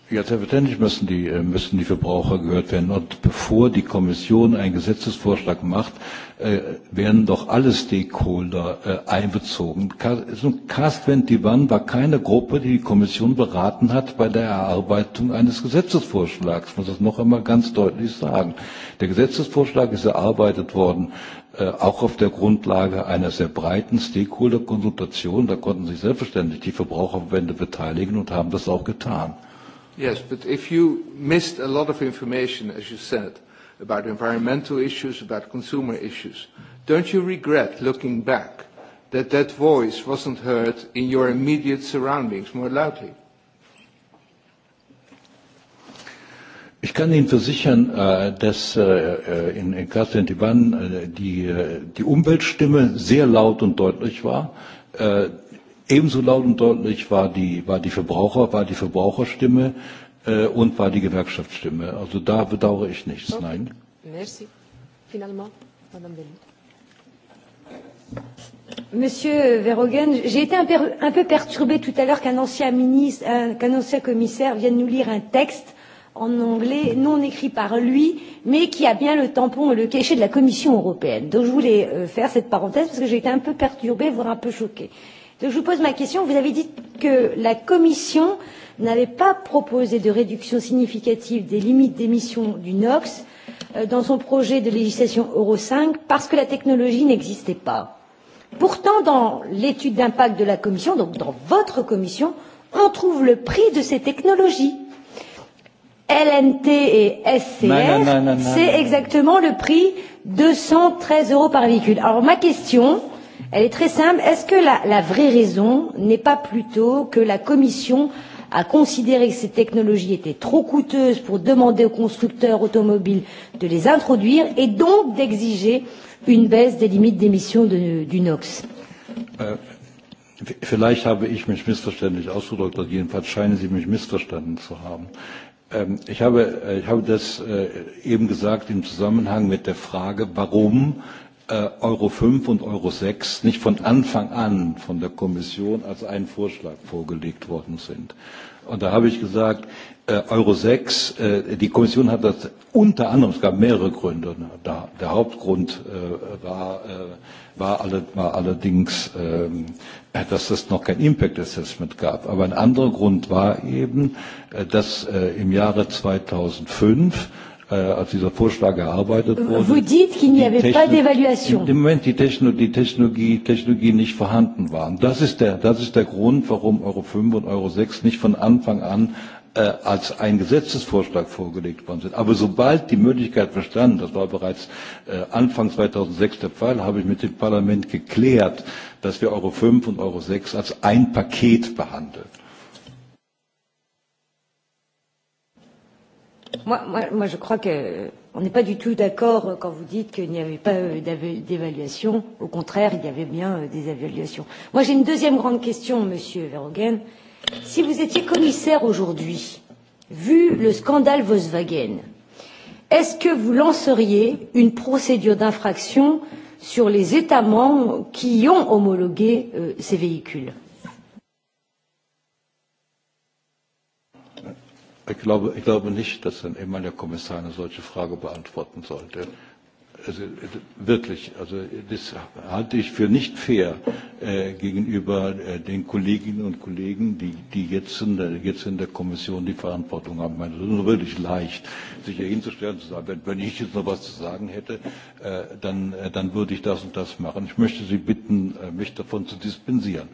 Ja, selbstverständlich müssen die, äh, müssen die Verbraucher gehört werden. Und bevor die Kommission einen Gesetzesvorschlag macht, äh, werden doch alle Stakeholder äh, einbezogen. Cast Ventivan war keine Gruppe, die die Kommission beraten hat bei der Erarbeitung eines Gesetzesvorschlags. Ich muss das noch einmal ganz deutlich sagen. Der Gesetzesvorschlag ist erarbeitet worden äh, auch auf der Grundlage einer sehr breiten Stakeholder-Konsultation. Da konnten sich selbstverständlich die Verbraucherverbände beteiligen und haben das auch getan. Yes, but if you missed a lot of information, as you said, about environmental issues, about consumer issues, don't you regret looking back that that voice wasn't heard in your immediate surroundings more loudly? Ich kann Ihnen versichern, äh, dass äh, äh, in Kassendiban die Umweltstimme sehr laut und deutlich war Ebenso laut und deutlich war die, war die Verbraucher, war die Verbraucherstimme äh, und war die Gewerkschaftsstimme. Also da bedauere ich nichts, okay. nein. Merci. Finalement, Madame Belli. Monsieur Verhoeven, j'ai été un, un peu perturbée tout à l'heure qu'un ancien ministre, euh, qu'un ancien commissaire vienne nous lire un texte en anglais non écrit par lui, mais qui a bien le tampon et le cachet de la Commission européenne. Donc je voulais euh, faire cette parenthèse parce que j'ai été un peu perturbée, voire un peu choquée. Euh, Donc je vous pose ma question. Vous avez dit que la Commission n'avait pas proposé de réduction significative des limites d'émission du NOx euh, dans son projet de législation Euro 5 parce que la technologie n'existait pas. Pourtant, dans l'étude d'impact de la Commission, donc dans votre Commission, on trouve le prix de ces technologies. LNT et SCR, c'est exactement le prix 213 euros par véhicule. Alors ma question, euh, Elle est très simple. Est-ce que la, la vraie raison n'est pas plutôt que la Commission a considéré que ces technologies étaient trop coûteuses pour demander aux constructeurs automobiles de les introduire et donc d'exiger une baisse des limites d'émission de, du NOx euh, Vielleicht habe ich mich missverständlich ausgedrückt, oder jedenfalls scheinen Sie mich missverstanden zu haben. Ähm, ich, habe, äh, ich habe das äh, eben gesagt im Zusammenhang mit der Frage, warum äh, Äh, Euro 5 und Euro 6 nicht von Anfang an von der Kommission als einen Vorschlag vorgelegt worden sind. Und da habe ich gesagt, äh, Euro 6, äh, die Kommission hat das unter anderem, es gab mehrere Gründe. Der, der Hauptgrund war, war, alle, war allerdings, ähm, dass es noch kein Impact Assessment gab. Aber ein anderer Grund war eben, dass im Jahre 2005 äh, als dieser Vorschlag erarbeitet wurde. Vous dites qu'il n'y avait pas d'évaluation. Im Moment die, Techno die Technologie, Technologie nicht vorhanden waren. Das ist, der, das ist der Grund, warum Euro 5 und Euro 6 nicht von Anfang an äh, als ein Gesetzesvorschlag vorgelegt worden sind. Aber sobald die Möglichkeit bestand, das war bereits äh, Anfang 2006 der Fall, habe ich mit dem Parlament geklärt, dass wir Euro 5 und Euro 6 als ein Paket behandeln. Moi, moi, moi je crois qu'on euh, n'est pas du tout d'accord euh, quand vous dites qu'il n'y avait pas euh, d'évaluation. Au contraire, il y avait bien euh, des évaluations. Moi, j'ai une deuxième grande question, Monsieur Verhoeven. Si vous étiez commissaire aujourd'hui, vu le scandale Volkswagen, est-ce que vous lanceriez une procédure d'infraction sur les États membres qui ont homologué euh, ces véhicules Ich glaube, ich glaube nicht, dass ein ehemaliger Kommissar eine solche Frage beantworten sollte also wirklich, also das halte ich für nicht fair äh, gegenüber äh, den Kolleginnen und Kollegen, die, die jetzt, in der, jetzt in der Kommission die Verantwortung haben. Es ist wirklich leicht, sich hier hinzustellen und zu sagen, wenn, wenn ich jetzt noch was zu sagen hätte, äh, dann, äh, dann würde ich das und das machen. Ich möchte Sie bitten, äh, mich davon zu dispensieren,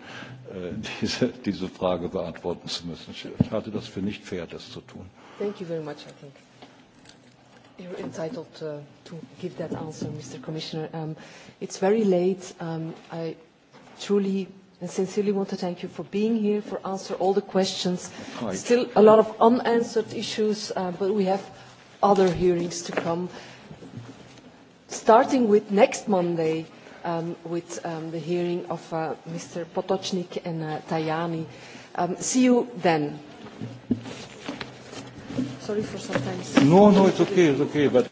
äh, diese, diese Frage beantworten zu müssen. Ich halte das für nicht fair, das zu tun. Thank you very much, I think. You're entitled to, uh, to give that answer, Mr. Commissioner. Um, it's very late. Um, I truly and sincerely want to thank you for being here, for answering all the questions. Hi. Still a lot of unanswered issues, uh, but we have other hearings to come. Starting with next Monday, um, with um, the hearing of uh, Mr. Potocnik and uh, Tajani. Um, see you then. Sorry for sometimes. No, no, it's okay, it's okay, but.